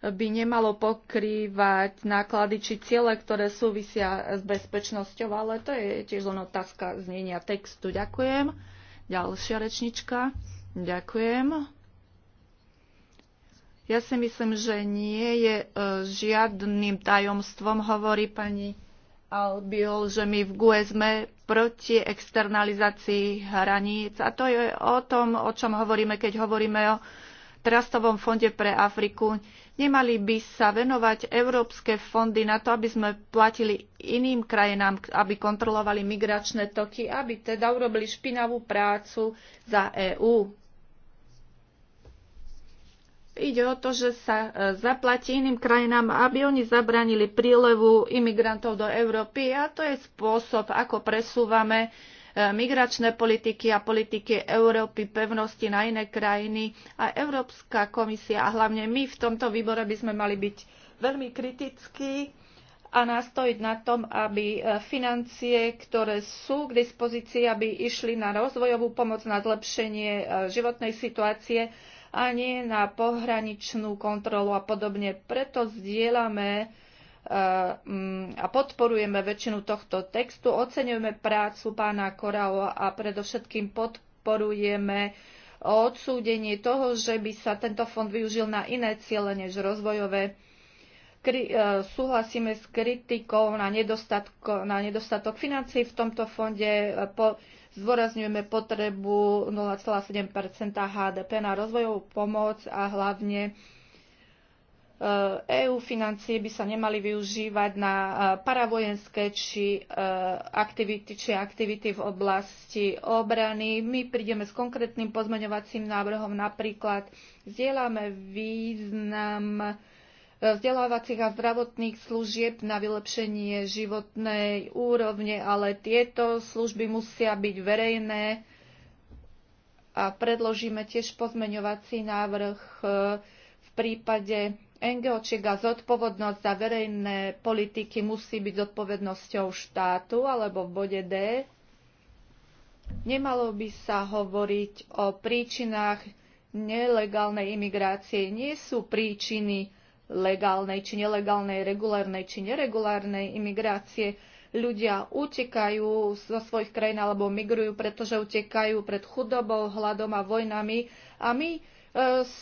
by nemalo pokrývať náklady či ciele, ktoré súvisia s bezpečnosťou, ale to je tiež len otázka znenia textu. Ďakujem. Ďalšia rečnička. Ďakujem. Ja si myslím, že nie je e, žiadnym tajomstvom, hovorí pani Albiol, že my v GUE sme proti externalizácii hraníc. A to je o tom, o čom hovoríme, keď hovoríme o Trastovom fonde pre Afriku. Nemali by sa venovať európske fondy na to, aby sme platili iným krajinám, aby kontrolovali migračné toky, aby teda urobili špinavú prácu za EÚ. Ide o to, že sa e, zaplatí iným krajinám, aby oni zabranili prílevu imigrantov do Európy a to je spôsob, ako presúvame uh, Eh, migračné politiky a politiky Európy pevnosti na iné krajiny a Európska komisia a hlavne my v tomto výbore by sme mali byť veľmi kritickí a nastojiť na tom, aby eh, financie, ktoré sú k dispozícii, aby išli na rozvojovú pomoc, na zlepšenie eh, životnej situácie a nie na pohraničnú kontrolu a podobne. Preto zdieľame Ehm, a podporujeme väčšinu tohto textu. Oceňujeme prácu pána Korao a predovšetkým podporujeme odsúdenie toho, že by sa tento fond využil na iné ciele než rozvojové. E, súhlasíme s kritikou na, na nedostatok financií v tomto fonde. Po- zdôrazňujeme potrebu 0,7 HDP na rozvojovú pomoc a hlavne EU e financie by sa nemali využívať na e, paravojenské či e, aktivity, či aktivity v oblasti obrany. My prídeme s konkrétnym pozmeňovacím návrhom, napríklad zdieľame význam vzdelávacích a zdravotných služieb na vylepšenie životnej úrovne, ale tieto služby musia byť verejné a predložíme tiež pozmeňovací návrh v prípade NGO NGOček a zodpovednosť za verejné politiky musí byť zodpovednosťou štátu alebo v bode D. Nemalo by sa hovoriť o príčinách nelegálnej imigrácie. Nie sú príčiny legálnej či nelegálnej, regulárnej či neregulárnej imigrácie ľudia utekajú zo svojich krajín alebo migrujú, pretože utekajú pred chudobou, hladom a vojnami. A my e,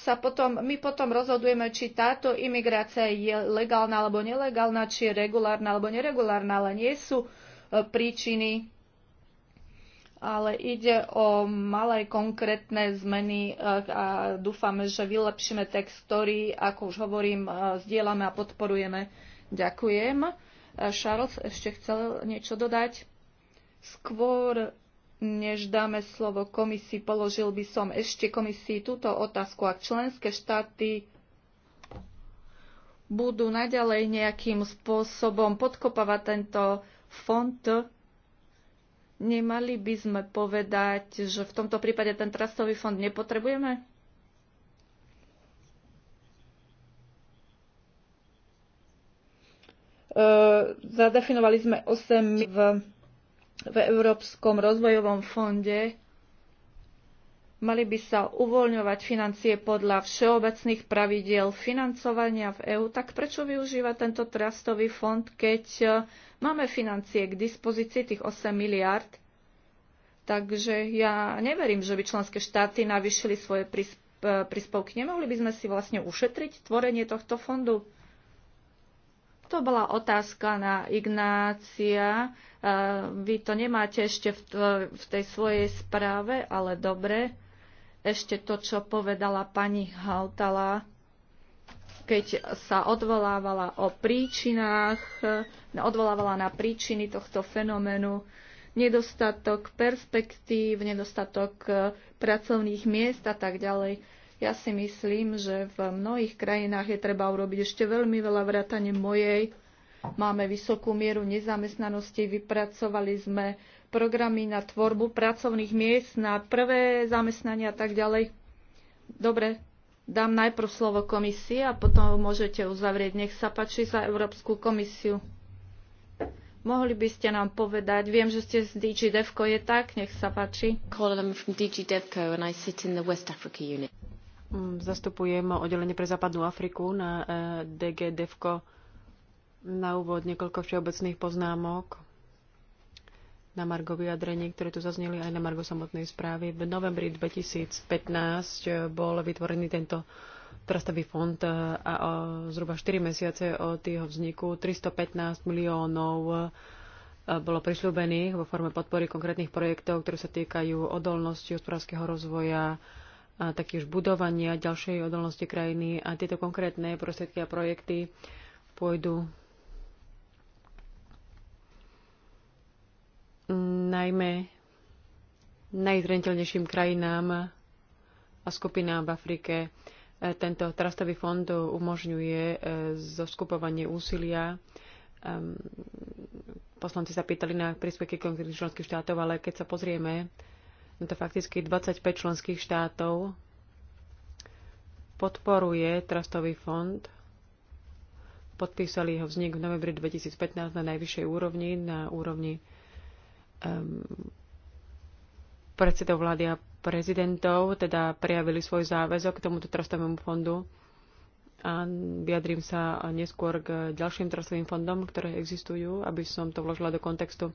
sa potom, my potom rozhodujeme, či táto imigrácia je legálna alebo nelegálna, či je regulárna alebo neregulárna, ale nie sú e, príčiny, ale ide o malé konkrétne zmeny e, a dúfame, že vylepšíme text, ktorý, ako už hovorím, zdieľame a podporujeme. Ďakujem. Charles ešte chcel niečo dodať? Skôr než dáme slovo komisii, položil by som ešte komisii túto otázku. Ak členské štáty budú naďalej nejakým spôsobom podkopávať tento fond, nemali by sme povedať, že v tomto prípade ten trastový fond nepotrebujeme? E, zadefinovali sme 8 v, v Európskom rozvojovom fonde. Mali by sa uvoľňovať financie podľa všeobecných pravidiel financovania v EÚ, tak prečo využíva tento trastový fond, keď e, máme financie k dispozícii tých 8 miliard? Takže ja neverím, že by členské štáty navýšili svoje e, príspevky. Nemohli by sme si vlastne ušetriť tvorenie tohto fondu? To bola otázka na Ignácia. E, vy to nemáte ešte v tej svojej správe, ale dobre. Ešte to, čo povedala pani Haltala, keď sa odvolávala o príčinách, e, odvolávala na príčiny tohto fenoménu, nedostatok perspektív, nedostatok e, pracovných miest a tak ďalej ja si myslím, že v mnohých krajinách je treba urobiť ešte veľmi veľa vrátane mojej. Máme vysokú mieru nezamestnanosti, vypracovali sme programy na tvorbu pracovných miest, na prvé zamestnania a tak ďalej. Dobre, dám najprv slovo komisii a potom môžete uzavrieť. Nech sa páči za Európsku komisiu. Mohli by ste nám povedať, viem, že ste z DG Devco, je tak? Nech sa páči. Call them from DG Devco and I sit in the West Africa unit. Mm, zastupujem oddelenie pre západnú Afriku na e, DG DEVKO. Na úvod niekoľko všeobecných poznámok na Margo vyjadrení, ktoré tu zazneli aj na Margo samotnej správy. V novembri 2015 e, bol vytvorený tento trastový fond e, a o zhruba 4 mesiace od jeho vzniku 315 miliónov bolo prislúbených vo forme podpory konkrétnych projektov, ktoré sa týkajú odolnosti hospodárskeho rozvoja, a taktiež budovania ďalšej odolnosti krajiny a tieto konkrétne prostriedky a projekty pôjdu najmä najzrentelnejším krajinám a skupinám v Afrike. Tento trastový fond umožňuje e, zoskupovanie úsilia. Ehm, poslanci sa pýtali na príspevky konkrétnych členských štátov, ale keď sa pozrieme je to fakticky 25 členských štátov, podporuje Trastový fond. Podpísali jeho vznik v novembri 2015 na najvyššej úrovni, na úrovni um, predsedov vlády a prezidentov, teda prejavili svoj záväzok k tomuto trustovému fondu. A vyjadrím sa neskôr k ďalším trustovým fondom, ktoré existujú, aby som to vložila do kontextu.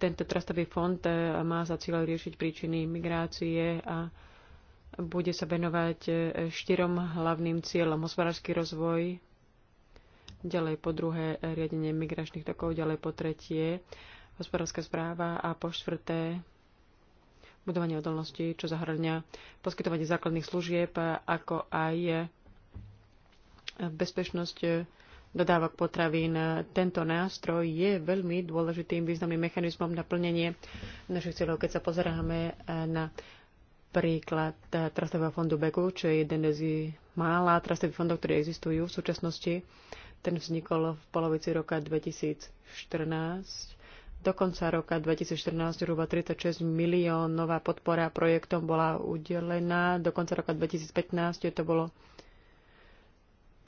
Tento trastový fond e, má za cieľ riešiť príčiny migrácie a bude sa venovať e, štyrom hlavným cieľom. Hospodársky rozvoj, ďalej po druhé e, riadenie migračných tokov, ďalej po tretie hospodárska správa a po štvrté budovanie odolnosti, čo zahrňa poskytovanie základných služieb, ako aj bezpečnosť dodávok potravín. Tento nástroj je veľmi dôležitým významným mechanizmom na plnenie našich cieľov. Keď sa pozeráme eh, na príklad eh, Trastového fondu BEGU, čo je jeden z mála trastových fondov, ktoré existujú v súčasnosti, ten vznikol v polovici roka 2014. Do konca roka 2014 zhruba 36 miliónová podpora projektom bola udelená. Do konca roka 2015 to bolo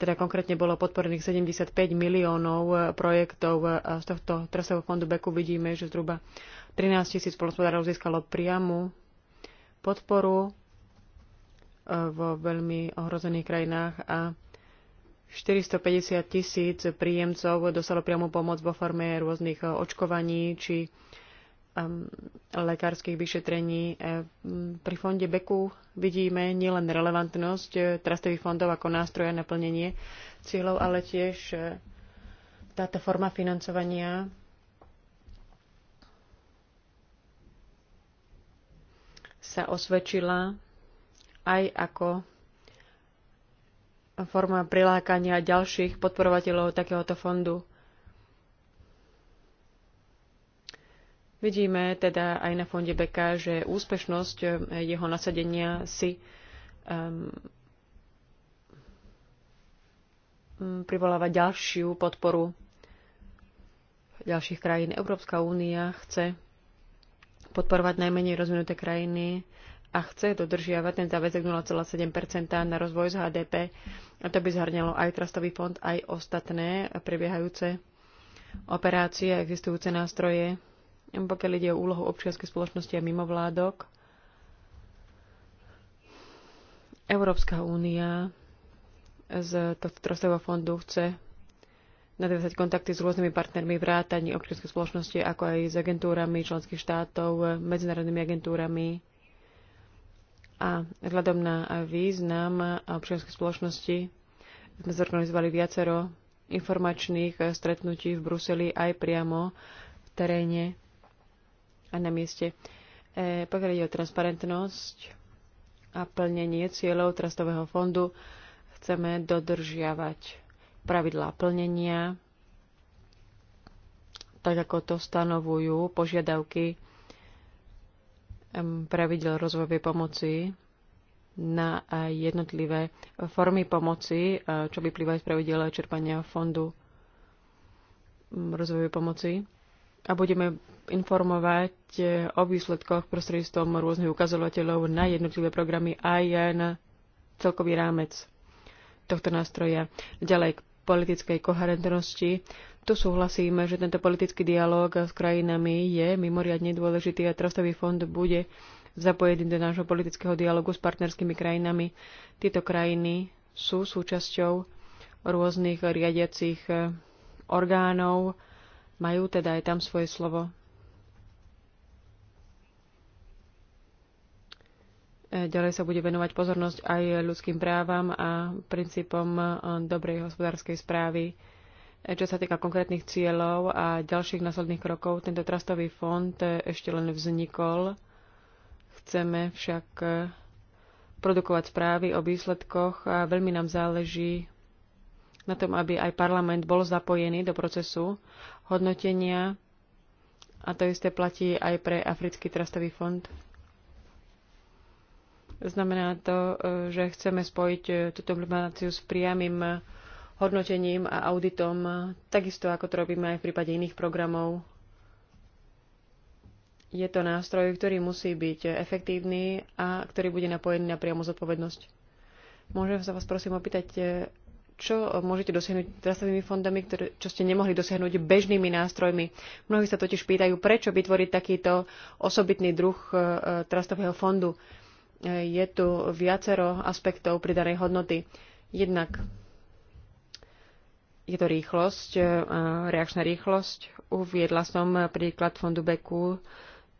teda konkrétne bolo podporených 75 miliónov eh, projektov eh, z tohto trasového fondu Beku vidíme, že zhruba 13 tisíc spolospodárov získalo priamu podporu eh, vo veľmi ohrozených krajinách a 450 tisíc príjemcov dostalo priamu pomoc vo forme rôznych očkovaní či lekárskych vyšetrení. E, pri fonde Beku vidíme nielen relevantnosť e, trastových fondov ako nástroja na plnenie cieľov, ale tiež e, táto forma financovania sa osvedčila aj ako forma prilákania ďalších podporovateľov takéhoto fondu. Vidíme teda aj na fonde Beka, že úspešnosť eh, jeho nasadenia si um, privoláva ďalšiu podporu ďalších krajín. Európska únia chce podporovať najmenej rozvinuté krajiny a chce dodržiavať ten záväzek 0,7 na rozvoj z HDP. A to by zhrňalo aj Trastový fond, aj ostatné prebiehajúce operácie a existujúce nástroje pokiaľ ide o úlohu občianskej spoločnosti a mimovládok, Európska únia z tohto trostového fondu chce nadviazať kontakty s rôznymi partnermi vrátani občianskej spoločnosti, ako aj s agentúrami členských štátov, medzinárodnými agentúrami. A vzhľadom na význam občianskej spoločnosti sme zorganizovali viacero informačných stretnutí v Bruseli aj priamo v teréne a na mieste. E, pokiaľ ide o transparentnosť a plnenie cieľov Trastového fondu, chceme dodržiavať pravidlá plnenia, tak ako to stanovujú požiadavky pravidel rozvojovej pomoci na e, jednotlivé formy pomoci, e, čo vyplýva z pravidel čerpania fondu rozvojovej pomoci a budeme informovať e, o výsledkoch prostredstvom rôznych ukazovateľov na jednotlivé programy aj na celkový rámec tohto nástroja. Ďalej k politickej koherentnosti. Tu súhlasíme, že tento politický dialog s krajinami je mimoriadne dôležitý a Trastový fond bude zapojený do nášho politického dialogu s partnerskými krajinami. Tieto krajiny sú súčasťou rôznych riadiacich e, orgánov, majú teda aj tam svoje slovo. E, ďalej sa bude venovať pozornosť aj ľudským právam a princípom e, dobrej hospodárskej správy. E, čo sa týka konkrétnych cieľov a ďalších následných krokov, tento trastový fond ešte len vznikol. Chceme však produkovať správy o výsledkoch a veľmi nám záleží na tom, aby aj parlament bol zapojený do procesu hodnotenia a to isté platí aj pre Africký trastový fond. Znamená to, e, že chceme spojiť e, túto implementáciu s priamým e, hodnotením a auditom, takisto ako to robíme aj v prípade iných programov. Je to nástroj, ktorý musí byť efektívny a ktorý bude napojený na priamu zodpovednosť. Môžem sa vás prosím opýtať, čo môžete dosiahnuť trastovými fondami, ktoré, čo ste nemohli dosiahnuť bežnými nástrojmi. Mnohí sa totiž pýtajú, prečo vytvoriť takýto osobitný druh e, trastového fondu. E, je tu viacero aspektov pridanej hodnoty. Jednak je to rýchlosť, e, reakčná rýchlosť. Uviedla som príklad fondu Beku.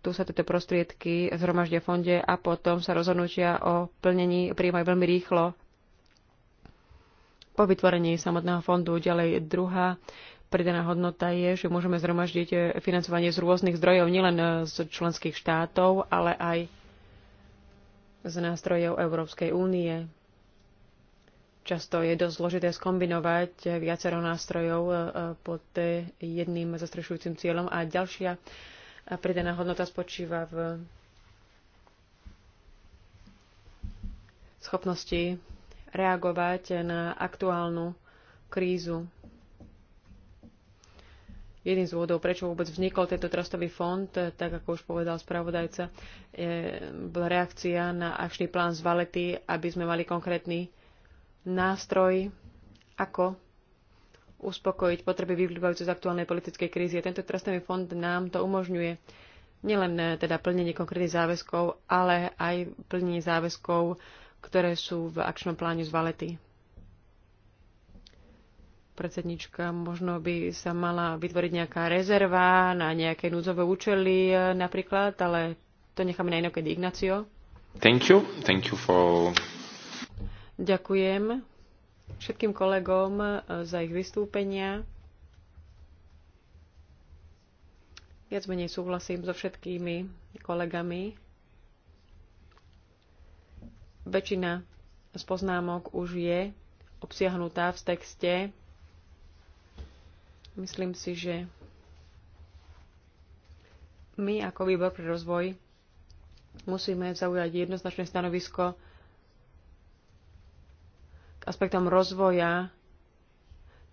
Tu sa tieto prostriedky zhromaždia fonde a potom sa rozhodnutia o plnení príjmajú veľmi rýchlo po vytvorení samotného fondu. Ďalej druhá pridaná hodnota je, že môžeme zhromaždiť financovanie z rôznych zdrojov, nielen z členských štátov, ale aj z nástrojov Európskej únie. Často je dosť zložité skombinovať viacero nástrojov e, e, pod jedným zastrešujúcim cieľom a ďalšia pridaná hodnota spočíva v schopnosti reagovať na aktuálnu krízu. Jedným z dôvodov, prečo vôbec vznikol tento trustový fond, tak ako už povedal spravodajca, je bola reakcia na akčný plán z Valety, aby sme mali konkrétny nástroj, ako uspokojiť potreby vyplývajúce z aktuálnej politickej krízy. tento trastový fond nám to umožňuje nielen teda plnenie konkrétnych záväzkov, ale aj plnenie záväzkov ktoré sú v akčnom pláne z Valety. Predsednička, možno by sa mala vytvoriť nejaká rezerva na nejaké núdzové účely e, napríklad, ale to necháme na inokedy. Ignacio? Thank you. Thank you for... Ďakujem všetkým kolegom e, za ich vystúpenia. Viac menej súhlasím so všetkými kolegami, Väčšina z poznámok už je obsiahnutá v texte. Myslím si, že my ako výbor pre rozvoj musíme zaujať jednoznačné stanovisko k aspektom rozvoja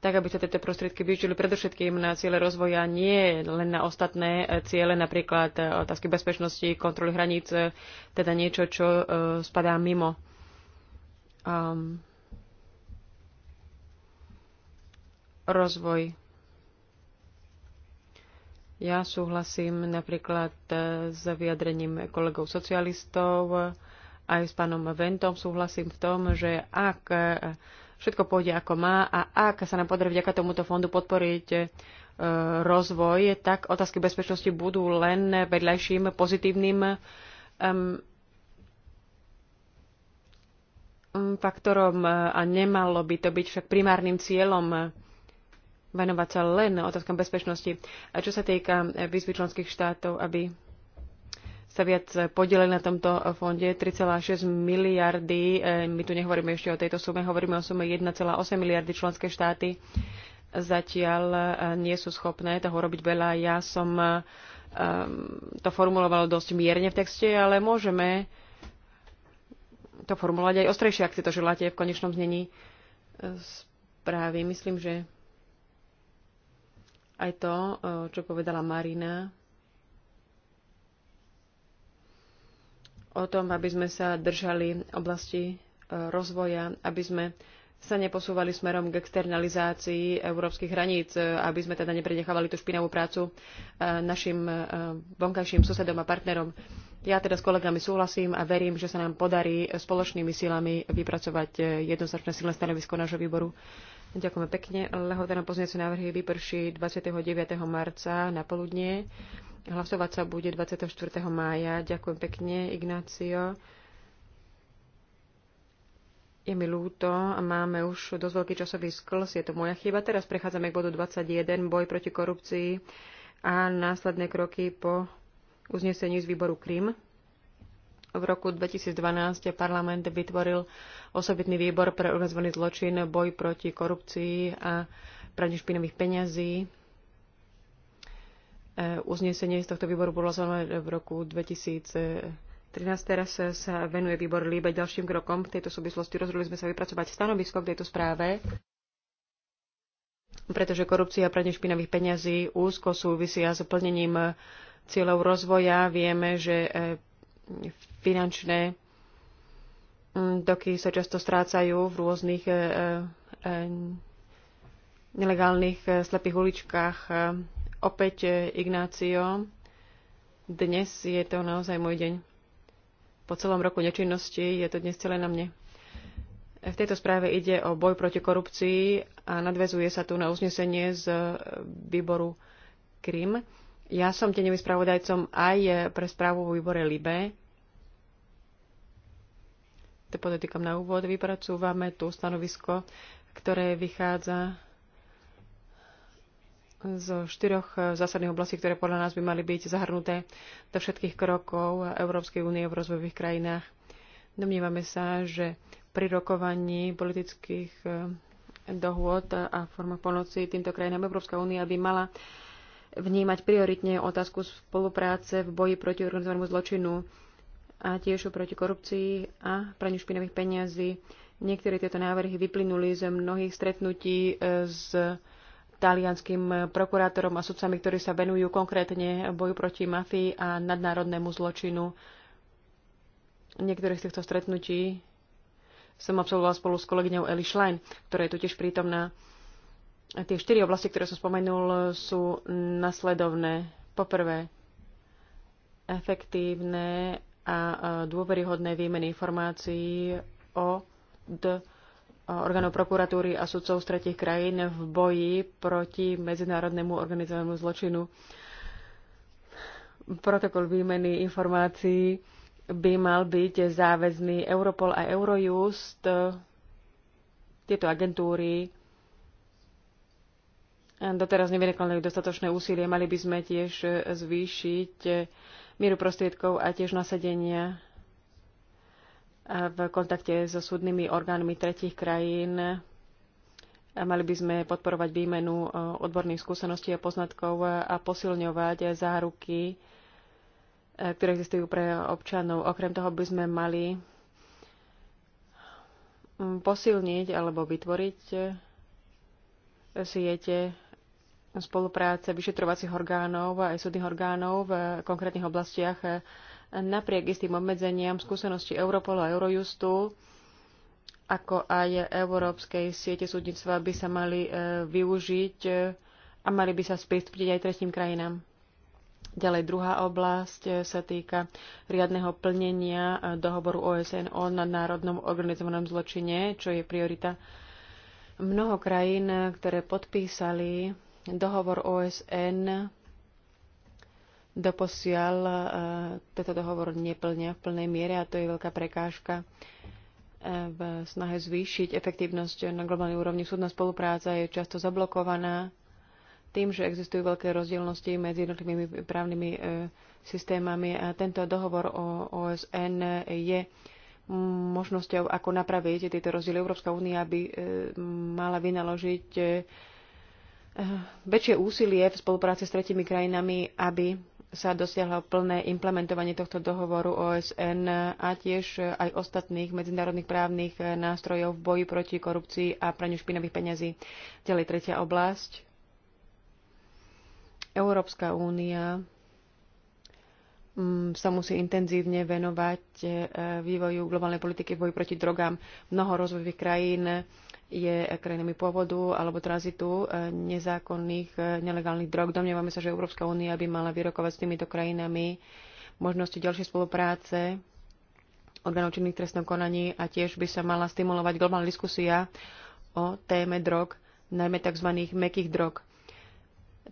tak aby sa tieto prostriedky využili predovšetkým na ciele rozvoja, nie len na ostatné e, ciele, napríklad e, otázky bezpečnosti, kontroly hraníc, e, teda niečo, čo spadá mimo. Um, rozvoj. Ja súhlasím napríklad s vyjadrením kolegov socialistov, aj s pánom Ventom súhlasím v tom, že ak všetko pôjde ako má a ak sa nám podarí vďaka tomuto fondu podporiť e, rozvoj, tak otázky bezpečnosti budú len vedľajším pozitívnym um, faktorom a nemalo by to byť však primárnym cieľom venovať sa len otázkam bezpečnosti. A čo sa týka e, výzvy členských štátov, aby sa viac podielali na tomto fonde 3,6 miliardy. Eh, my tu nehovoríme ešte o tejto sume, hovoríme o sume 1,8 miliardy členské štáty. Zatiaľ eh, nie sú schopné toho robiť veľa. Ja som eh, to formulovala dosť mierne v texte, ale môžeme to formulovať aj ostrejšie, ak si to želáte v konečnom znení správy. Myslím, že aj to, čo povedala Marina, o tom, aby sme sa držali oblasti e, rozvoja, aby sme sa neposúvali smerom k externalizácii európskych hraníc, e, aby sme teda neprenechávali tú špinavú prácu e, našim vonkajším susedom a partnerom. Ja teda s kolegami súhlasím a verím, že sa nám podarí spoločnými silami vypracovať jednoznačné silné stanovisko nášho výboru. Ďakujeme pekne. Lehota na pozniace návrhy vyprší 29. marca na poludnie. Hlasovať sa bude 24. mája. Ďakujem pekne, Ignácio. Je mi ľúto a máme už dosť veľký časový skls, je to moja chyba. Teraz prechádzame k bodu 21, boj proti korupcii a následné kroky po uznesení z výboru Krym. V roku 2012 parlament vytvoril osobitný výbor pre organizovaný zločin, boj proti korupcii a praní špinových peňazí Uznesenie z tohto výboru bolo zvolené v roku 2013. Teraz sa venuje výbor Líbe ďalším krokom. V tejto súvislosti rozhodli sme sa vypracovať stanovisko k tejto správe, pretože korupcia a pranie špinavých peňazí úzko súvisia s plnením cieľov rozvoja. Vieme, že eh, finančné doky mm, sa často strácajú v rôznych eh, eh, nelegálnych slepých uličkách Opäť e, Ignácio, dnes je to naozaj môj deň. Po celom roku nečinnosti je to dnes celé na mne. V tejto správe ide o boj proti korupcii a nadvezuje sa tu na uznesenie z e, výboru Krym. Ja som tenevým spravodajcom aj e, pre správu vo výbore LIBE. To podotýkam na úvod. Vypracúvame tu stanovisko, ktoré vychádza zo štyroch eh, zásadných oblastí, ktoré podľa nás by mali byť zahrnuté do všetkých krokov Európskej únie v rozvojových krajinách. Domnívame sa, že pri rokovaní politických eh, dohôd a formách pomoci týmto krajinám Európska únia by mala vnímať prioritne otázku spolupráce v boji proti organizovanému zločinu a tiež proti korupcii a praniu špinavých peniazí. Niektoré tieto návrhy vyplynuli z mnohých stretnutí s eh, talianským prokurátorom a sudcami, ktorí sa venujú konkrétne boju proti mafii a nadnárodnému zločinu. niektorých z týchto stretnutí som absolvovala spolu s kolegyňou Eli Schlein, ktorá je tu tiež prítomná. A tie štyri oblasti, ktoré som spomenul, sú nasledovné. Poprvé, efektívne a dôveryhodné výmeny informácií o D orgánov prokuratúry a sudcov z tretich krajín v boji proti medzinárodnému organizovanému zločinu. Protokol výmeny informácií by mal byť záväzný. Europol a Eurojust, tieto agentúry, doteraz nevynakladajú dostatočné úsilie, mali by sme tiež zvýšiť mieru prostriedkov a tiež nasadenia v kontakte so súdnymi orgánmi tretich krajín. Mali by sme podporovať výmenu e, odborných skúseností a poznatkov a posilňovať záruky, e, ktoré existujú pre občanov. Okrem toho by sme mali mm, posilniť alebo vytvoriť e, siete spolupráce vyšetrovacích orgánov a aj súdnych orgánov v konkrétnych oblastiach napriek istým obmedzeniam skúsenosti Europolu a Eurojustu, ako aj Európskej siete súdnictva by sa mali e, využiť e, a mali by sa sprístupniť aj tretím krajinám. Ďalej druhá oblasť e, sa týka riadneho plnenia dohovoru OSN o nadnárodnom organizovanom zločine, čo je priorita mnoho krajín, ktoré podpísali dohovor OSN Doposiaľ e, tento dohovor neplňa v plnej miere a to je veľká prekážka e, v snahe zvýšiť efektívnosť na globálnej úrovni. Súdna spolupráca je často zablokovaná tým, že existujú veľké rozdielnosti medzi jednotlivými právnymi e, systémami a tento dohovor o OSN je možnosťou, ako napraviť tieto rozdiely. Európska únia by mala vynaložiť väčšie úsilie v spolupráci s tretimi krajinami, aby sa dosiahlo plné implementovanie tohto dohovoru OSN a tiež aj ostatných medzinárodných právnych nástrojov v boji proti korupcii a praniu špinavých peňazí. Ďalej tretia oblasť. Európska únia mm, sa musí intenzívne venovať e, vývoju globálnej politiky v boji proti drogám. Mnoho rozvojových krajín je krajinami pôvodu alebo tranzitu e, nezákonných, e, nelegálnych drog. Domnievame sa, že Európska únia by mala vyrokovať s týmito krajinami možnosti ďalšej spolupráce orgánov činných trestnom konaní a tiež by sa mala stimulovať globálna diskusia o téme drog, najmä tzv. mekých drog.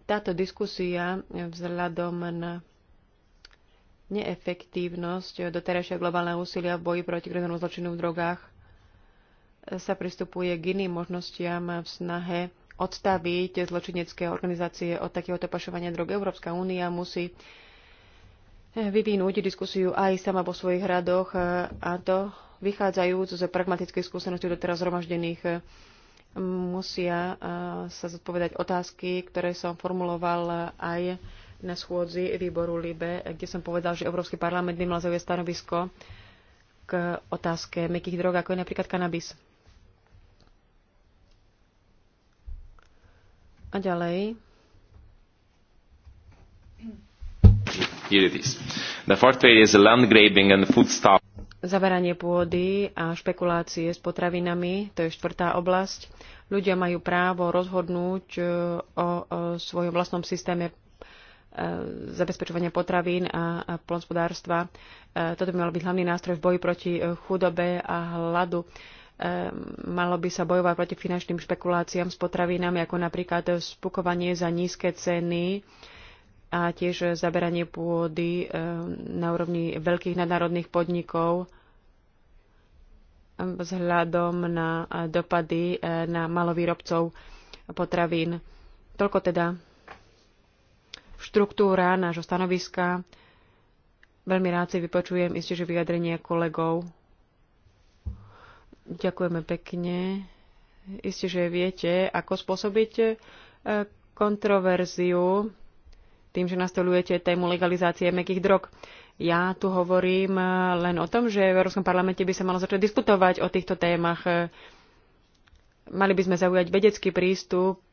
Táto diskusia vzhľadom na neefektívnosť doterajšia globálne úsilia v boji proti kriminálnemu zločinu v drogách sa pristupuje k iným možnostiam v snahe odstaviť zločinecké organizácie od takéhoto pašovania drog. Európska únia musí vyvinúť diskusiu aj sama vo svojich radoch e, a to vychádzajúc z skúsenosti do doteraz zhromaždených musia e, sa zodpovedať otázky, ktoré som formuloval aj na schôdzi výboru LIBE, kde som povedal, že Európsky parlament by zaujať stanovisko k otázke mekých drog, ako je napríklad kanabis. A ďalej. Here it is. The fourth way is land grabbing and food stuff. Zaberanie pôdy a špekulácie s potravinami, to je štvrtá oblasť. Ľudia majú právo rozhodnúť e, o, e, svojom vlastnom systéme e, zabezpečovania potravín a plnospodárstva. Toto by mal byť hlavný nástroj v boji proti chudobe a hladu. Ehm, malo by sa bojovať proti finančným špekuláciám s potravinami, ako napríklad spukovanie za nízke ceny a tiež zaberanie pôdy ehm, na úrovni veľkých nadnárodných podnikov ehm, vzhľadom na eh, dopady eh, na malovýrobcov potravín. Toľko teda štruktúra nášho stanoviska. Veľmi rád si vypočujem isté, že vyjadrenie kolegov Ďakujeme pekne. Isté, že viete, ako spôsobiť e, kontroverziu tým, že nastolujete tému legalizácie mekých drog. Ja tu hovorím e, len o tom, že v Európskom parlamente by sa malo začať diskutovať o týchto témach. E, mali by sme zaujať vedecký prístup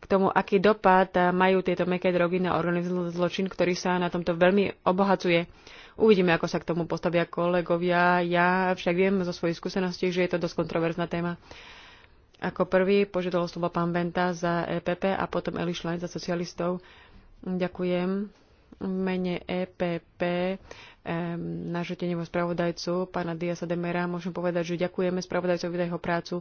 k tomu, aký dopad majú tieto meké drogy na organizmus zločin, ktorý sa na tomto veľmi obohacuje. Uvidíme, ako sa k tomu postavia kolegovia. Ja však viem zo svojich skúseností, že je to dosť kontroverzná téma. Ako prvý požiadalo slovo pán Benta za EPP a potom Eli Schlein za socialistov. Ďakujem mene EPP nášho teneho spravodajcu, pána Diasa Demera, môžem povedať, že ďakujeme spravodajcovi za jeho prácu.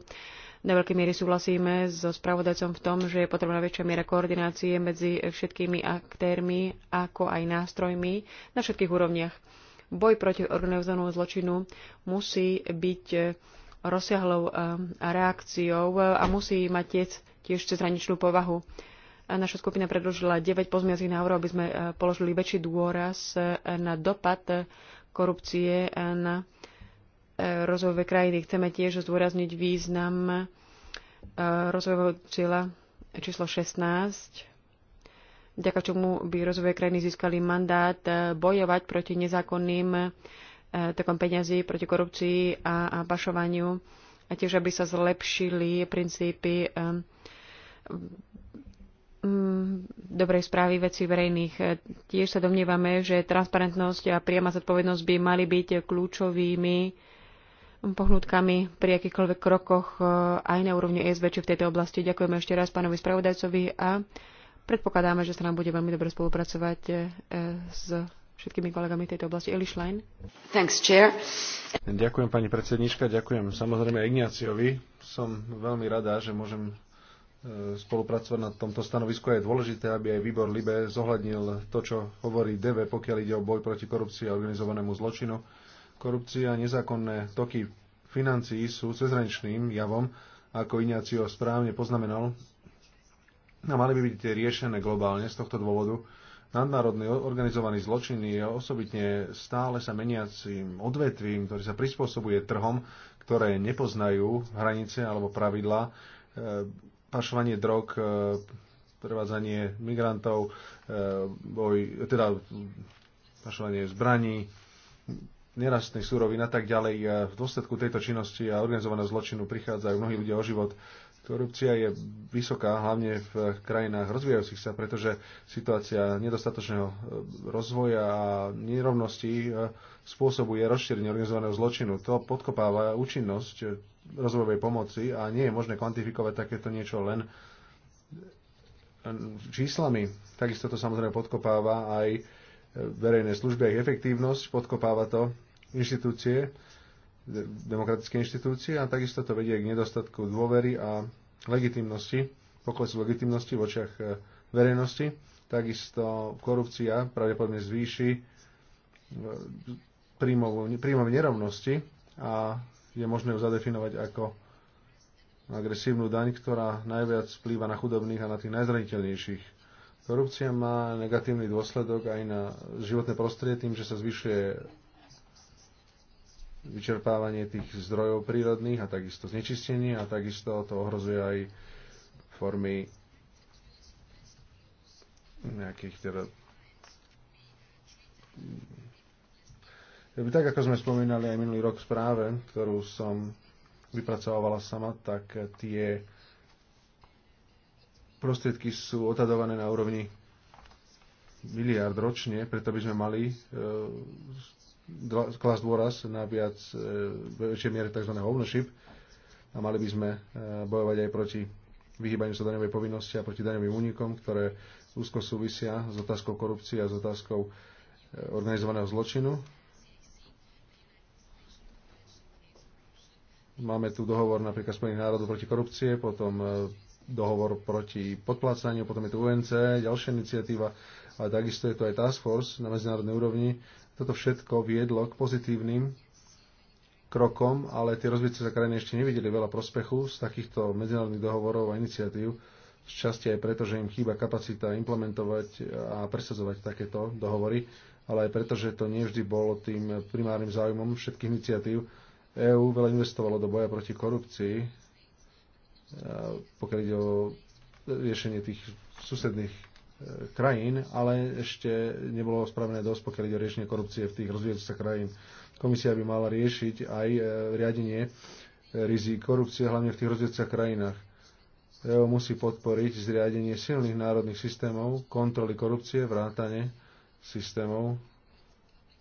Na veľkej miery súhlasíme so spravodajcom v tom, že je potrebná väčšia miera koordinácie medzi všetkými aktérmi, ako aj nástrojmi na všetkých úrovniach. Boj proti organizovanému zločinu musí byť eh, rozsiahlou eh, reakciou eh, a musí mať tiež cezhraničnú povahu naša skupina predložila 9 pozmiacich návrhov, aby sme e, položili väčší dôraz e, na dopad e, korupcie na rozvojové krajiny. Chceme tiež zdôrazniť význam rozvojového cieľa číslo 16, vďaka čomu by rozvojové krajiny získali mandát bojovať proti nezákonným takom peňazí, proti korupcii a pašovaniu a tiež, aby sa zlepšili princípy Mm, dobrej správy veci verejných. E, tiež sa domnievame, že transparentnosť a priama zodpovednosť by mali byť kľúčovými pohnutkami pri akýchkoľvek krokoch e, aj na úrovni ESV či v tejto oblasti. Ďakujeme ešte raz pánovi spravodajcovi a predpokladáme, že sa nám bude veľmi dobre spolupracovať e, s všetkými kolegami v tejto oblasti. Eli Schlein. Thanks, chair. Ďakujem pani predsednička, ďakujem samozrejme Ignáciovi. Som veľmi rada, že môžem E, spolupracovať na tomto stanovisku. Je dôležité, aby aj výbor LIBE zohľadnil to, čo hovorí DV, pokiaľ ide o boj proti korupcii a organizovanému zločinu. Korupcia a nezákonné toky financií sú cezrančným javom, ako Iniacio správne poznamenal, a mali by byť riešené globálne z tohto dôvodu. Nadnárodný organizovaný zločin je osobitne stále sa meniacím odvetvím, ktorý sa prispôsobuje trhom, ktoré nepoznajú hranice alebo pravidlá e, pašovanie drog, e, prevádzanie migrantov, e, boj, teda pašovanie zbraní, nerastných súrovín a tak ďalej. E, v dôsledku tejto činnosti a organizovaného zločinu prichádzajú mnohí ľudia o život. Korupcia je vysoká, hlavne v krajinách rozvíjajúcich sa, pretože situácia nedostatočného rozvoja a nerovností spôsobuje rozšírenie organizovaného zločinu. To podkopáva účinnosť rozvojovej pomoci a nie je možné kvantifikovať takéto niečo len číslami. Takisto to samozrejme podkopáva aj verejné služby, aj efektívnosť, podkopáva to inštitúcie, demokratické inštitúcie a takisto to vedie k nedostatku dôvery a legitimnosti, poklesu legitimnosti v očiach eh, verejnosti. Takisto korupcia pravdepodobne zvýši eh, príjmovú nerovnosti a je možné ju zadefinovať ako agresívnu daň, ktorá najviac vplýva na chudobných a na tých najzraniteľnejších. Korupcia má negatívny dôsledok aj na životné prostredie tým, že sa zvyšuje vyčerpávanie tých zdrojov prírodných a takisto znečistenie a takisto to ohrozuje aj formy nejakých teda tak ako sme spomínali aj minulý rok v správe, ktorú som vypracovala sama, tak tie prostriedky sú otadované na úrovni miliard ročne, preto by sme mali e, klas dôraz na viac, ve väčšej miere tzv. ownership a mali by sme e, bojovať aj proti vyhýbaniu sa daňovej povinnosti a proti daňovým únikom, ktoré úzko súvisia s otázkou korupcie a s otázkou e, organizovaného zločinu. Máme tu dohovor napríklad Spojených národov proti korupcie, potom e, dohovor proti podplácaniu, potom je tu UNC, ďalšia iniciatíva, ale takisto je tu aj Task Force na medzinárodnej úrovni. Toto všetko viedlo k pozitívnym krokom, ale tie rozvíjajúce sa krajiny ešte nevideli veľa prospechu z takýchto medzinárodných dohovorov a iniciatív, z časti aj preto, že im chýba kapacita implementovať a presadzovať takéto dohovory, ale aj preto, že to nie vždy bolo tým primárnym záujmom všetkých iniciatív, EÚ veľa investovalo do boja proti korupcii, pokiaľ ide o riešenie tých susedných e, krajín, ale ešte nebolo spravené dosť, pokiaľ ide o riešenie korupcie v tých rozvíjajúcich sa krajín. Komisia by mala riešiť aj e, riadenie e, rizik korupcie, hlavne v tých rozvíjajúcich krajinách. EÚ musí podporiť zriadenie silných národných systémov, kontroly korupcie, vrátane systémov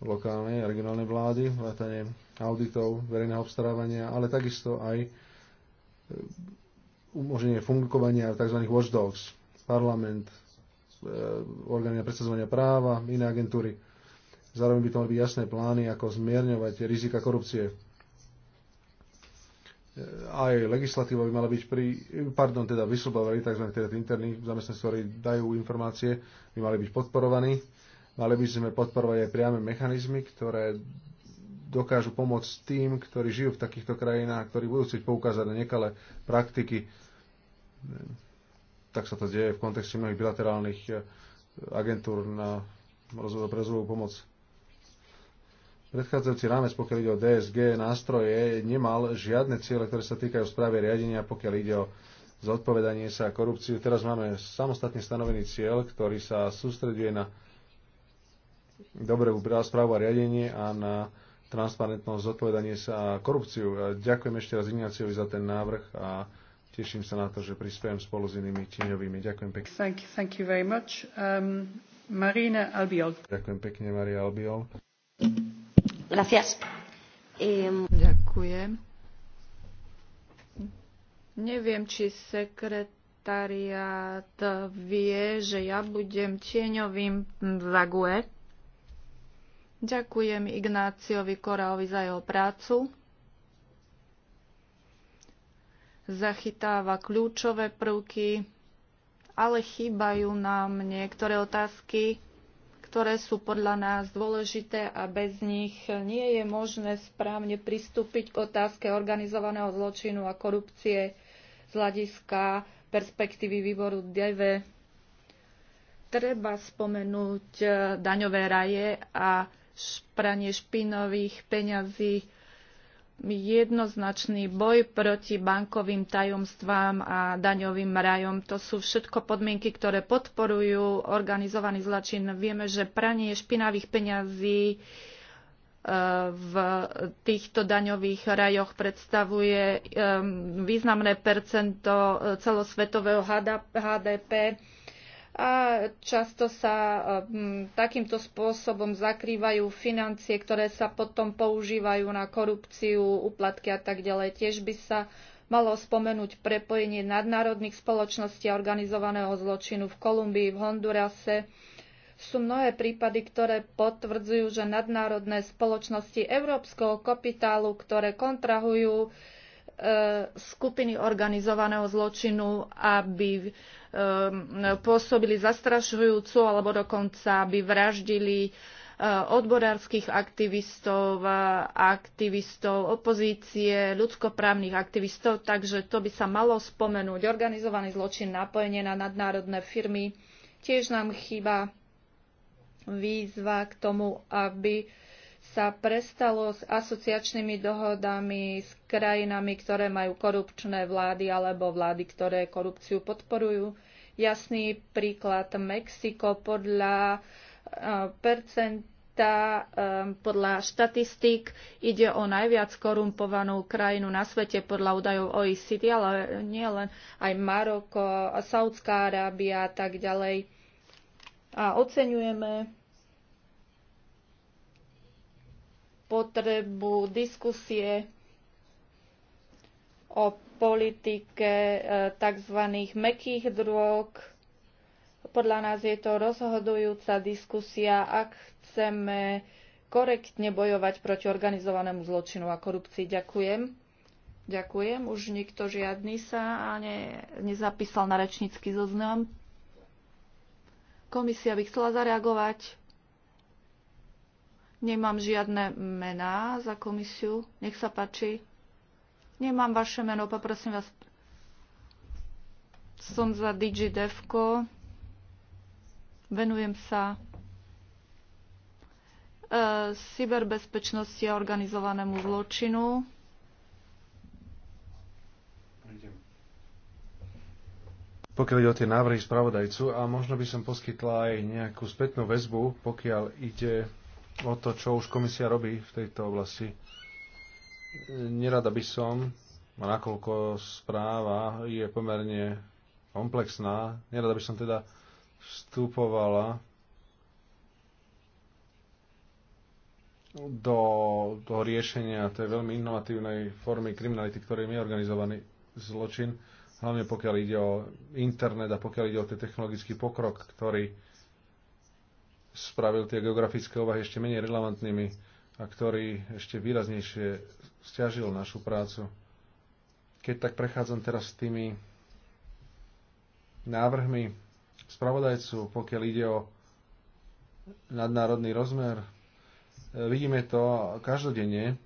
lokálnej a regionálnej vlády, vrátane auditov, verejného obstarávania, ale takisto aj e, umožnenie fungovania tzv. watchdogs, parlament, e, orgány na presadzovania práva, iné agentúry. Zároveň by to mali byť jasné plány, ako zmierňovať rizika korupcie. E, aj legislatíva by mala byť pri, pardon, teda whistleblowery, tzv. Teda interní zamestnanci, ktorí dajú informácie, by mali byť podporovaní Mali by sme podporovať aj priame mechanizmy, ktoré dokážu pomôcť tým, ktorí žijú v takýchto krajinách, ktorí budú chcieť poukázať na nekalé praktiky. Tak sa to deje v kontexte mnohých bilaterálnych eh, agentúr na rozvoj, pre rozvojovú pomoc. Predchádzajúci rámec, pokiaľ ide o DSG nástroje, nemal žiadne ciele, ktoré sa týkajú správy riadenia, pokiaľ ide o zodpovedanie sa a korupciu. Teraz máme samostatne stanovený cieľ, ktorý sa sústreduje na dobré správu a riadenie a na transparentnosť, zodpovedanie sa a korupciu. Ďakujem ešte raz Ignáciovi za ten návrh a teším sa na to, že prispiem spolu s inými tieňovými. Ďakujem pekne. Thank you, thank you very much. Um, Marina Albiol. Ďakujem pekne, Maria Albiol. Gracias. Um... Ďakujem. Neviem, či sekretariat vie, že ja budem tieňovým v Lague Ďakujem Ignáciovi Koráovi za jeho prácu. Zachytáva kľúčové prvky, ale chýbajú nám niektoré otázky, ktoré sú podľa nás dôležité a bez nich nie je možné správne pristúpiť k otázke organizovaného zločinu a korupcie z hľadiska perspektívy výboru DV. Treba spomenúť eh, daňové raje a pranie špinových peňazí, jednoznačný boj proti bankovým tajomstvám a daňovým rajom. To sú všetko podmienky, ktoré podporujú organizovaný zločin. Vieme, že pranie špinavých peňazí e, v týchto daňových rajoch predstavuje e, významné percento e, celosvetového HDP a často sa e, takýmto spôsobom zakrývajú financie, ktoré sa potom používajú na korupciu, uplatky a tak ďalej. Tiež by sa malo spomenúť prepojenie nadnárodných spoločností a organizovaného zločinu v Kolumbii, v Hondurase. Sú mnohé prípady, ktoré potvrdzujú, že nadnárodné spoločnosti európskeho kapitálu, ktoré kontrahujú E, skupiny organizovaného zločinu, aby e, pôsobili zastrašujúcu alebo dokonca aby vraždili e, odborárskych aktivistov, aktivistov opozície, ľudskoprávnych aktivistov, takže to by sa malo spomenúť. Organizovaný zločin napojenie na nadnárodné firmy. Tiež nám chýba výzva k tomu, aby sa prestalo s asociačnými dohodami s krajinami, ktoré majú korupčné vlády alebo vlády, ktoré korupciu podporujú. Jasný príklad Mexiko podľa eh, percenta, eh, podľa štatistík ide o najviac korumpovanú krajinu na svete podľa údajov OECD, ale nie len aj Maroko, Saudská Arábia a tak ďalej. A oceňujeme potrebu diskusie o politike e, tzv. mekých drog. Podľa nás je to rozhodujúca diskusia, ak chceme korektne bojovať proti organizovanému zločinu a korupcii. Ďakujem. Ďakujem. Už nikto žiadny sa ne, nezapísal na rečnícky zoznam. Komisia by chcela zareagovať. Nemám žiadne mená za komisiu. Nech sa páči. Nemám vaše meno, poprosím vás. Som za DigiDevko. Venujem sa e, cyberbezpečnosti a organizovanému zločinu. pokiaľ ide o tie návrhy spravodajcu a možno by som poskytla aj nejakú spätnú väzbu, pokiaľ ide o to, čo už komisia robí v tejto oblasti. Nerada by som, nakoľko správa je pomerne komplexná, nerada by som teda vstupovala do toho riešenia tej veľmi inovatívnej formy kriminality, ktorým je organizovaný zločin, hlavne pokiaľ ide o internet a pokiaľ ide o ten technologický pokrok, ktorý spravil tie geografické ovahy ešte menej relevantnými a ktorý ešte výraznejšie stiažil našu prácu. Keď tak prechádzam teraz s tými návrhmi spravodajcu, pokiaľ ide o nadnárodný rozmer, e, vidíme to každodenne,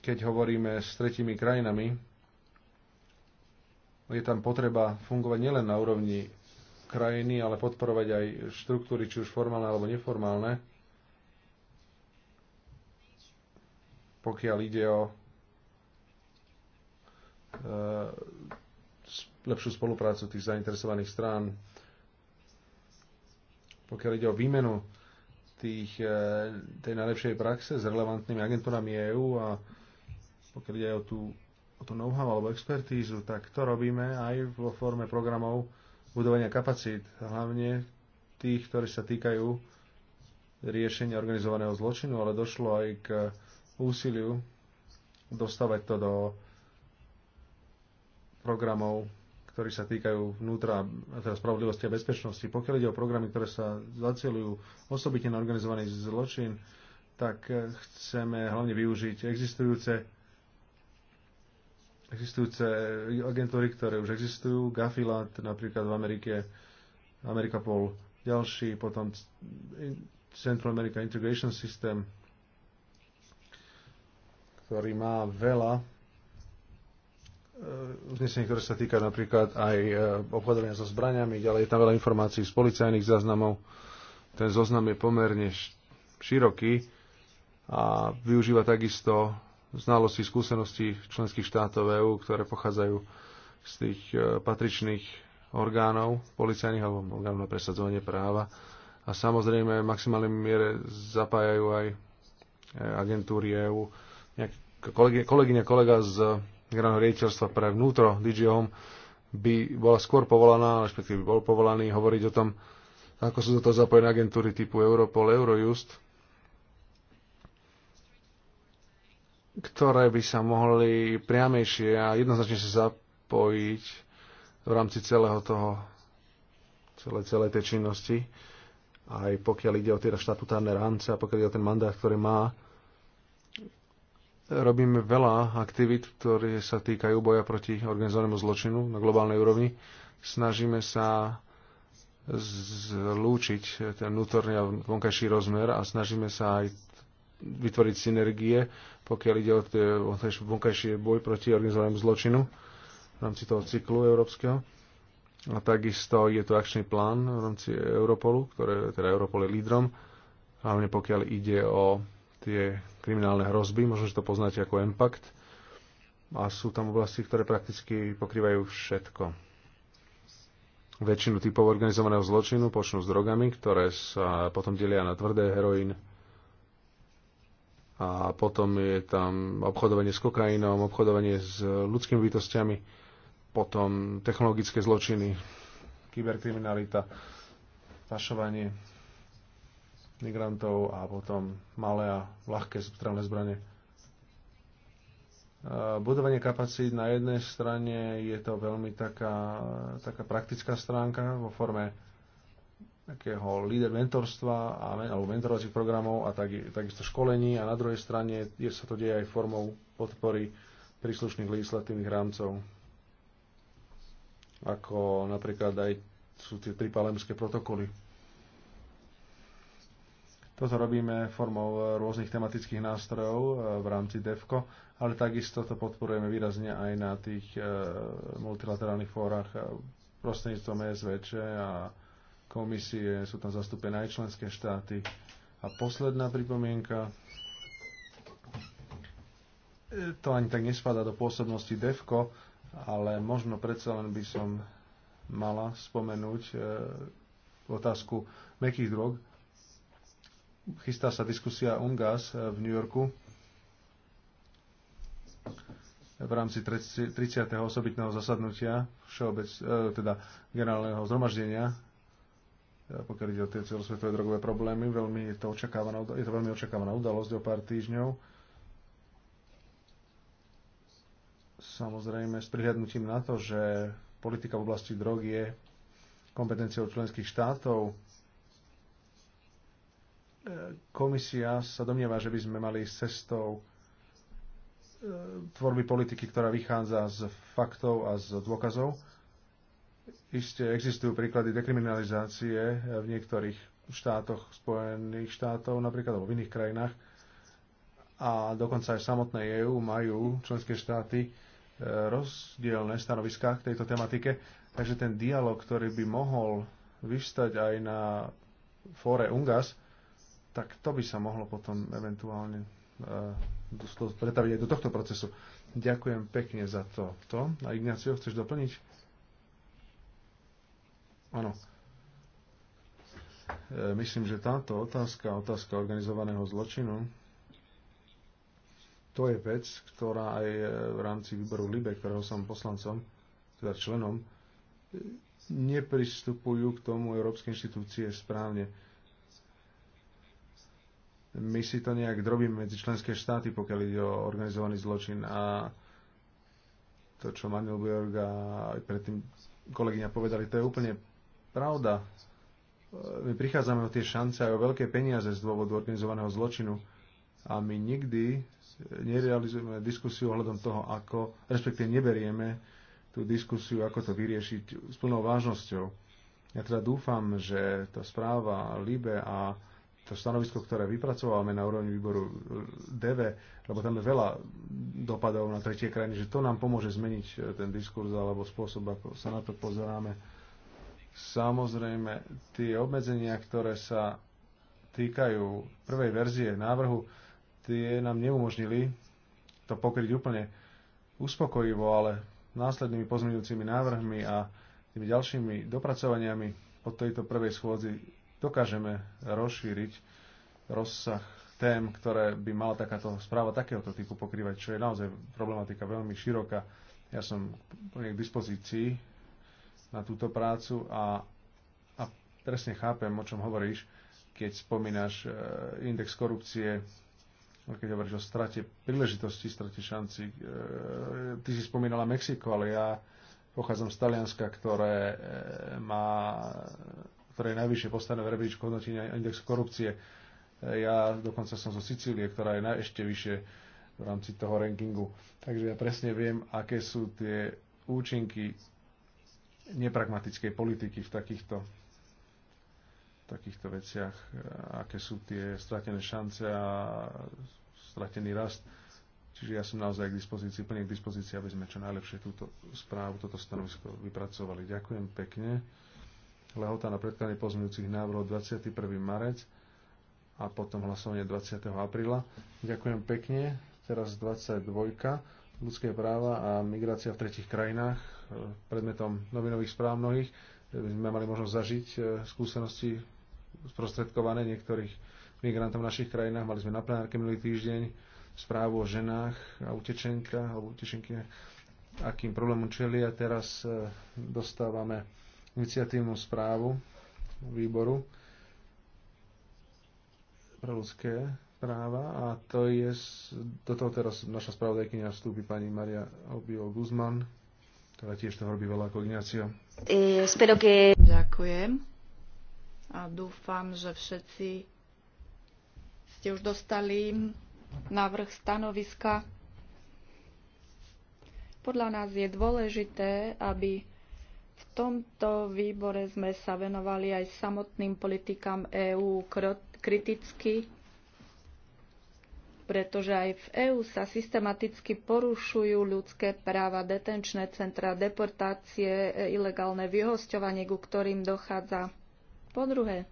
keď hovoríme s tretími krajinami, je tam potreba fungovať nielen na úrovni krajiny, ale podporovať aj štruktúry, či už formálne alebo neformálne, pokiaľ ide o e, lepšiu spoluprácu tých zainteresovaných strán, pokiaľ ide o výmenu tých, e, tej najlepšej praxe s relevantnými agentúrami EÚ a pokiaľ ide o tú o to know-how alebo expertízu, tak to robíme aj vo forme programov budovania kapacít, hlavne tých, ktorí sa týkajú riešenia organizovaného zločinu, ale došlo aj k úsiliu dostavať to do programov, ktorí sa týkajú vnútra, teda spravodlivosti a bezpečnosti. Pokiaľ ide o programy, ktoré sa zacielujú osobitne na organizovaný zločin, tak chceme hlavne využiť existujúce existujúce agentúry, ktoré už existujú, Gafilat napríklad v Amerike, Amerika Pol, ďalší, potom Central America Integration System, ktorý má veľa e, uznesení, ktoré sa týka napríklad aj e, obchodovania so zbraniami, ďalej je tam veľa informácií z policajných záznamov. Ten zoznam je pomerne široký a využíva takisto znalosti, skúsenosti členských štátov EÚ, ktoré pochádzajú z tých e, patričných orgánov policajných alebo orgánov na presadzovanie práva. A samozrejme v maximálnej miere zapájajú aj e, agentúry EÚ. Kolegyňa, kolega z generálneho riaditeľstva pre vnútro DG Home by bola skôr povolaná, respektíve by bol povolaný hovoriť o tom, ako sú do toho zapojené agentúry typu Europol, Eurojust, ktoré by sa mohli priamejšie a jednoznačne sa zapojiť v rámci celého toho, celé, celé tej činnosti, aj pokiaľ ide o tie teda štatutárne rámce a pokiaľ ide o ten mandát, ktorý má. Robíme veľa aktivít, ktoré sa týkajú boja proti organizovanému zločinu na globálnej úrovni. Snažíme sa zlúčiť ten vnútorný a vonkajší rozmer a snažíme sa aj vytvoriť synergie, pokiaľ ide o vonkajší boj proti organizovanému zločinu v rámci toho cyklu európskeho. A takisto je to akčný plán v rámci Europolu, ktoré, teda Europol je lídrom, hlavne pokiaľ ide o tie kriminálne hrozby, možno, že to poznáte ako impact. A sú tam oblasti, ktoré prakticky pokrývajú všetko väčšinu typov organizovaného zločinu, počnú s drogami, ktoré sa potom delia na tvrdé heroín, a potom je tam obchodovanie s kokainom, obchodovanie s ľudskými bytostiami, potom technologické zločiny, kyberkriminalita, pašovanie migrantov a potom malé a ľahké strelné zbranie. Budovanie kapacít na jednej strane je to veľmi taká, taká praktická stránka vo forme takého líder mentorstva a, alebo mentorovacích programov a tak, takisto školení a na druhej strane je, sa to deje aj formou podpory príslušných legislatívnych rámcov. Ako napríklad aj sú tie tri palemské protokoly. Toto robíme formou rôznych tematických nástrojov e, v rámci DEFCO, ale takisto to podporujeme výrazne aj na tých e, multilaterálnych fórach e, prostredníctvom SVČ a komisie, sú tam zastúpené aj členské štáty. A posledná pripomienka, to ani tak nespadá do pôsobnosti DEFCO, ale možno predsa len by som mala spomenúť e, otázku mekých drog. Chystá sa diskusia UNGAS e, v New Yorku v rámci 30. osobitného zasadnutia všeobec, e, teda generálneho zhromaždenia E, pokiaľ ide o tie celosvetové drogové problémy. Veľmi je, to očakávaná, je to veľmi očakávaná udalosť o pár týždňov. Samozrejme s prihľadnutím na to, že politika v oblasti drog je kompetenciou členských štátov, e, komisia sa domnieva, že by sme mali s cestou e, tvorby politiky, ktorá vychádza z faktov a z dôkazov Isté existujú príklady dekriminalizácie v niektorých štátoch Spojených štátov, napríklad alebo v iných krajinách. A dokonca aj v EU majú členské štáty e, rozdielne stanoviská k tejto tematike. Takže ten dialog, ktorý by mohol vyvstať aj na fóre UNGAS, tak to by sa mohlo potom eventuálne e, pretaviť aj do tohto procesu. Ďakujem pekne za to. to. A Ignacio, chceš doplniť? Áno. E, myslím, že táto otázka, otázka organizovaného zločinu, to je vec, ktorá aj v rámci výboru LIBE, ktorého som poslancom, teda členom, nepristupujú k tomu európske inštitúcie správne. My si to nejak drobíme medzi členské štáty, pokiaľ ide o organizovaný zločin a to, čo Manuel Bjorg a aj predtým kolegyňa povedali, to je úplne pravda. My prichádzame o tie šance aj o veľké peniaze z dôvodu organizovaného zločinu a my nikdy nerealizujeme diskusiu ohľadom toho, ako, respektíve neberieme tú diskusiu, ako to vyriešiť s plnou vážnosťou. Ja teda dúfam, že tá správa Libe a to stanovisko, ktoré vypracovávame na úrovni výboru DV, lebo tam je veľa dopadov na tretie krajiny, že to nám pomôže zmeniť ten diskurs alebo spôsob, ako sa na to pozeráme. Samozrejme, tie obmedzenia, ktoré sa týkajú prvej verzie návrhu, tie nám neumožnili to pokryť úplne uspokojivo, ale následnými pozmeňujúcimi návrhmi a tými ďalšími dopracovaniami po tejto prvej schôdzi dokážeme rozšíriť rozsah tém, ktoré by mala takáto správa takéhoto typu pokrývať, čo je naozaj problematika veľmi široká. Ja som plne k dispozícii na túto prácu a, a presne chápem, o čom hovoríš, keď spomínaš e, index korupcie, keď hovoríš o strate príležitosti, strate šanci. E, ty si spomínala Mexiko, ale ja pochádzam z Talianska, ktoré e, má ktoré je najvyššie postavené v rebríčku hodnotenia indexu korupcie. Ja dokonca som zo Sicílie, ktorá je ešte vyššie v rámci toho rankingu. Takže ja presne viem, aké sú tie účinky nepragmatickej politiky v takýchto, takýchto veciach, aké sú tie stratené šance a stratený rast. Čiže ja som naozaj k dispozícii, plne k dispozícii, aby sme čo najlepšie túto správu, toto stanovisko vypracovali. Ďakujem pekne. Lehota na predkladanie pozmeňujúcich návrhov 21. marec a potom hlasovanie 20. apríla. Ďakujem pekne. Teraz 22 ľudské práva a migrácia v tretich krajinách, e, predmetom novinových správ mnohých. My sme mali možnosť zažiť e, skúsenosti sprostredkované niektorých migrantov v našich krajinách. Mali sme na plenárke minulý týždeň správu o ženách a utečenkách alebo utečenky, akým problémom čeli a teraz e, dostávame iniciatívnu správu výboru pre ľudské správa a to je, do toho teraz naša spravodajkynia vstúpi pani Maria Obio Guzman, ktorá tiež toho robí veľa ako E, ke... Ďakujem a dúfam, že všetci ste už dostali návrh stanoviska. Podľa nás je dôležité, aby v tomto výbore sme sa venovali aj samotným politikám EÚ kriticky pretože aj v EÚ sa systematicky porušujú ľudské práva, detenčné centra, deportácie, e, ilegálne vyhosťovanie, ku ktorým dochádza. Po druhé,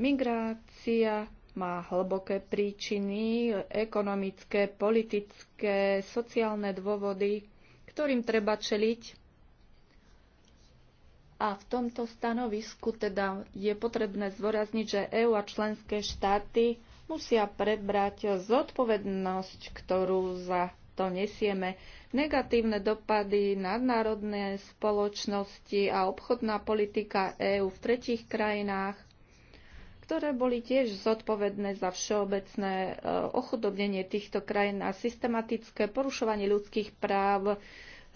migrácia má hlboké príčiny, ekonomické, politické, sociálne dôvody, ktorým treba čeliť a v tomto stanovisku teda je potrebné zdôrazniť, že EÚ a členské štáty musia prebrať zodpovednosť, ktorú za to nesieme. Negatívne dopady nadnárodné spoločnosti a obchodná politika EÚ v tretích krajinách, ktoré boli tiež zodpovedné za všeobecné eh, ochudobnenie týchto krajín a systematické porušovanie ľudských práv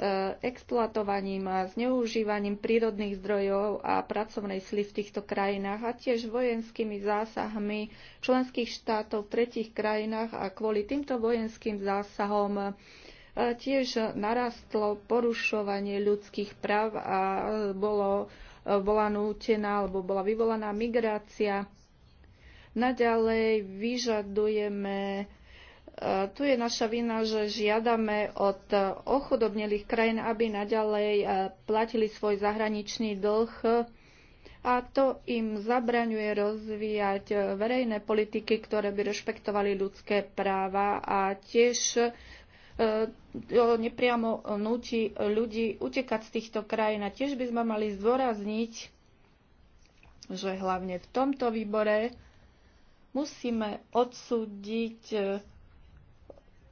E, exploatovaním a zneužívaním prírodných zdrojov a pracovnej sily v týchto krajinách a tiež vojenskými zásahmi členských štátov v tretich krajinách a kvôli týmto vojenským zásahom e, tiež narastlo porušovanie ľudských práv a bolo volanútená e, alebo bola vyvolaná migrácia. Naďalej vyžadujeme tu je naša vina, že žiadame od ochudobnelých krajín, aby naďalej eh, platili svoj zahraničný dlh a to im zabraňuje rozvíjať eh, verejné politiky, ktoré by rešpektovali ľudské práva a tiež eh, nepriamo núti ľudí utekať z týchto krajín. A tiež by sme mali zdôrazniť, že hlavne v tomto výbore musíme odsúdiť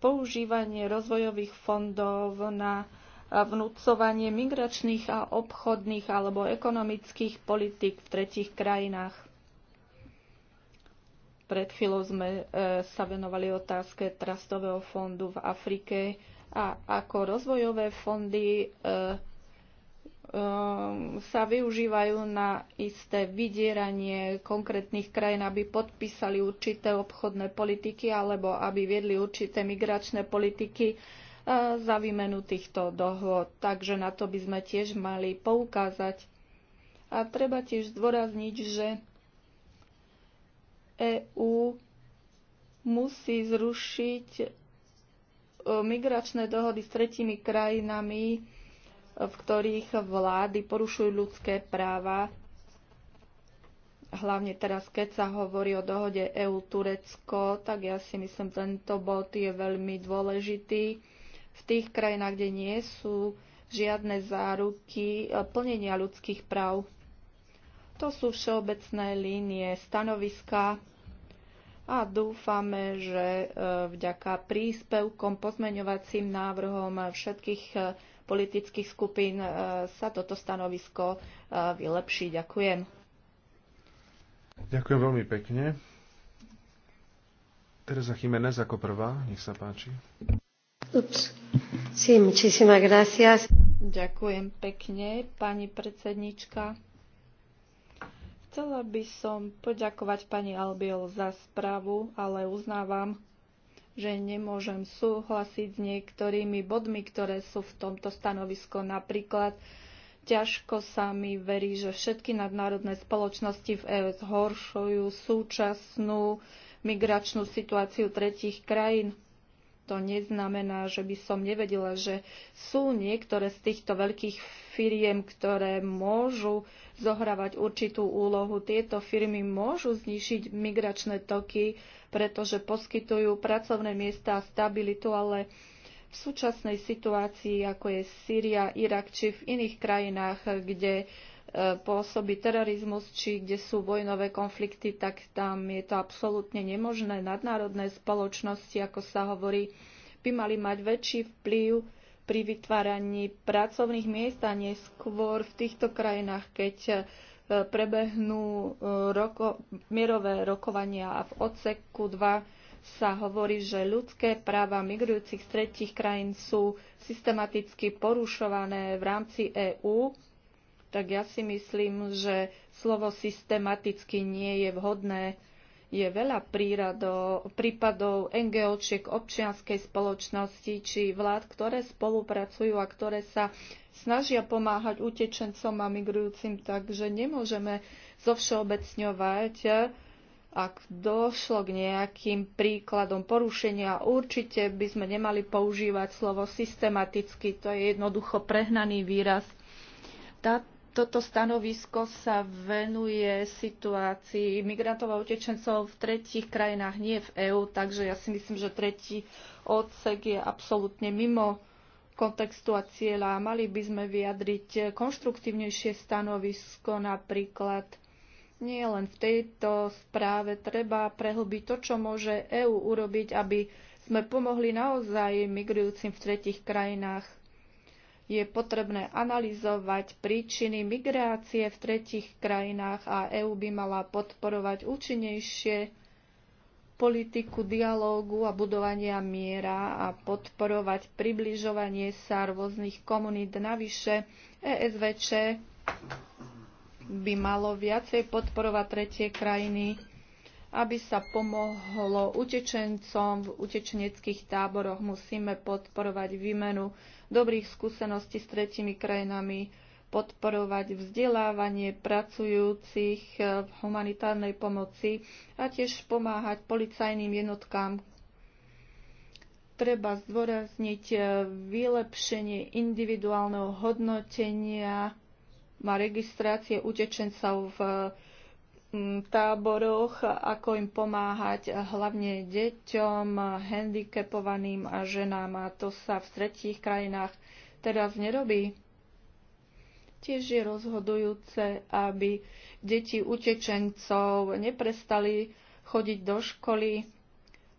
používanie rozvojových fondov na vnúcovanie migračných a obchodných alebo ekonomických politik v tretich krajinách. Pred chvíľou sme e, sa venovali otázke Trastového fondu v Afrike a ako rozvojové fondy e, Ehm, sa využívajú na isté vydieranie konkrétnych krajín, aby podpísali určité obchodné politiky alebo aby viedli určité migračné politiky eh, za výmenu týchto dohôd. Takže na to by sme tiež mali poukázať. A treba tiež zdôrazniť, že EÚ musí zrušiť eh, migračné dohody s tretimi krajinami, v ktorých vlády porušujú ľudské práva, hlavne teraz, keď sa hovorí o dohode EU-Turecko, tak ja si myslím, tento bod je veľmi dôležitý. V tých krajinách, kde nie sú žiadne záruky e, plnenia ľudských práv. To sú všeobecné línie stanoviska a dúfame, že e, vďaka príspevkom, pozmeňovacím návrhom všetkých e, politických skupín e, sa toto stanovisko e, vylepší. Ďakujem. Ďakujem veľmi pekne. Teresa Jiménez ako prvá, nech sa páči. Ups. Sí, muchísimas gracias. Ďakujem pekne, pani predsednička. Chcela by som poďakovať pani Albiol za správu, ale uznávam, že nemôžem súhlasiť s niektorými bodmi, ktoré sú v tomto stanovisku. Napríklad ťažko sa mi verí, že všetky nadnárodné spoločnosti v EÚ zhoršujú súčasnú migračnú situáciu tretích krajín. To neznamená, že by som nevedela, že sú niektoré z týchto veľkých firiem, ktoré môžu zohrávať určitú úlohu. Tieto firmy môžu znišiť migračné toky, pretože poskytujú pracovné miesta a stabilitu, ale v súčasnej situácii, ako je Sýria, Irak či v iných krajinách, kde e, pôsobí terorizmus, či kde sú vojnové konflikty, tak tam je to absolútne nemožné. Nadnárodné spoločnosti, ako sa hovorí, by mali mať väčší vplyv pri vytváraní pracovných miest a neskôr v týchto krajinách, keď e, prebehnú e, roko, mierové rokovania a v odseku 2 sa hovorí, že ľudské práva migrujúcich z tretich krajín sú systematicky porušované v rámci EÚ, tak ja si myslím, že slovo systematicky nie je vhodné je veľa prírado, prípadov NGOčiek, občianskej spoločnosti či vlád, ktoré spolupracujú a ktoré sa snažia pomáhať utečencom a migrujúcim, takže nemôžeme zovšeobecňovať ak došlo k nejakým príkladom porušenia, určite by sme nemali používať slovo systematicky, to je jednoducho prehnaný výraz. Tá, toto stanovisko sa venuje situácii migrantov a utečencov v tretích krajinách, nie v EÚ, takže ja si myslím, že tretí odsek je absolútne mimo kontextu a cieľa. Mali by sme vyjadriť konštruktívnejšie stanovisko, napríklad nie len v tejto správe treba prehlbiť to, čo môže EÚ urobiť, aby sme pomohli naozaj migrujúcim v tretich krajinách je potrebné analyzovať príčiny migrácie v tretich krajinách a EÚ by mala podporovať účinnejšie politiku dialógu a budovania miera a podporovať približovanie sa rôznych komunít. Navyše ESVČ by malo viacej podporovať tretie krajiny, aby sa pomohlo utečencom v utečeneckých táboroch. Musíme podporovať výmenu dobrých skúseností s tretimi krajinami, podporovať vzdelávanie pracujúcich eh, v humanitárnej pomoci a tiež pomáhať policajným jednotkám. Treba zdôrazniť eh, vylepšenie individuálneho hodnotenia a registrácie utečencov v eh, táboroch, ako im pomáhať hlavne deťom, handicapovaným a ženám. A to sa v tretích krajinách teraz nerobí. Tiež je rozhodujúce, aby deti utečencov neprestali chodiť do školy.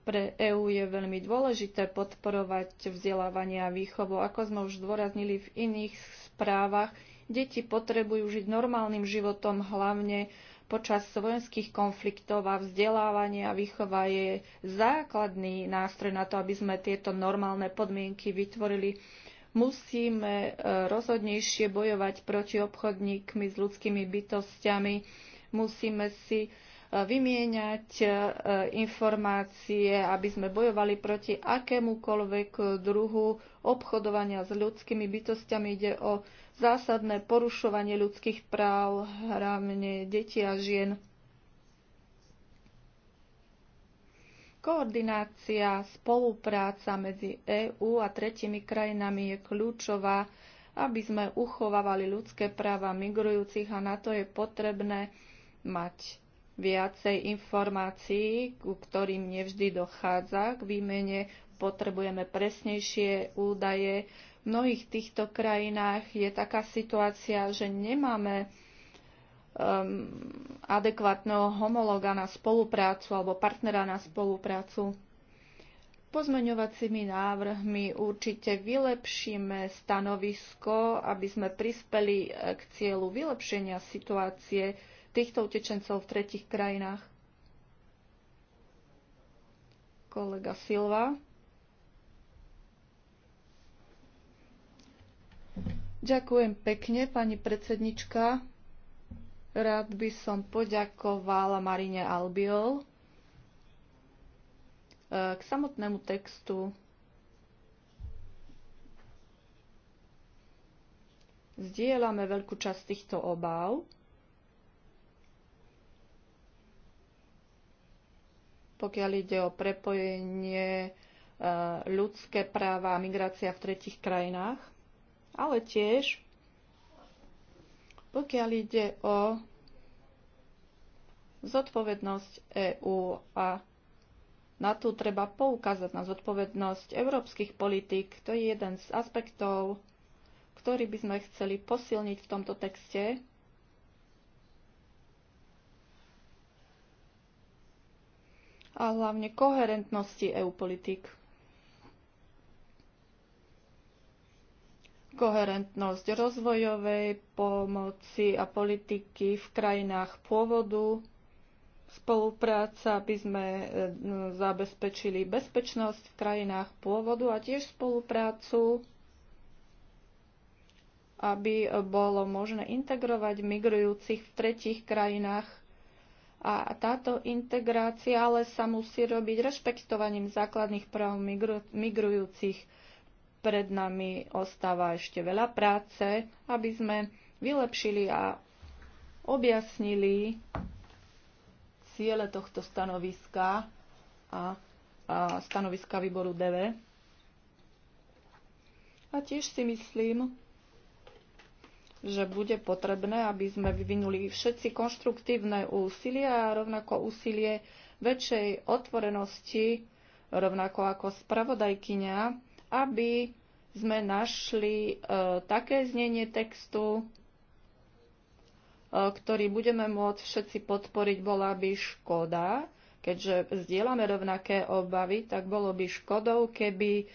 Pre EÚ je veľmi dôležité podporovať vzdelávanie a výchovu. Ako sme už zdôraznili v iných správach, deti potrebujú žiť normálnym životom, hlavne počas vojenských konfliktov a vzdelávanie a výchova je základný nástroj na to, aby sme tieto normálne podmienky vytvorili. Musíme e, rozhodnejšie bojovať proti obchodníkmi s ľudskými bytostiami. Musíme si e, vymieňať e, informácie, aby sme bojovali proti akémukoľvek druhu obchodovania s ľudskými bytostiami. Ide o zásadné porušovanie ľudských práv, hlavne deti a žien. Koordinácia, spolupráca medzi EÚ a tretimi krajinami je kľúčová, aby sme uchovávali ľudské práva migrujúcich a na to je potrebné mať viacej informácií, ku ktorým nevždy dochádza k výmene. Potrebujeme presnejšie údaje, v mnohých týchto krajinách je taká situácia, že nemáme um, adekvátneho homologa na spoluprácu alebo partnera na spoluprácu. Pozmeňovacími návrhmi určite vylepšíme stanovisko, aby sme prispeli eh, k cieľu vylepšenia situácie týchto utečencov v tretich krajinách. Kolega Silva. Ďakujem pekne, pani predsednička. Rád by som poďakovala Marine Albiol e, k samotnému textu. Zdieľame veľkú časť týchto obáv. Pokiaľ ide o prepojenie e, ľudské práva a migrácia v tretich krajinách, ale tiež pokiaľ ide o zodpovednosť EÚ a na tú treba poukázať na zodpovednosť európskych politík. To je jeden z aspektov, ktorý by sme chceli posilniť v tomto texte. A hlavne koherentnosti EU politik. koherentnosť rozvojovej pomoci a politiky v krajinách pôvodu, spolupráca, aby sme e, zabezpečili bezpečnosť v krajinách pôvodu a tiež spoluprácu, aby bolo možné integrovať migrujúcich v tretích krajinách. A táto integrácia ale sa musí robiť rešpektovaním základných práv migru- migrujúcich pred nami ostáva ešte veľa práce, aby sme vylepšili a objasnili ciele tohto stanoviska a, a stanoviska výboru DV. A tiež si myslím, že bude potrebné, aby sme vyvinuli všetci konštruktívne úsilie a rovnako úsilie väčšej otvorenosti, rovnako ako spravodajkyňa aby sme našli e, také znenie textu, e, ktorý budeme môcť všetci podporiť, bola by škoda, keďže zdieľame rovnaké obavy, tak bolo by škodou, keby e,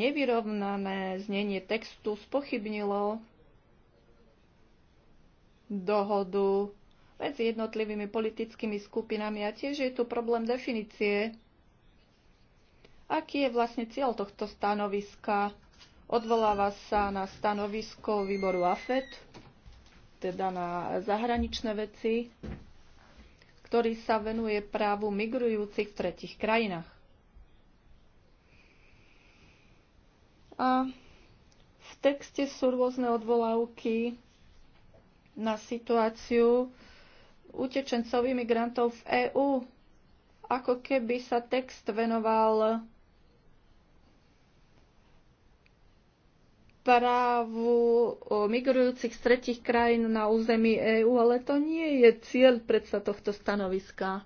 nevyrovnané znenie textu spochybnilo dohodu medzi jednotlivými politickými skupinami a tiež je tu problém definície Aký je vlastne cieľ tohto stanoviska? Odvoláva sa na stanovisko výboru AFET, teda na zahraničné veci, ktorý sa venuje právu migrujúcich v tretich krajinách. A v texte sú rôzne odvolávky na situáciu utečencov imigrantov v EÚ, ako keby sa text venoval správu migrujúcich z tretich krajín na území EÚ, ale to nie je cieľ predsa tohto stanoviska.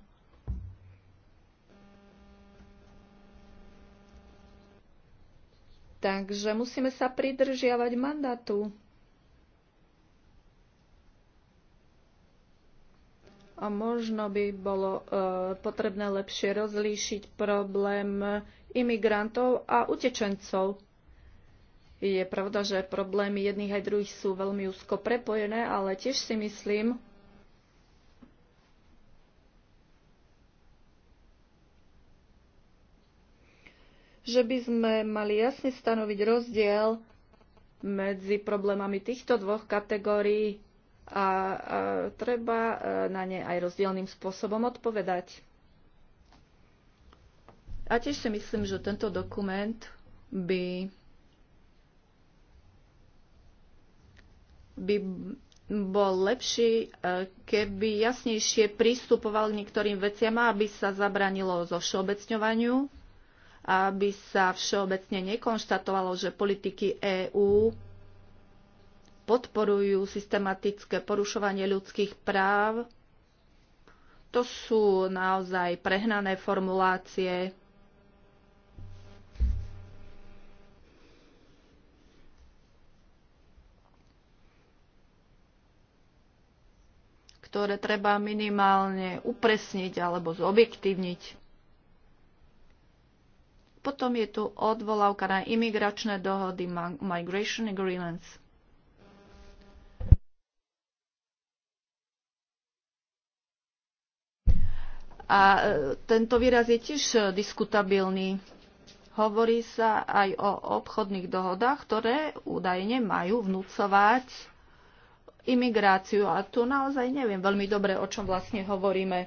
Takže musíme sa pridržiavať mandátu. A možno by bolo e, potrebné lepšie rozlíšiť problém imigrantov a utečencov. Je pravda, že problémy jedných aj druhých sú veľmi úzko prepojené, ale tiež si myslím, že by sme mali jasne stanoviť rozdiel medzi problémami týchto dvoch kategórií a, a treba e, na ne aj rozdielným spôsobom odpovedať. A tiež si myslím, že tento dokument by by bol lepší, e, keby jasnejšie pristupoval k niektorým veciam, aby sa zabranilo zo všeobecňovaniu, aby sa všeobecne nekonštatovalo, že politiky EÚ podporujú systematické porušovanie ľudských práv. To sú naozaj prehnané formulácie ktoré treba minimálne upresniť alebo zobjektívniť. Potom je tu odvolávka na imigračné dohody Migration Agreements. A e, tento výraz je tiež diskutabilný. Hovorí sa aj o obchodných dohodách, ktoré údajne majú vnúcovať imigráciu a tu naozaj neviem veľmi dobre, o čom vlastne hovoríme.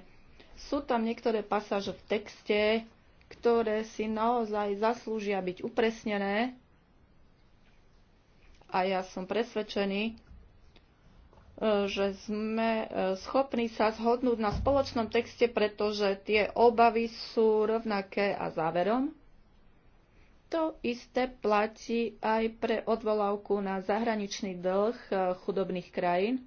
Sú tam niektoré pasáže v texte, ktoré si naozaj zaslúžia byť upresnené a ja som presvedčený, e, že sme e, schopní sa zhodnúť na spoločnom texte, pretože tie obavy sú rovnaké a záverom. To isté platí aj pre odvolávku na zahraničný dlh eh, chudobných krajín.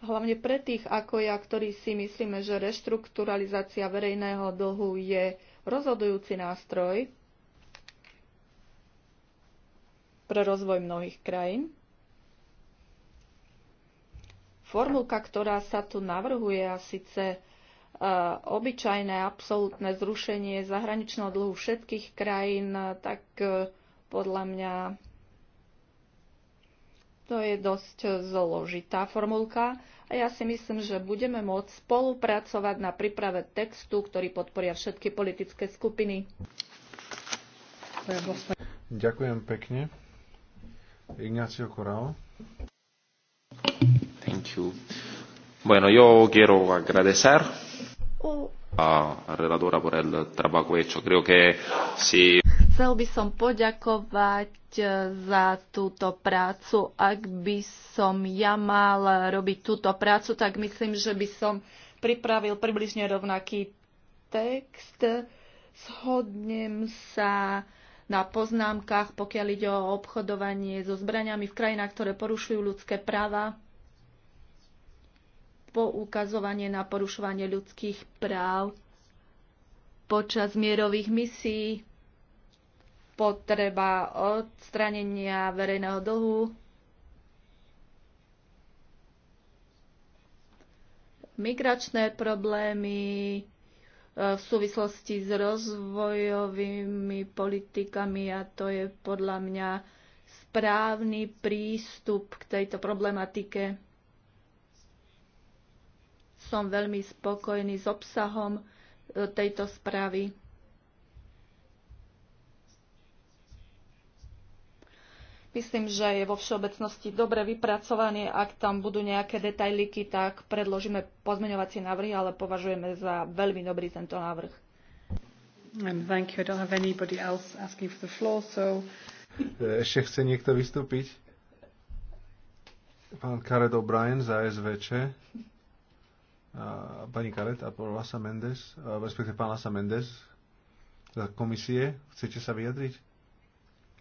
Hlavne pre tých ako ja, ktorí si myslíme, že reštrukturalizácia verejného dlhu je rozhodujúci nástroj pre rozvoj mnohých krajín. Formulka, ktorá sa tu navrhuje a síce Eh, obyčajné absolútne zrušenie zahraničného dlhu všetkých krajín, tak eh, podľa mňa to je dosť zložitá formulka a ja si myslím, že budeme môcť spolupracovať na príprave textu, ktorý podporia všetky politické skupiny. Ďakujem pekne. Ignacio Corao. Thank you. Bueno, yo quiero agradecer a reladora por el trabajo hecho. Creo que si... Chcel by som poďakovať eh, za túto prácu. Ak by som ja mal robiť túto prácu, tak myslím, že by som pripravil približne rovnaký text. Shodnem sa na poznámkach, pokiaľ ide o obchodovanie so zbraniami v krajinách, ktoré porušujú ľudské práva poukazovanie na porušovanie ľudských práv počas mierových misií, potreba odstranenia verejného dlhu, migračné problémy e, v súvislosti s rozvojovými politikami a to je podľa mňa správny prístup k tejto problematike som veľmi spokojný s obsahom e, tejto správy. Myslím, že je vo všeobecnosti dobre vypracovanie. Ak tam budú nejaké detailiky, tak predložíme pozmeňovacie návrhy, ale považujeme za veľmi dobrý tento návrh. E, ešte chce niekto vystúpiť? Pán Kared O'Brien za SVČ pani Karet a Lasa Mendes, respektive pán Lasa Mendes za komisie. Chcete sa vyjadriť?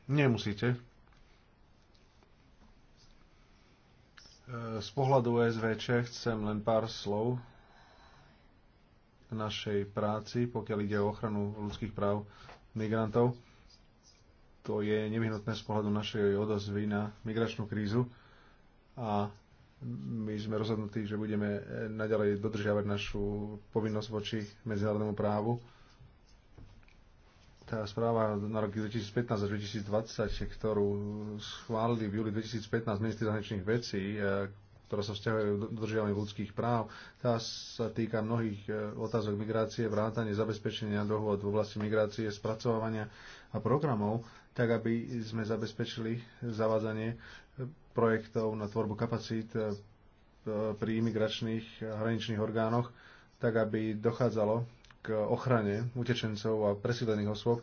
Nemusíte. E, z pohľadu SVČ chcem len pár slov k našej práci, pokiaľ ide o ochranu ľudských práv migrantov. To je nevyhnutné z pohľadu našej odozvy na migračnú krízu a my sme rozhodnutí, že budeme eh, naďalej dodržiavať našu povinnosť voči medzinárodnému právu. Tá správa na roky 2015 až 2020, ktorú schválili v júli 2015 ministri zahraničných vecí, eh, ktorá sa vzťahuje do dodržiavania ľudských práv. Tá sa týka mnohých eh, otázok migrácie, vrátanie, zabezpečenia dohôd v oblasti migrácie, spracovávania a programov, tak aby sme zabezpečili zavádzanie projektov na tvorbu kapacít eh, pri imigračných hraničných orgánoch, tak aby dochádzalo k ochrane utečencov a presídlených osôb,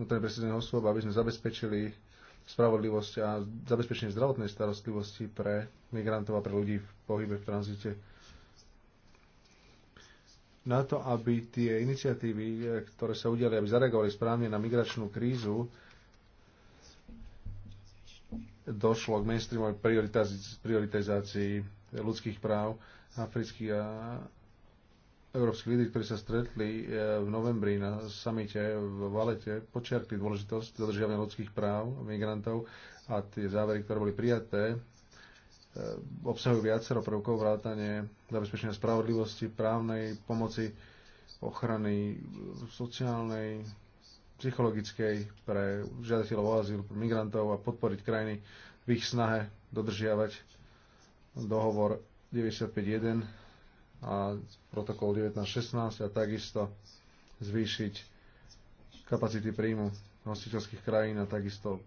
vnútorne presídlených osôb, aby sme zabezpečili spravodlivosť a zabezpečenie zdravotnej starostlivosti pre migrantov a pre ľudí v pohybe, v tranzite. Na to, aby tie iniciatívy, eh, ktoré sa udiali, aby zareagovali správne na migračnú krízu, došlo k mainstreamovej prioritizácii ľudských práv afrických a európskych lídry, ktorí sa stretli eh, v novembri na samite eh, v Valete, počiarkli dôležitosť dodržiavania ľudských práv migrantov a tie závery, ktoré boli prijaté, eh, obsahujú viacero prvkov vrátane zabezpečenia spravodlivosti, právnej pomoci, ochrany sociálnej, psychologickej pre žiadateľov o azyl, pre migrantov a podporiť krajiny v ich snahe dodržiavať dohovor 95.1 a protokol 19.16 a takisto zvýšiť kapacity príjmu hostiteľských krajín a takisto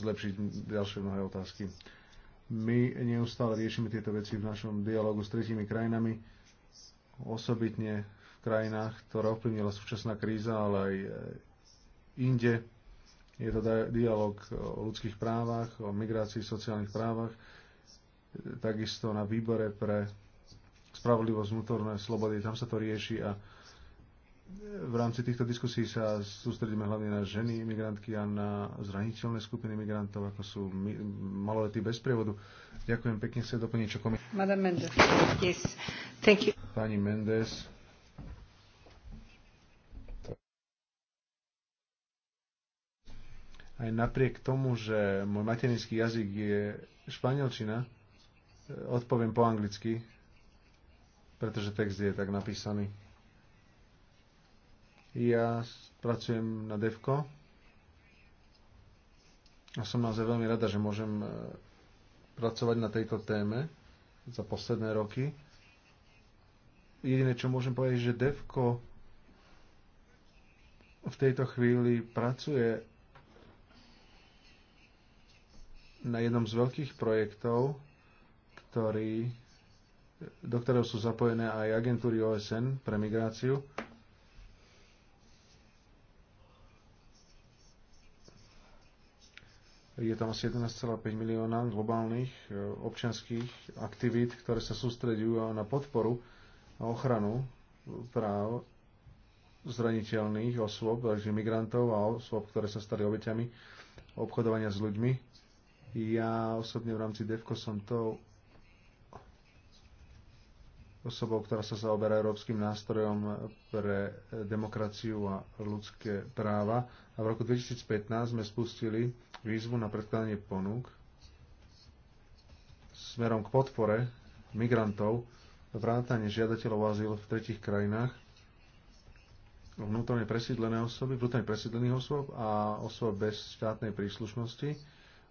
zlepšiť ďalšie mnohé otázky. My neustále riešime tieto veci v našom dialogu s tretími krajinami, osobitne krajinách, ktorá ovplyvnila súčasná kríza, ale aj e, inde. Je to dialog o ľudských právach, o migrácii, sociálnych právach, e, takisto na výbore pre spravodlivosť, vnútorné slobody, tam sa to rieši a e, v rámci týchto diskusí sa sústredíme hlavne na ženy imigrantky a na zraniteľné skupiny imigrantov, ako sú mi- maloletí bez prievodu. Ďakujem pekne, chcem doplniť čo komis- Mendes. Yes. Thank you. Pani Mendes. Aj napriek tomu, že môj materinský jazyk je španielčina, e, odpoviem po anglicky, pretože text je tak napísaný. Ja pracujem na DEVKO a som naozaj veľmi rada, že môžem e, pracovať na tejto téme za posledné roky. Jediné, čo môžem povedať, že DEVKO v tejto chvíli pracuje na jednom z veľkých projektov, ktorý, do ktorého sú zapojené aj agentúry OSN pre migráciu. Je tam asi 11,5 milióna globálnych e, občianských aktivít, ktoré sa sústredujú na podporu a ochranu práv zraniteľných osôb, takže migrantov a osôb, ktoré sa stali obeťami obchodovania s ľuďmi ja osobne v rámci DEVKO som tou osobou, ktorá sa zaoberá európskym nástrojom pre demokraciu a ľudské práva. A v roku 2015 sme spustili výzvu na predkladanie ponúk smerom k podpore migrantov, vrátane žiadateľov o azyl v tretich krajinách, vnútorne presídlené osoby, vnútorne presídlených osôb a osôb bez štátnej príslušnosti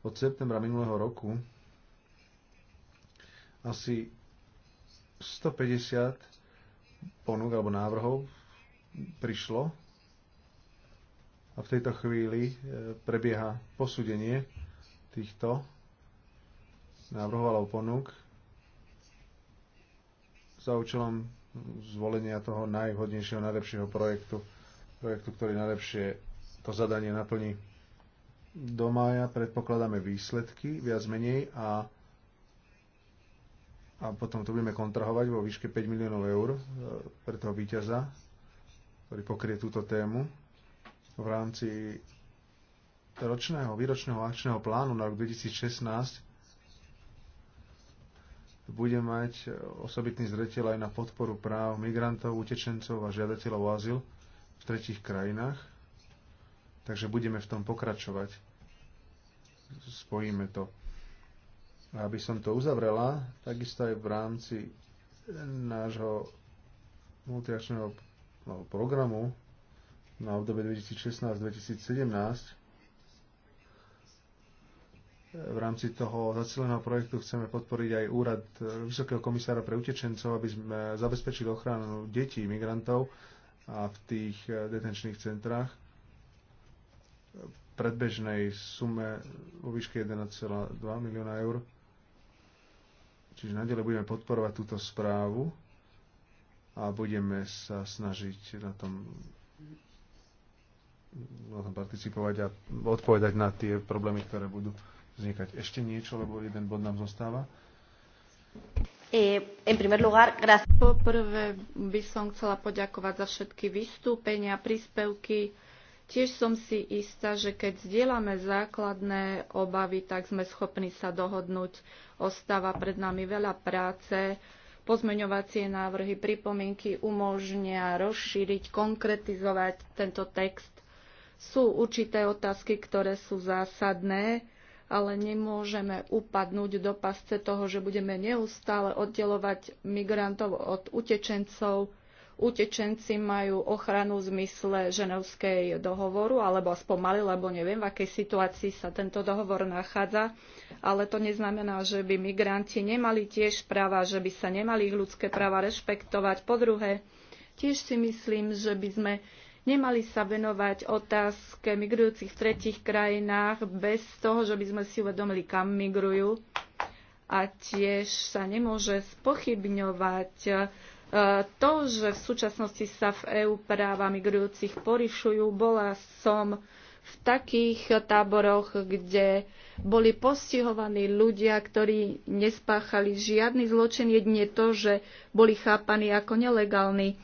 od septembra minulého roku asi 150 ponúk alebo návrhov prišlo a v tejto chvíli e, prebieha posúdenie týchto návrhov alebo ponúk za účelom zvolenia toho najvhodnejšieho, najlepšieho projektu, projektu, ktorý najlepšie to zadanie naplní do mája predpokladáme výsledky, viac menej, a, a potom to budeme kontrahovať vo výške 5 miliónov eur e, pre toho víťaza, ktorý pokrie túto tému v rámci ročného, výročného akčného plánu na rok 2016 bude mať osobitný zreteľ aj na podporu práv migrantov, utečencov a žiadateľov o azyl v tretich krajinách. Takže budeme v tom pokračovať. Spojíme to. A aby som to uzavrela, takisto aj v rámci nášho multiačného programu na obdobie 2016-2017 v rámci toho zaceleného projektu chceme podporiť aj úrad Vysokého komisára pre utečencov, aby sme zabezpečili ochranu detí, migrantov a v tých detenčných centrách predbežnej sume vo výške 1,2 milióna eur. Čiže nadalej budeme podporovať túto správu a budeme sa snažiť na tom, na tom participovať a odpovedať na tie problémy, ktoré budú vznikať. Ešte niečo, lebo jeden bod nám zostáva. Eh, Poprvé by som chcela poďakovať za všetky vystúpenia, príspevky Tiež som si istá, že keď zdieľame základné obavy, tak sme schopní sa dohodnúť. Ostáva pred nami veľa práce. Pozmeňovacie návrhy, pripomienky umožnia rozšíriť, konkretizovať tento text. Sú určité otázky, ktoré sú zásadné, ale nemôžeme upadnúť do pasce toho, že budeme neustále oddelovať migrantov od utečencov utečenci majú ochranu v zmysle ženevskej dohovoru, alebo aspoň mali, lebo neviem, v akej situácii sa tento dohovor nachádza. Ale to neznamená, že by migranti nemali tiež práva, že by sa nemali ich ľudské práva rešpektovať. Po druhé, tiež si myslím, že by sme nemali sa venovať otázke migrujúcich v tretich krajinách bez toho, že by sme si uvedomili, kam migrujú. A tiež sa nemôže spochybňovať to, že v súčasnosti sa v EÚ práva migrujúcich porušujú, bola som v takých táboroch, kde boli postihovaní ľudia, ktorí nespáchali žiadny zločin, jedine to, že boli chápaní ako nelegálni.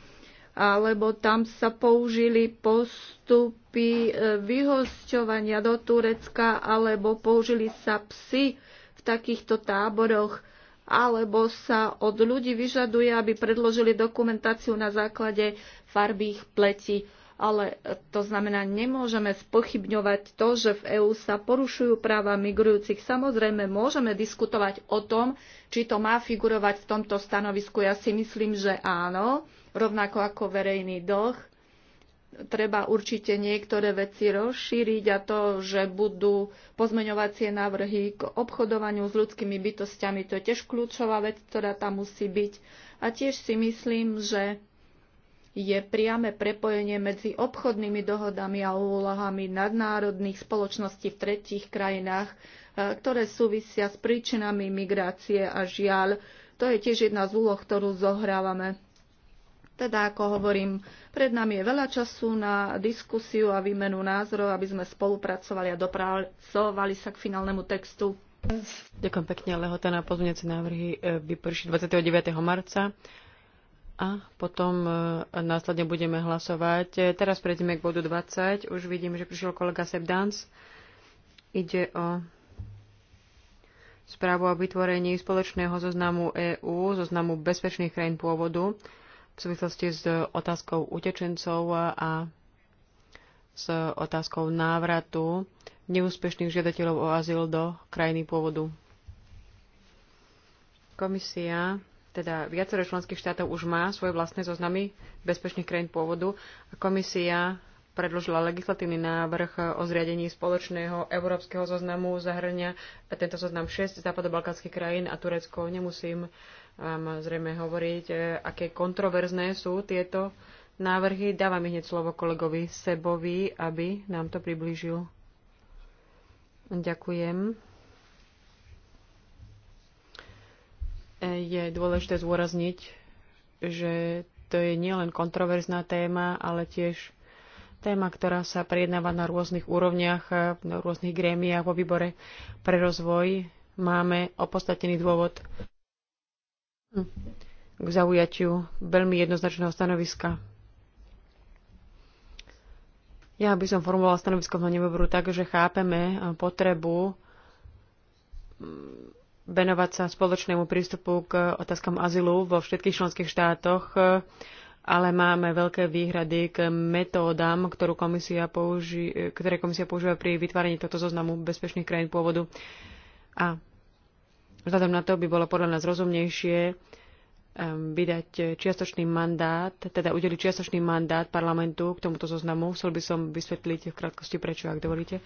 Alebo tam sa použili postupy e, vyhosťovania do Turecka, alebo použili sa psy v takýchto táboroch alebo sa od ľudí vyžaduje, aby predložili dokumentáciu na základe farby ich pleti. Ale to znamená, nemôžeme spochybňovať to, že v EÚ sa porušujú práva migrujúcich. Samozrejme, môžeme diskutovať o tom, či to má figurovať v tomto stanovisku. Ja si myslím, že áno, rovnako ako verejný dlh treba určite niektoré veci rozšíriť a to, že budú pozmeňovacie návrhy k obchodovaniu s ľudskými bytostiami, to je tiež kľúčová vec, ktorá tam musí byť. A tiež si myslím, že je priame prepojenie medzi obchodnými dohodami a úlohami nadnárodných spoločností v tretích krajinách, e, ktoré súvisia s príčinami migrácie a žiaľ. To je tiež jedna z úloh, ktorú zohrávame teda, ako hovorím, pred nami je veľa času na diskusiu a výmenu názorov, aby sme spolupracovali a dopracovali sa k finálnemu textu. Ďakujem pekne. Lehota na pozmeňujúce návrhy e, vyprší 29. marca a potom e, následne budeme hlasovať. E, teraz prejdeme k bodu 20. Už vidím, že prišiel kolega Sebdans. Ide o správu o vytvorení spoločného zoznamu EÚ, zoznamu bezpečných krajín pôvodu v súvislosti s otázkou utečencov a s otázkou návratu neúspešných žiadateľov o azyl do krajiny pôvodu. Komisia, teda viacero členských štátov už má svoje vlastné zoznamy bezpečných krajín pôvodu a komisia predložila legislatívny návrh o zriadení spoločného európskeho zoznamu. Zahrňa tento zoznam 6 západobalkánskych krajín a Turecko. Nemusím uh, vám zrejme hovoriť, e, aké kontroverzné sú tieto návrhy. Dávam hneď slovo kolegovi Sebovi, aby nám to priblížil. Ďakujem. E, je dôležité zúrazniť, že to je nielen kontroverzná téma, ale tiež téma, ktorá sa prejednáva na rôznych úrovniach, e, na rôznych grémiách vo výbore pre rozvoj. Máme opodstatnený dôvod k zaujatiu veľmi jednoznačného stanoviska. Ja by som formulovala stanovisko v výboru tak, že chápeme potrebu mm, venovať sa spoločnému prístupu k otázkam azylu vo všetkých členských štátoch, ale máme veľké výhrady k metódam, ktorú komisia použi- ktoré komisia používa pri vytváraní tohto zoznamu bezpečných krajín pôvodu. A Vzhľadom na to by bolo podľa nás rozumnejšie vydať čiastočný mandát, teda udeliť čiastočný mandát parlamentu k tomuto zoznamu. Chcel by som vysvetliť v krátkosti prečo, ak dovolíte.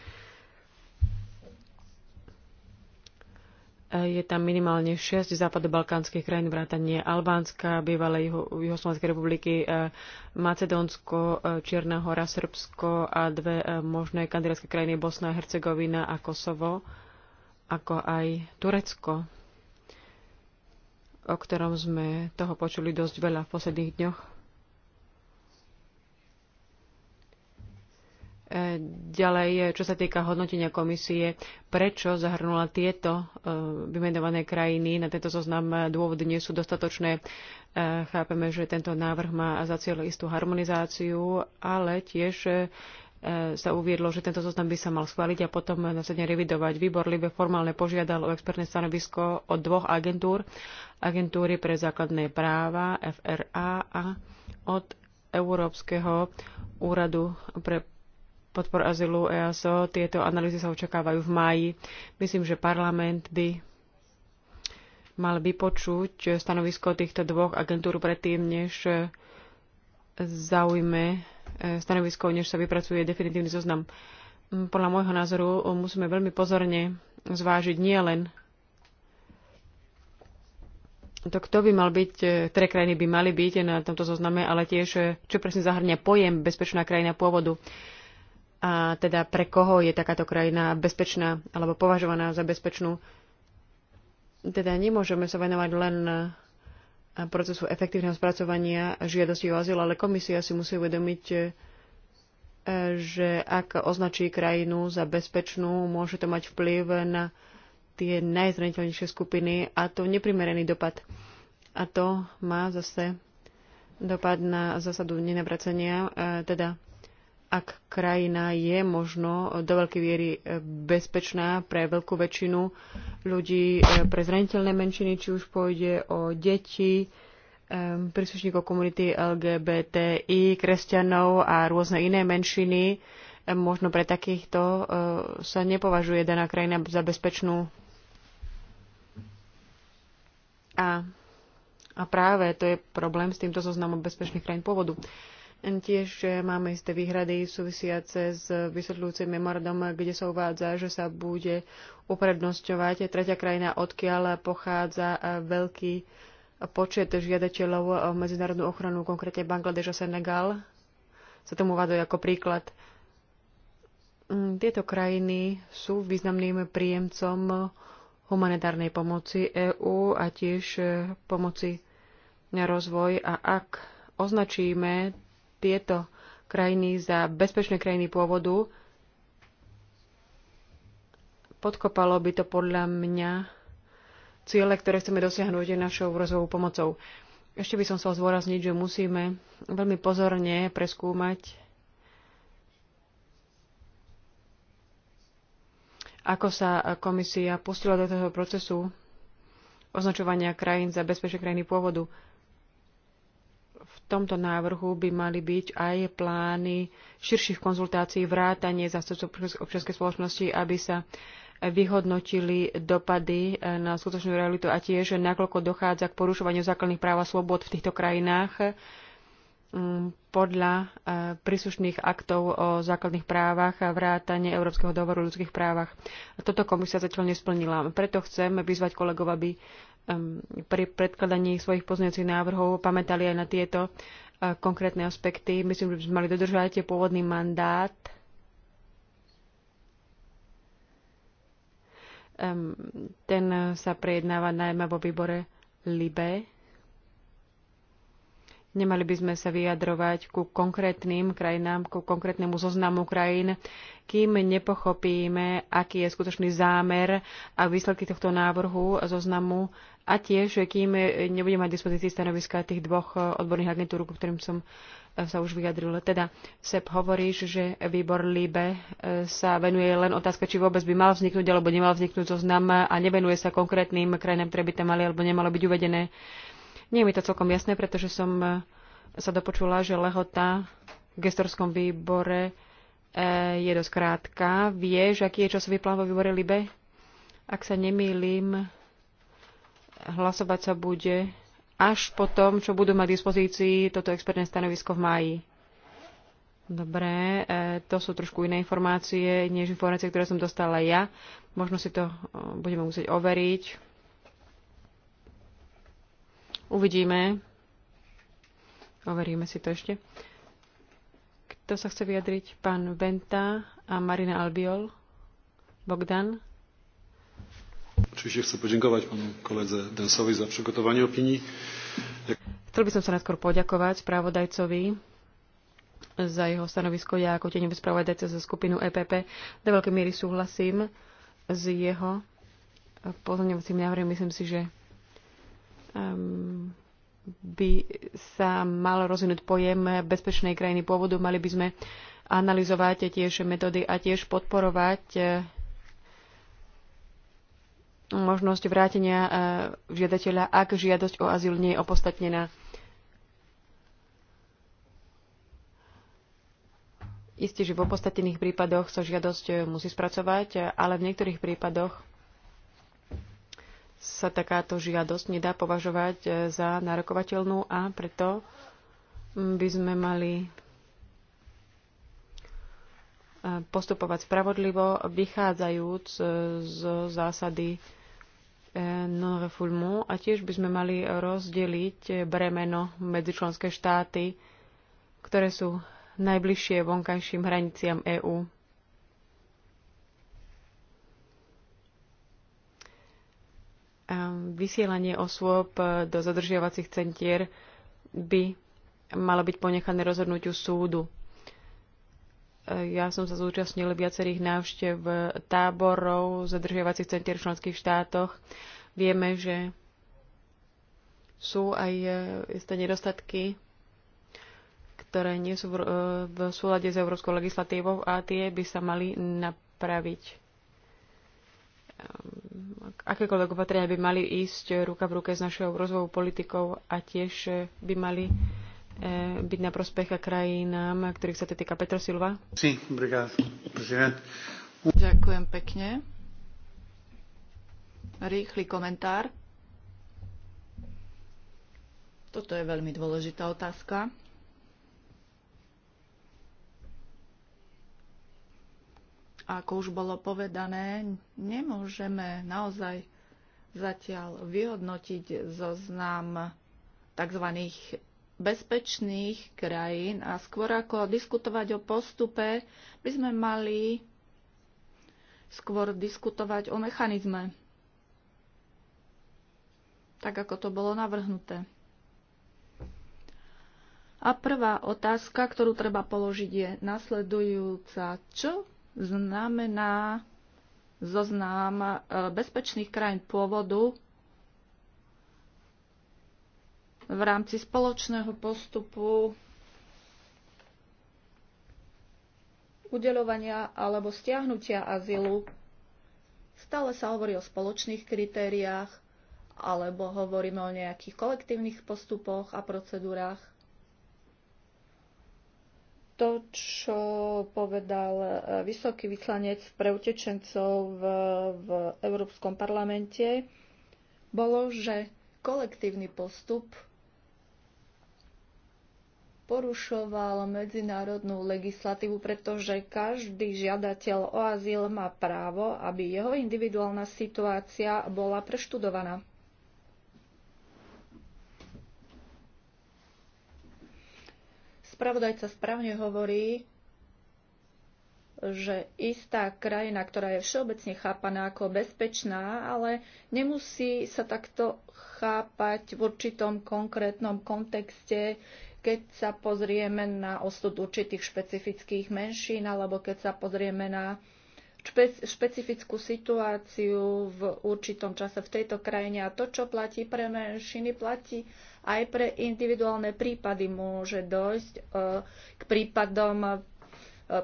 E, je tam minimálne 6 západobalkánskych krajín, vrátanie Albánska, bývalej Juhoslovenskej republiky, e, Macedónsko, e, Čierna hora, Srbsko a dve možné kandidátske krajiny Bosna, Hercegovina a Kosovo ako aj Turecko, o ktorom sme toho počuli dosť veľa v posledných dňoch. E, ďalej, e, čo sa týka hodnotenia komisie, prečo zahrnula tieto e, vymenované krajiny na tento zoznam dôvody nie sú dostatočné. Chápeme, že tento návrh má za cieľ istú harmonizáciu, ale tiež E, sa uviedlo, že tento zoznam by sa mal schváliť a potom následne revidovať. Výbor Libe formálne požiadal o expertné stanovisko od dvoch agentúr, agentúry pre základné práva FRA a od Európskeho úradu pre podpor azylu EASO. Tieto analýzy sa očakávajú v máji. Myslím, že parlament by mal vypočuť stanovisko týchto dvoch agentúr predtým, než zaujme stanovisko, než sa vypracuje definitívny zoznam. Mm, podľa môjho názoru musíme veľmi pozorne zvážiť nielen to, kto by mal byť, e, ktoré krajiny by mali byť na tomto zozname, ale tiež, e, čo presne zahrňa pojem bezpečná krajina pôvodu. A teda pre koho je takáto krajina bezpečná alebo považovaná za bezpečnú. Teda nemôžeme sa venovať len procesu efektívneho spracovania žiadosti o azyl, ale komisia si musí uvedomiť, e, že ak označí krajinu za bezpečnú, môže to mať vplyv na tie najzraniteľnejšie skupiny a to neprimerený dopad. A to má zase dopad na zásadu nenavracenia, e, teda ak krajina je možno do veľkej viery e, bezpečná pre veľkú väčšinu ľudí, e, pre zraniteľné menšiny, či už pôjde o deti, e, príslušníkov komunity LGBTI, kresťanov a rôzne iné menšiny, možno pre takýchto sa nepovažuje daná krajina za bezpečnú. A, a práve to je problém s týmto zoznamom bezpečných krajín pôvodu. Uh, Tiež máme isté výhrady súvisiace s vysvetľujúcim memorandom, kde sa uvádza, že sa bude uprednostňovať tretia krajina, odkiaľ pochádza e, veľký počet žiadateľov o medzinárodnú ochranu, konkrétne Bangladeš a Senegal. Sa tomu uvádza ako príklad. Tieto krajiny sú významným príjemcom humanitárnej pomoci EÚ a tiež e, pomoci na rozvoj a ak označíme tieto krajiny za bezpečné krajiny pôvodu, podkopalo by to podľa mňa ciele, ktoré chceme dosiahnuť našou rozvojovou pomocou. Ešte by som chcel zvorazniť, že musíme veľmi pozorne preskúmať, ako sa komisia pustila do toho procesu označovania krajín za bezpečné krajiny pôvodu v tomto návrhu by mali byť aj plány širších konzultácií vrátanie zastupcov občianskej spoločnosti, aby sa vyhodnotili dopady eh, na skutočnú realitu a tiež eh, nakoľko dochádza k porušovaniu základných práv a slobod v týchto krajinách mm, podľa eh, príslušných aktov o základných právach a vrátane Európskeho dohovoru o ľudských právach. Toto komisia zatiaľ nesplnila. Preto chcem vyzvať kolegov, aby Um, pri predkladaní svojich pozmeňujúcich návrhov pamätali aj na tieto uh, konkrétne aspekty. Myslím, že by sme mali dodržať pôvodný mandát. Um, ten sa prejednáva najmä vo výbore LIBE. Nemali by sme sa vyjadrovať ku konkrétnym krajinám, ku konkrétnemu zoznamu krajín, kým nepochopíme, aký je skutočný zámer a výsledky tohto návrhu a zoznamu a tiež, kým nebudeme mať dispozícii stanoviska tých dvoch odborných agentúr, ku ktorým som sa už vyjadril. Teda, Seb, hovoríš, že výbor Líbe e, sa venuje len otázka, či vôbec by mal vzniknúť alebo nemal vzniknúť zoznam a nevenuje sa konkrétnym krajinám, ktoré by tam mali alebo nemalo byť uvedené. Uh, nie je mi to celkom jasné, pretože som eh, sa dopočula, že lehota v gestorskom výbore eh, je dosť krátka. Vieš, aký je časový plán vo výbore Libe? Ak sa nemýlim, hlasovať sa bude až po tom, čo budú mať dispozícii toto expertné stanovisko v máji. Dobre, eh, to sú trošku iné informácie, než informácie, ktoré som dostala ja. Možno si to budeme musieť overiť Uvidíme. Overíme si to ešte. Kto sa chce vyjadriť? Pán Benta a Marina Albiol. Bogdan. Oczywiście chcę podziękować panu koledze Densowi za przygotowanie opinii. Chcel by som sa najskôr poďakovať správodajcovi za jeho stanovisko. Ja ako tenivý správodajca za skupinu EPP do veľkej miery súhlasím s jeho pozorňovacím návrhom. Myslím si, že Ehm, by sa mal rozvinúť pojem bezpečnej krajiny pôvodu. Mali by sme analyzovať tiež metódy a tiež podporovať eh, možnosť vrátenia eh, žiadateľa, ak žiadosť o azyl nie je opostatnená. Isté, že v opodstatnených prípadoch sa žiadosť eh, musí spracovať, ale v niektorých prípadoch sa takáto žiadosť nedá považovať e, za nárokovateľnú a preto mm, by sme mali e, postupovať spravodlivo, vychádzajúc e, z zásady non refoulement a tiež by sme mali rozdeliť bremeno medzi členské štáty, ktoré sú najbližšie vonkajším hraniciam EÚ. vysielanie osôb e, do zadržiavacích centier by malo byť ponechané rozhodnutiu súdu. E, ja som sa zúčastnil viacerých návštev táborov zadržiavacích centier v členských štátoch. Vieme, že sú aj e, isté nedostatky, ktoré nie sú v, v súlade s európskou legislatívou a tie by sa mali napraviť akékoľvek opatrenia by mali ísť ruka v ruke s našou rozvojovou politikou a tiež by mali eh, byť na prospech krajinám, ktorých sa to týka. Petro Silva. Ďakujem pekne. Rýchly komentár. Toto je veľmi dôležitá otázka. Ako už bolo povedané, nemôžeme naozaj zatiaľ vyhodnotiť zoznam tzv. bezpečných krajín a skôr ako diskutovať o postupe, by sme mali skôr diskutovať o mechanizme, tak ako to bolo navrhnuté. A prvá otázka, ktorú treba položiť, je nasledujúca. Čo znamená zoznam e, bezpečných krajín pôvodu v rámci spoločného postupu udeľovania alebo stiahnutia azylu. Stále sa hovorí o spoločných kritériách alebo hovoríme o nejakých kolektívnych postupoch a procedúrách to, čo povedal e, vysoký vyslanec pre utečencov v, v Európskom parlamente, bolo, že kolektívny postup porušoval medzinárodnú legislatívu, pretože každý žiadateľ o azyl má právo, aby jeho individuálna situácia bola preštudovaná. spravodajca správne hovorí, že istá krajina, ktorá je všeobecne chápaná ako bezpečná, ale nemusí sa takto chápať v určitom konkrétnom kontexte, keď sa pozrieme na osud určitých špecifických menšín alebo keď sa pozrieme na špecifickú situáciu v určitom čase v tejto krajine a to, čo platí pre menšiny, platí aj pre individuálne prípady. Môže dojsť e, k prípadom e,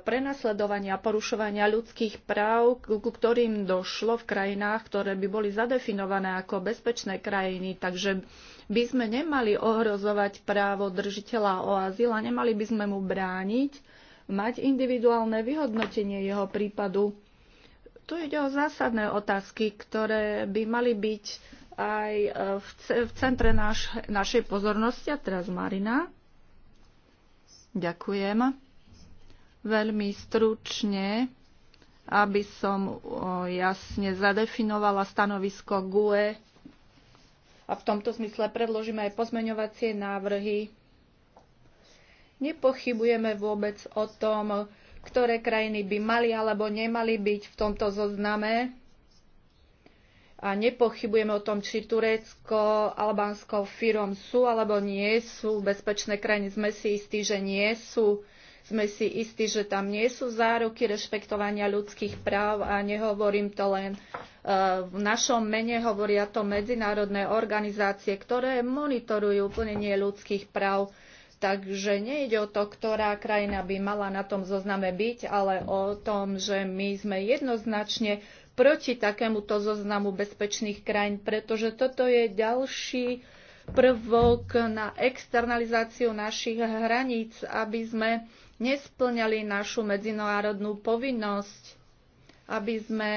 prenasledovania, porušovania ľudských práv, ku ktorým došlo v krajinách, ktoré by boli zadefinované ako bezpečné krajiny. Takže by sme nemali ohrozovať právo držiteľa o azyl a nemali by sme mu brániť mať individuálne vyhodnotenie jeho prípadu. Tu ide o zásadné otázky, ktoré by mali byť aj e, v centre naš, našej pozornosti. A teraz Marina. Ďakujem. Veľmi stručne, aby som jasne zadefinovala stanovisko GUE a v tomto zmysle predložíme aj pozmeňovacie návrhy. Nepochybujeme vôbec o tom, ktoré krajiny by mali alebo nemali byť v tomto zozname. A nepochybujeme o tom, či Turecko, Albánsko firom sú alebo nie sú bezpečné krajiny. Sme si istí, že nie sú. Sme si istí, že tam nie sú záruky rešpektovania ľudských práv a nehovorím to len e, v našom mene, hovoria to medzinárodné organizácie, ktoré monitorujú plnenie ľudských práv Takže nejde o to, ktorá krajina by mala na tom zozname byť, ale o tom, že my sme jednoznačne proti takémuto zoznamu bezpečných krajín, pretože toto je ďalší prvok na externalizáciu našich hraníc, aby sme nesplňali našu medzinárodnú povinnosť, aby sme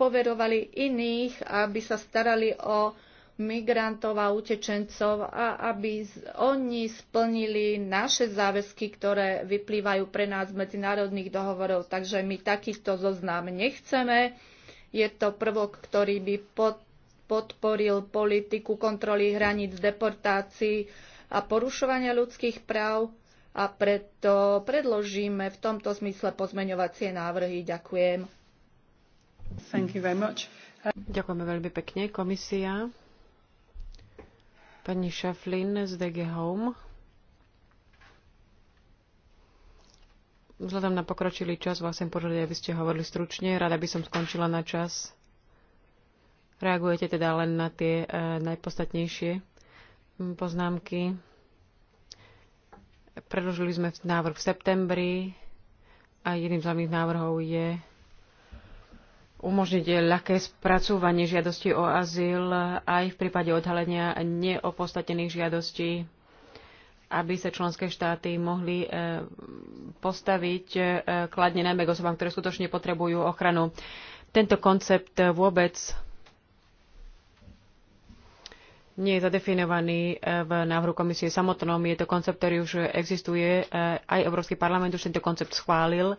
poverovali iných, aby sa starali o migrantov a utečencov a aby oni splnili naše záväzky, ktoré vyplývajú pre nás z medzinárodných dohovorov. Takže my takýto zoznam nechceme. Je to prvok, ktorý by podporil politiku kontroly hraníc, deportácií a porušovania ľudských práv a preto predložíme v tomto zmysle pozmeňovacie návrhy. Ďakujem. Thank you very much. Ďakujeme veľmi pekne. Komisia. Pani Šaflin z DG Home. Vzhľadom na pokročilý čas vás sem požiadať, aby ste hovorili stručne. Rada by som skončila na čas. Reagujete teda len na tie e, najpostatnejšie poznámky. Predložili sme návrh v septembri a jedným z hlavných návrhov je umožniť ľahké spracúvanie žiadosti o azyl aj v prípade odhalenia neopodstatnených žiadostí, aby sa členské štáty mohli e, postaviť e, kladne najmä k osobám, ktoré skutočne potrebujú ochranu. Tento koncept vôbec nie je zadefinovaný e, v návrhu komisie samotnom. Je to koncept, ktorý už existuje. Aj Európsky parlament už tento koncept schválil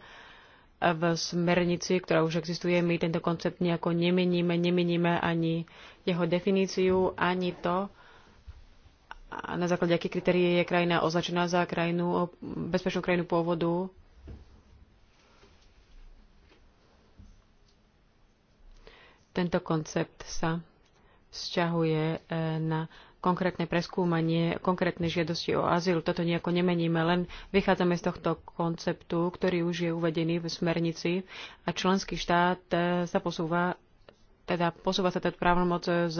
v smernici, ktorá už existuje. My tento koncept nejako nemeníme, nemeníme ani jeho definíciu, ani to, na základe akých kritérií je krajina označená za krajinu, bezpečnú krajinu pôvodu. Tento koncept sa vzťahuje e, na konkrétne preskúmanie, konkrétne žiadosti o azyl. Toto nejako nemeníme, len vychádzame z tohto konceptu, ktorý už je uvedený v smernici a členský štát e, sa posúva teda posúva sa teda právomoc z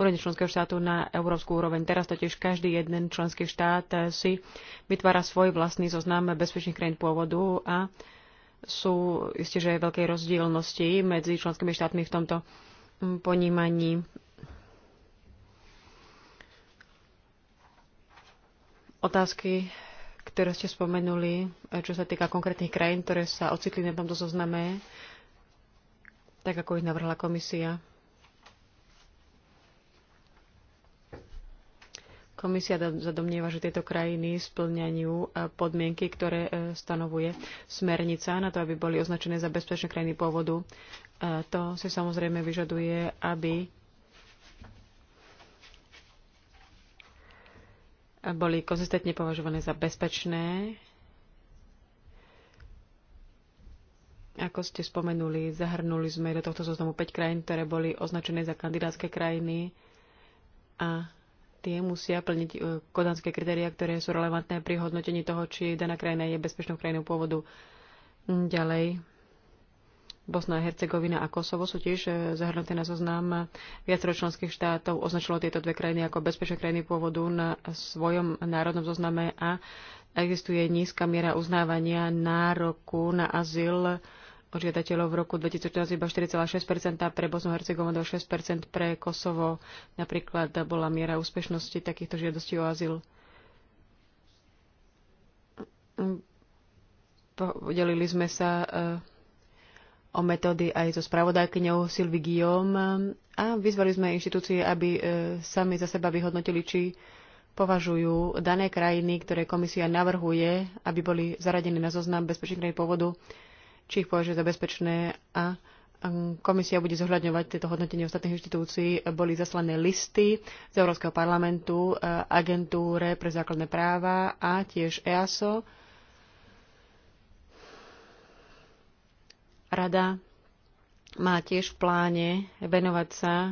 úrovne členského štátu na európsku úroveň. Teraz totiž každý jeden členský štát e, si vytvára svoj vlastný zoznam bezpečných krajín pôvodu a sú isté, že veľké rozdielnosti medzi členskými štátmi v tomto ponímaní otázky, ktoré ste spomenuli, eh, čo sa týka konkrétnych krajín, ktoré sa ocitli na tomto zozname, tak ako ich navrhla komisia. Komisia zadomnieva, že tieto krajiny splňajú eh, podmienky, ktoré eh, stanovuje smernica na to, aby boli označené za bezpečné krajiny pôvodu. To si samozrejme vyžaduje, aby boli konzistentne považované za bezpečné. Ako ste spomenuli, zahrnuli sme do tohto zoznamu 5 krajín, ktoré boli označené za kandidátske krajiny a tie musia plniť e, kodanské kritéria, ktoré sú relevantné pri hodnotení toho, či daná krajina je bezpečnou krajinou pôvodu. Hm, ďalej, Bosna a Hercegovina a Kosovo sú tiež e, zahrnuté na zoznam viacročlenských členských štátov. Označilo tieto dve krajiny ako bezpečné krajiny pôvodu na svojom národnom zozname a existuje nízka miera uznávania nároku na azyl od žiadateľov v roku 2014 iba 4,6 pre Bosnu Hercegovinu a 6 pre Kosovo. Napríklad bola miera úspešnosti takýchto žiadostí o azyl. Podelili sme sa e, o metódy aj so spravodajkyňou Sylvie Guillaume a vyzvali sme inštitúcie, aby e, sami za seba vyhodnotili, či považujú dané krajiny, ktoré komisia navrhuje, aby boli zaradené na zoznam bezpečných krajín pôvodu, či ich považuje za bezpečné a e, komisia bude zohľadňovať tieto hodnotenie ostatných inštitúcií. Boli zaslané listy z Európskeho parlamentu e, agentúre pre základné práva a tiež EASO Rada má tiež v pláne venovať sa e,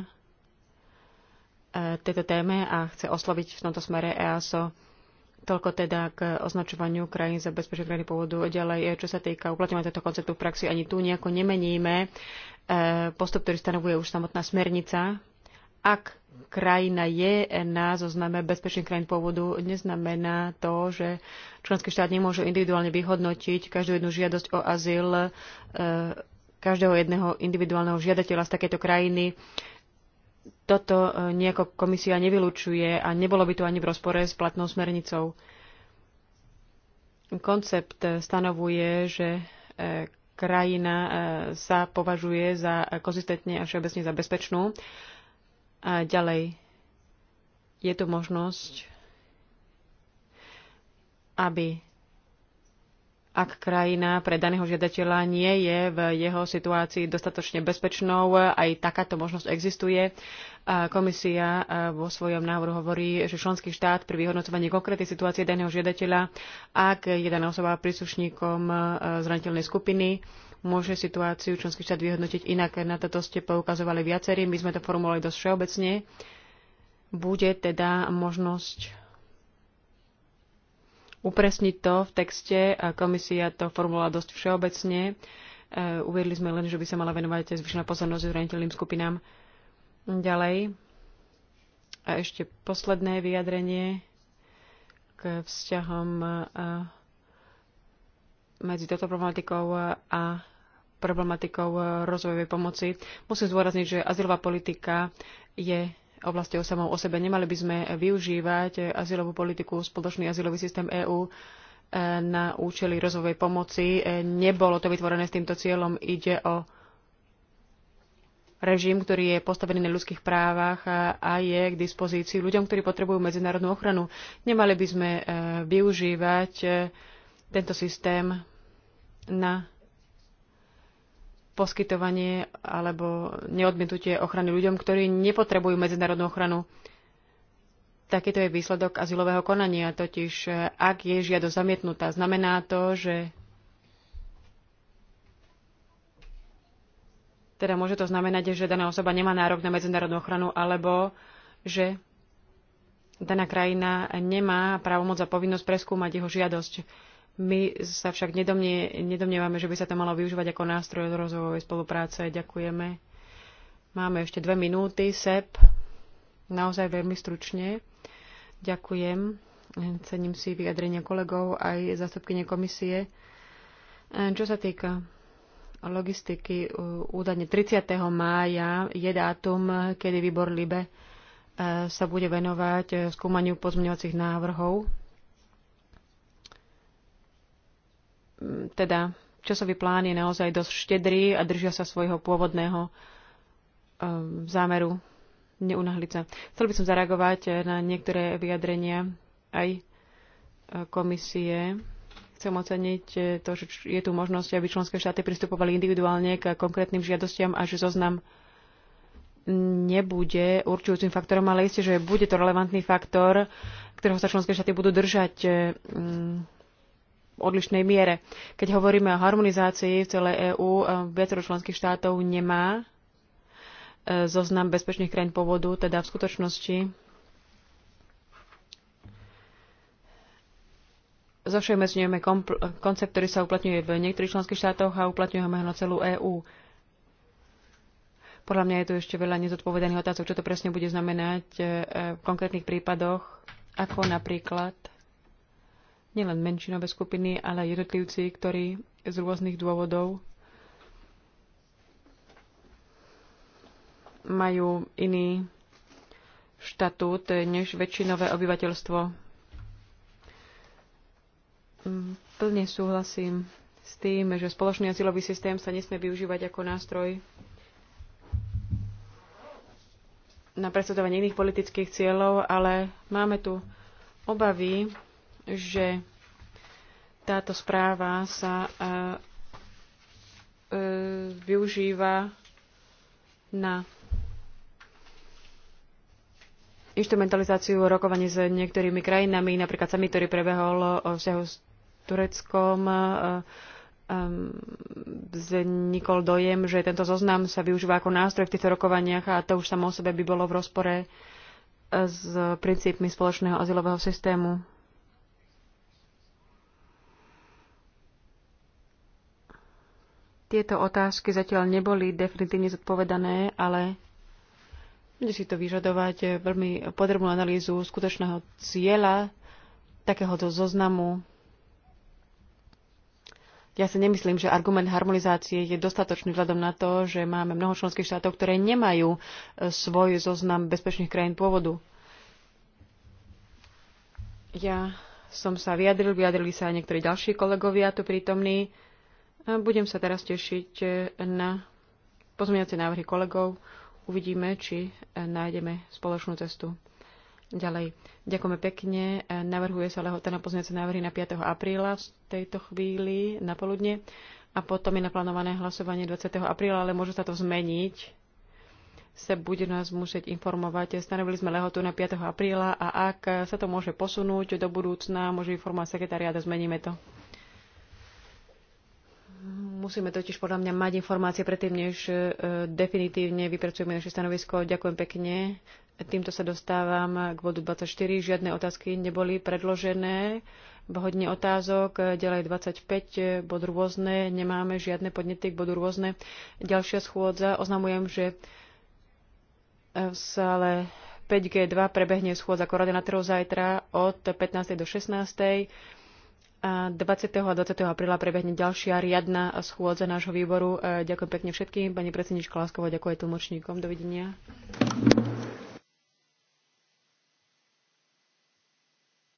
tejto téme a chce osloviť v tomto smere EASO. Toľko teda k označovaniu krajín za bezpečné krajiny pôvodu. Ďalej, e, čo sa týka uplatňovania tohto konceptu v praxi, ani tu nejako nemeníme e, postup, ktorý stanovuje už samotná smernica ak krajina je na zozname bezpečných krajín pôvodu, neznamená to, že členský štát nemôže individuálne vyhodnotiť každú jednu žiadosť o azyl e, každého jedného individuálneho žiadateľa z takéto krajiny. Toto e, nejako komisia nevylučuje a nebolo by to ani v rozpore s platnou smernicou. Koncept e, stanovuje, že krajina sa považuje za konzistentne a všeobecne za bezpečnú a ďalej je tu možnosť, aby ak krajina pre daného žiadateľa nie je v jeho situácii dostatočne bezpečnou, aj takáto možnosť existuje. Komisia vo svojom návrhu hovorí, že členský štát pri vyhodnocovaní konkrétnej situácie daného žiadateľa, ak je daná osoba príslušníkom zraniteľnej skupiny, môže situáciu členský štát vyhodnotiť inak. Na toto ste poukazovali viacerí, my sme to formulovali dosť všeobecne. Bude teda možnosť upresniť to v texte. a Komisia to formulovala dosť všeobecne. E, Uvedli sme len, že by sa mala venovať zvyšná pozornosť zraniteľným skupinám. Ďalej. A ešte posledné vyjadrenie k vzťahom e, medzi touto problematikou a problematikou rozvojovej pomoci. Musím zdôrazniť, že azylová politika je oblasťou samou o sebe. Nemali by sme využívať azylovú politiku, spoločný azylový systém EÚ e, na účely rozvojovej pomoci. E, nebolo to vytvorené s týmto cieľom. Ide o režim, ktorý je postavený na ľudských právach a je k dispozícii ľuďom, ktorí potrebujú medzinárodnú ochranu. Nemali by sme e, využívať tento systém na poskytovanie alebo neodmietnutie ochrany ľuďom, ktorí nepotrebujú medzinárodnú ochranu. Takýto je výsledok azylového konania, totiž eh, ak je žiadosť zamietnutá, znamená to, že teda môže to znamenať, že daná osoba nemá nárok na medzinárodnú ochranu alebo že daná krajina nemá právomoc a povinnosť preskúmať jeho žiadosť my sa však nedomnie, nedomnievame, že by sa to malo využívať ako nástroj do rozvojovej spolupráce. Ďakujeme. Máme ešte dve minúty. SEP, naozaj veľmi stručne. Ďakujem. Cením si vyjadrenia kolegov aj zastupkyne komisie. Čo sa týka logistiky, údajne 30. mája je dátum, kedy výbor LIBE eh, sa bude venovať eh, skúmaniu pozmeňovacích návrhov teda časový plán je naozaj dosť štedrý a držia sa svojho pôvodného um, zámeru neunahliť sa. Chcel by som zareagovať eh, na niektoré vyjadrenia aj eh, komisie. Chcem oceniť eh, to, že je tu možnosť, aby členské štáty pristupovali individuálne k konkrétnym žiadostiam a že zoznam nebude určujúcim faktorom, ale isté, že bude to relevantný faktor, ktorého sa členské štáty budú držať odlišnej miere. Keď hovoríme o harmonizácii v celej EÚ, e, viacero členských štátov nemá e, zoznam bezpečných krajín pôvodu, teda v skutočnosti zovšeobecňujeme koncept, ktorý sa uplatňuje v niektorých členských štátoch a uplatňujeme ho na celú EÚ. Podľa mňa je tu ešte veľa nezodpovedaných otázok, čo to presne bude znamenať e, v konkrétnych prípadoch, ako napríklad nielen menšinové skupiny, ale jednotlivci, ktorí z rôznych dôvodov majú iný štatút než väčšinové obyvateľstvo. Mm, plne súhlasím s tým, že spoločný azylový systém sa nesmie využívať ako nástroj na presadzovanie iných politických cieľov, ale máme tu obavy, že táto správa sa e, e, využíva na instrumentalizáciu rokovaní s niektorými krajinami, napríklad sami, ktorý prebehol o vzťahu s Tureckom, e, vznikol dojem, že tento zoznam sa využíva ako nástroj v týchto rokovaniach a to už samo o sebe by bolo v rozpore s princípmi spoločného azylového systému. Tieto otázky zatiaľ neboli definitívne zodpovedané, ale bude si to vyžadovať veľmi podrobnú analýzu skutočného cieľa takéhoto zoznamu. Ja si nemyslím, že argument harmonizácie je dostatočný vzhľadom na to, že máme mnoho členských štátov, ktoré nemajú e, svoj zoznam bezpečných krajín pôvodu. Ja som sa vyjadril, vyjadrili sa aj niektorí ďalší kolegovia tu prítomní. Budem sa teraz tešiť e, na pozmeňovacie návrhy kolegov. Uvidíme, či e, nájdeme spoločnú cestu. Ďalej. Ďakujeme pekne. E, navrhuje sa lehota na pozmeňovacie návrhy na 5. apríla v tejto chvíli na poludne a potom je naplánované hlasovanie 20. apríla, ale môže sa to zmeniť sa bude nás musieť informovať. Stanovili sme lehotu na 5. apríla a ak sa to môže posunúť do budúcna, môže informovať sekretariát a zmeníme to. Musíme totiž podľa mňa mať informácie predtým, než e, definitívne vypracujeme naše stanovisko. Ďakujem pekne. Týmto sa dostávam k bodu 24. Žiadne otázky neboli predložené. Hodne otázok. E, ďalej 25. E, bod rôzne. Nemáme žiadne podnety k bodu rôzne. Ďalšia schôdza. Oznamujem, že v sále 5G2 prebehne schôdza koordinátorov zajtra od 15. do 16. 20. a 20. apríla prebehne ďalšia riadna schôdza nášho výboru. E, ďakujem pekne všetkým, pani predsednička Láskova ďakujem tlmočníkom. Dovidenia.